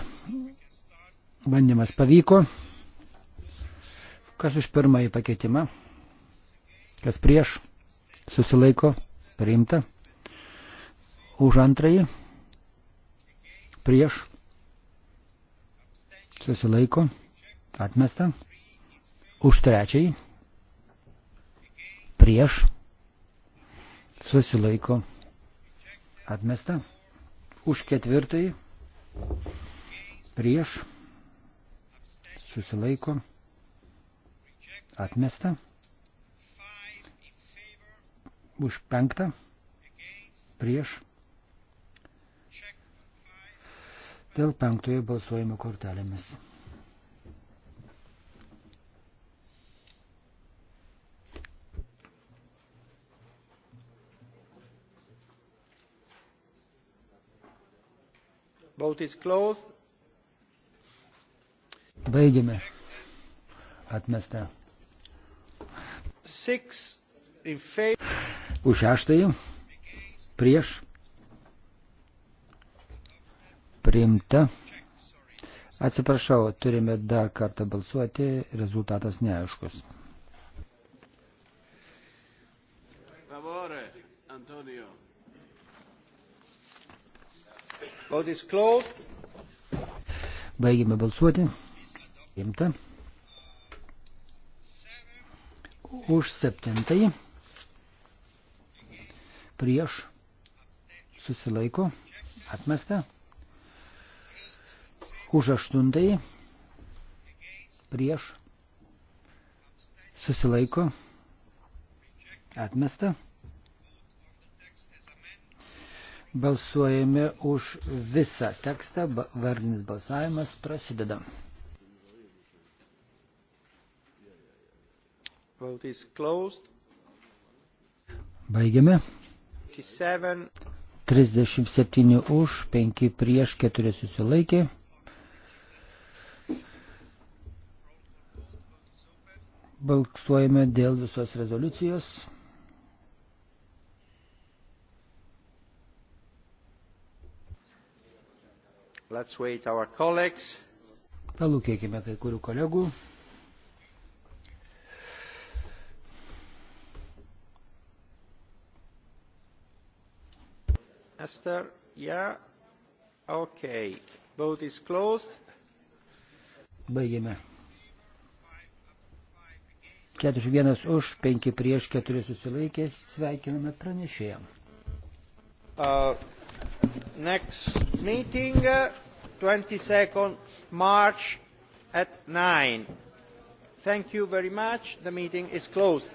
C: bandymas pavyko kas už pirmąjį pakeitimą kas prieš susilaiko priimta už antrąjį prieš susilaiko atmesta už trečiai, prieš, susilaiko, atmesta, už ketvirtai, prieš, susilaiko, atmesta, už penktą, prieš. Dėl penktojo balsuojimo kortelėmis. Baigėme. Atmesta. Už šeštąjį. Prieš. Priimta. Atsiprašau, turime dar kartą balsuoti, rezultatas neaiškus.
A: Favore, Antonio. Vote is closed.
C: Baigėme balsuoti. Imta. Už septintąjį. Prieš. Susilaiko. Atmesta. Už aštuntąjį. Prieš. Susilaiko. Atmesta. Balsuojame už visą tekstą, vardinis balsavimas prasideda.
A: Vote is closed.
C: Baigiame. 37 už, 5 prieš, 4 susilaikė. Balsuojame dėl visos rezoliucijos. Let's wait our colleagues. Palūkėkime kai kurių kolegų.
A: Esther, yeah. Okay. Vote is closed.
C: Baigėme. 41 už, 5 prieš, 4 susilaikė. Sveikiname pranešėjam. Uh, next meeting twenty two march at. nine zero thank you very much the meeting is closed.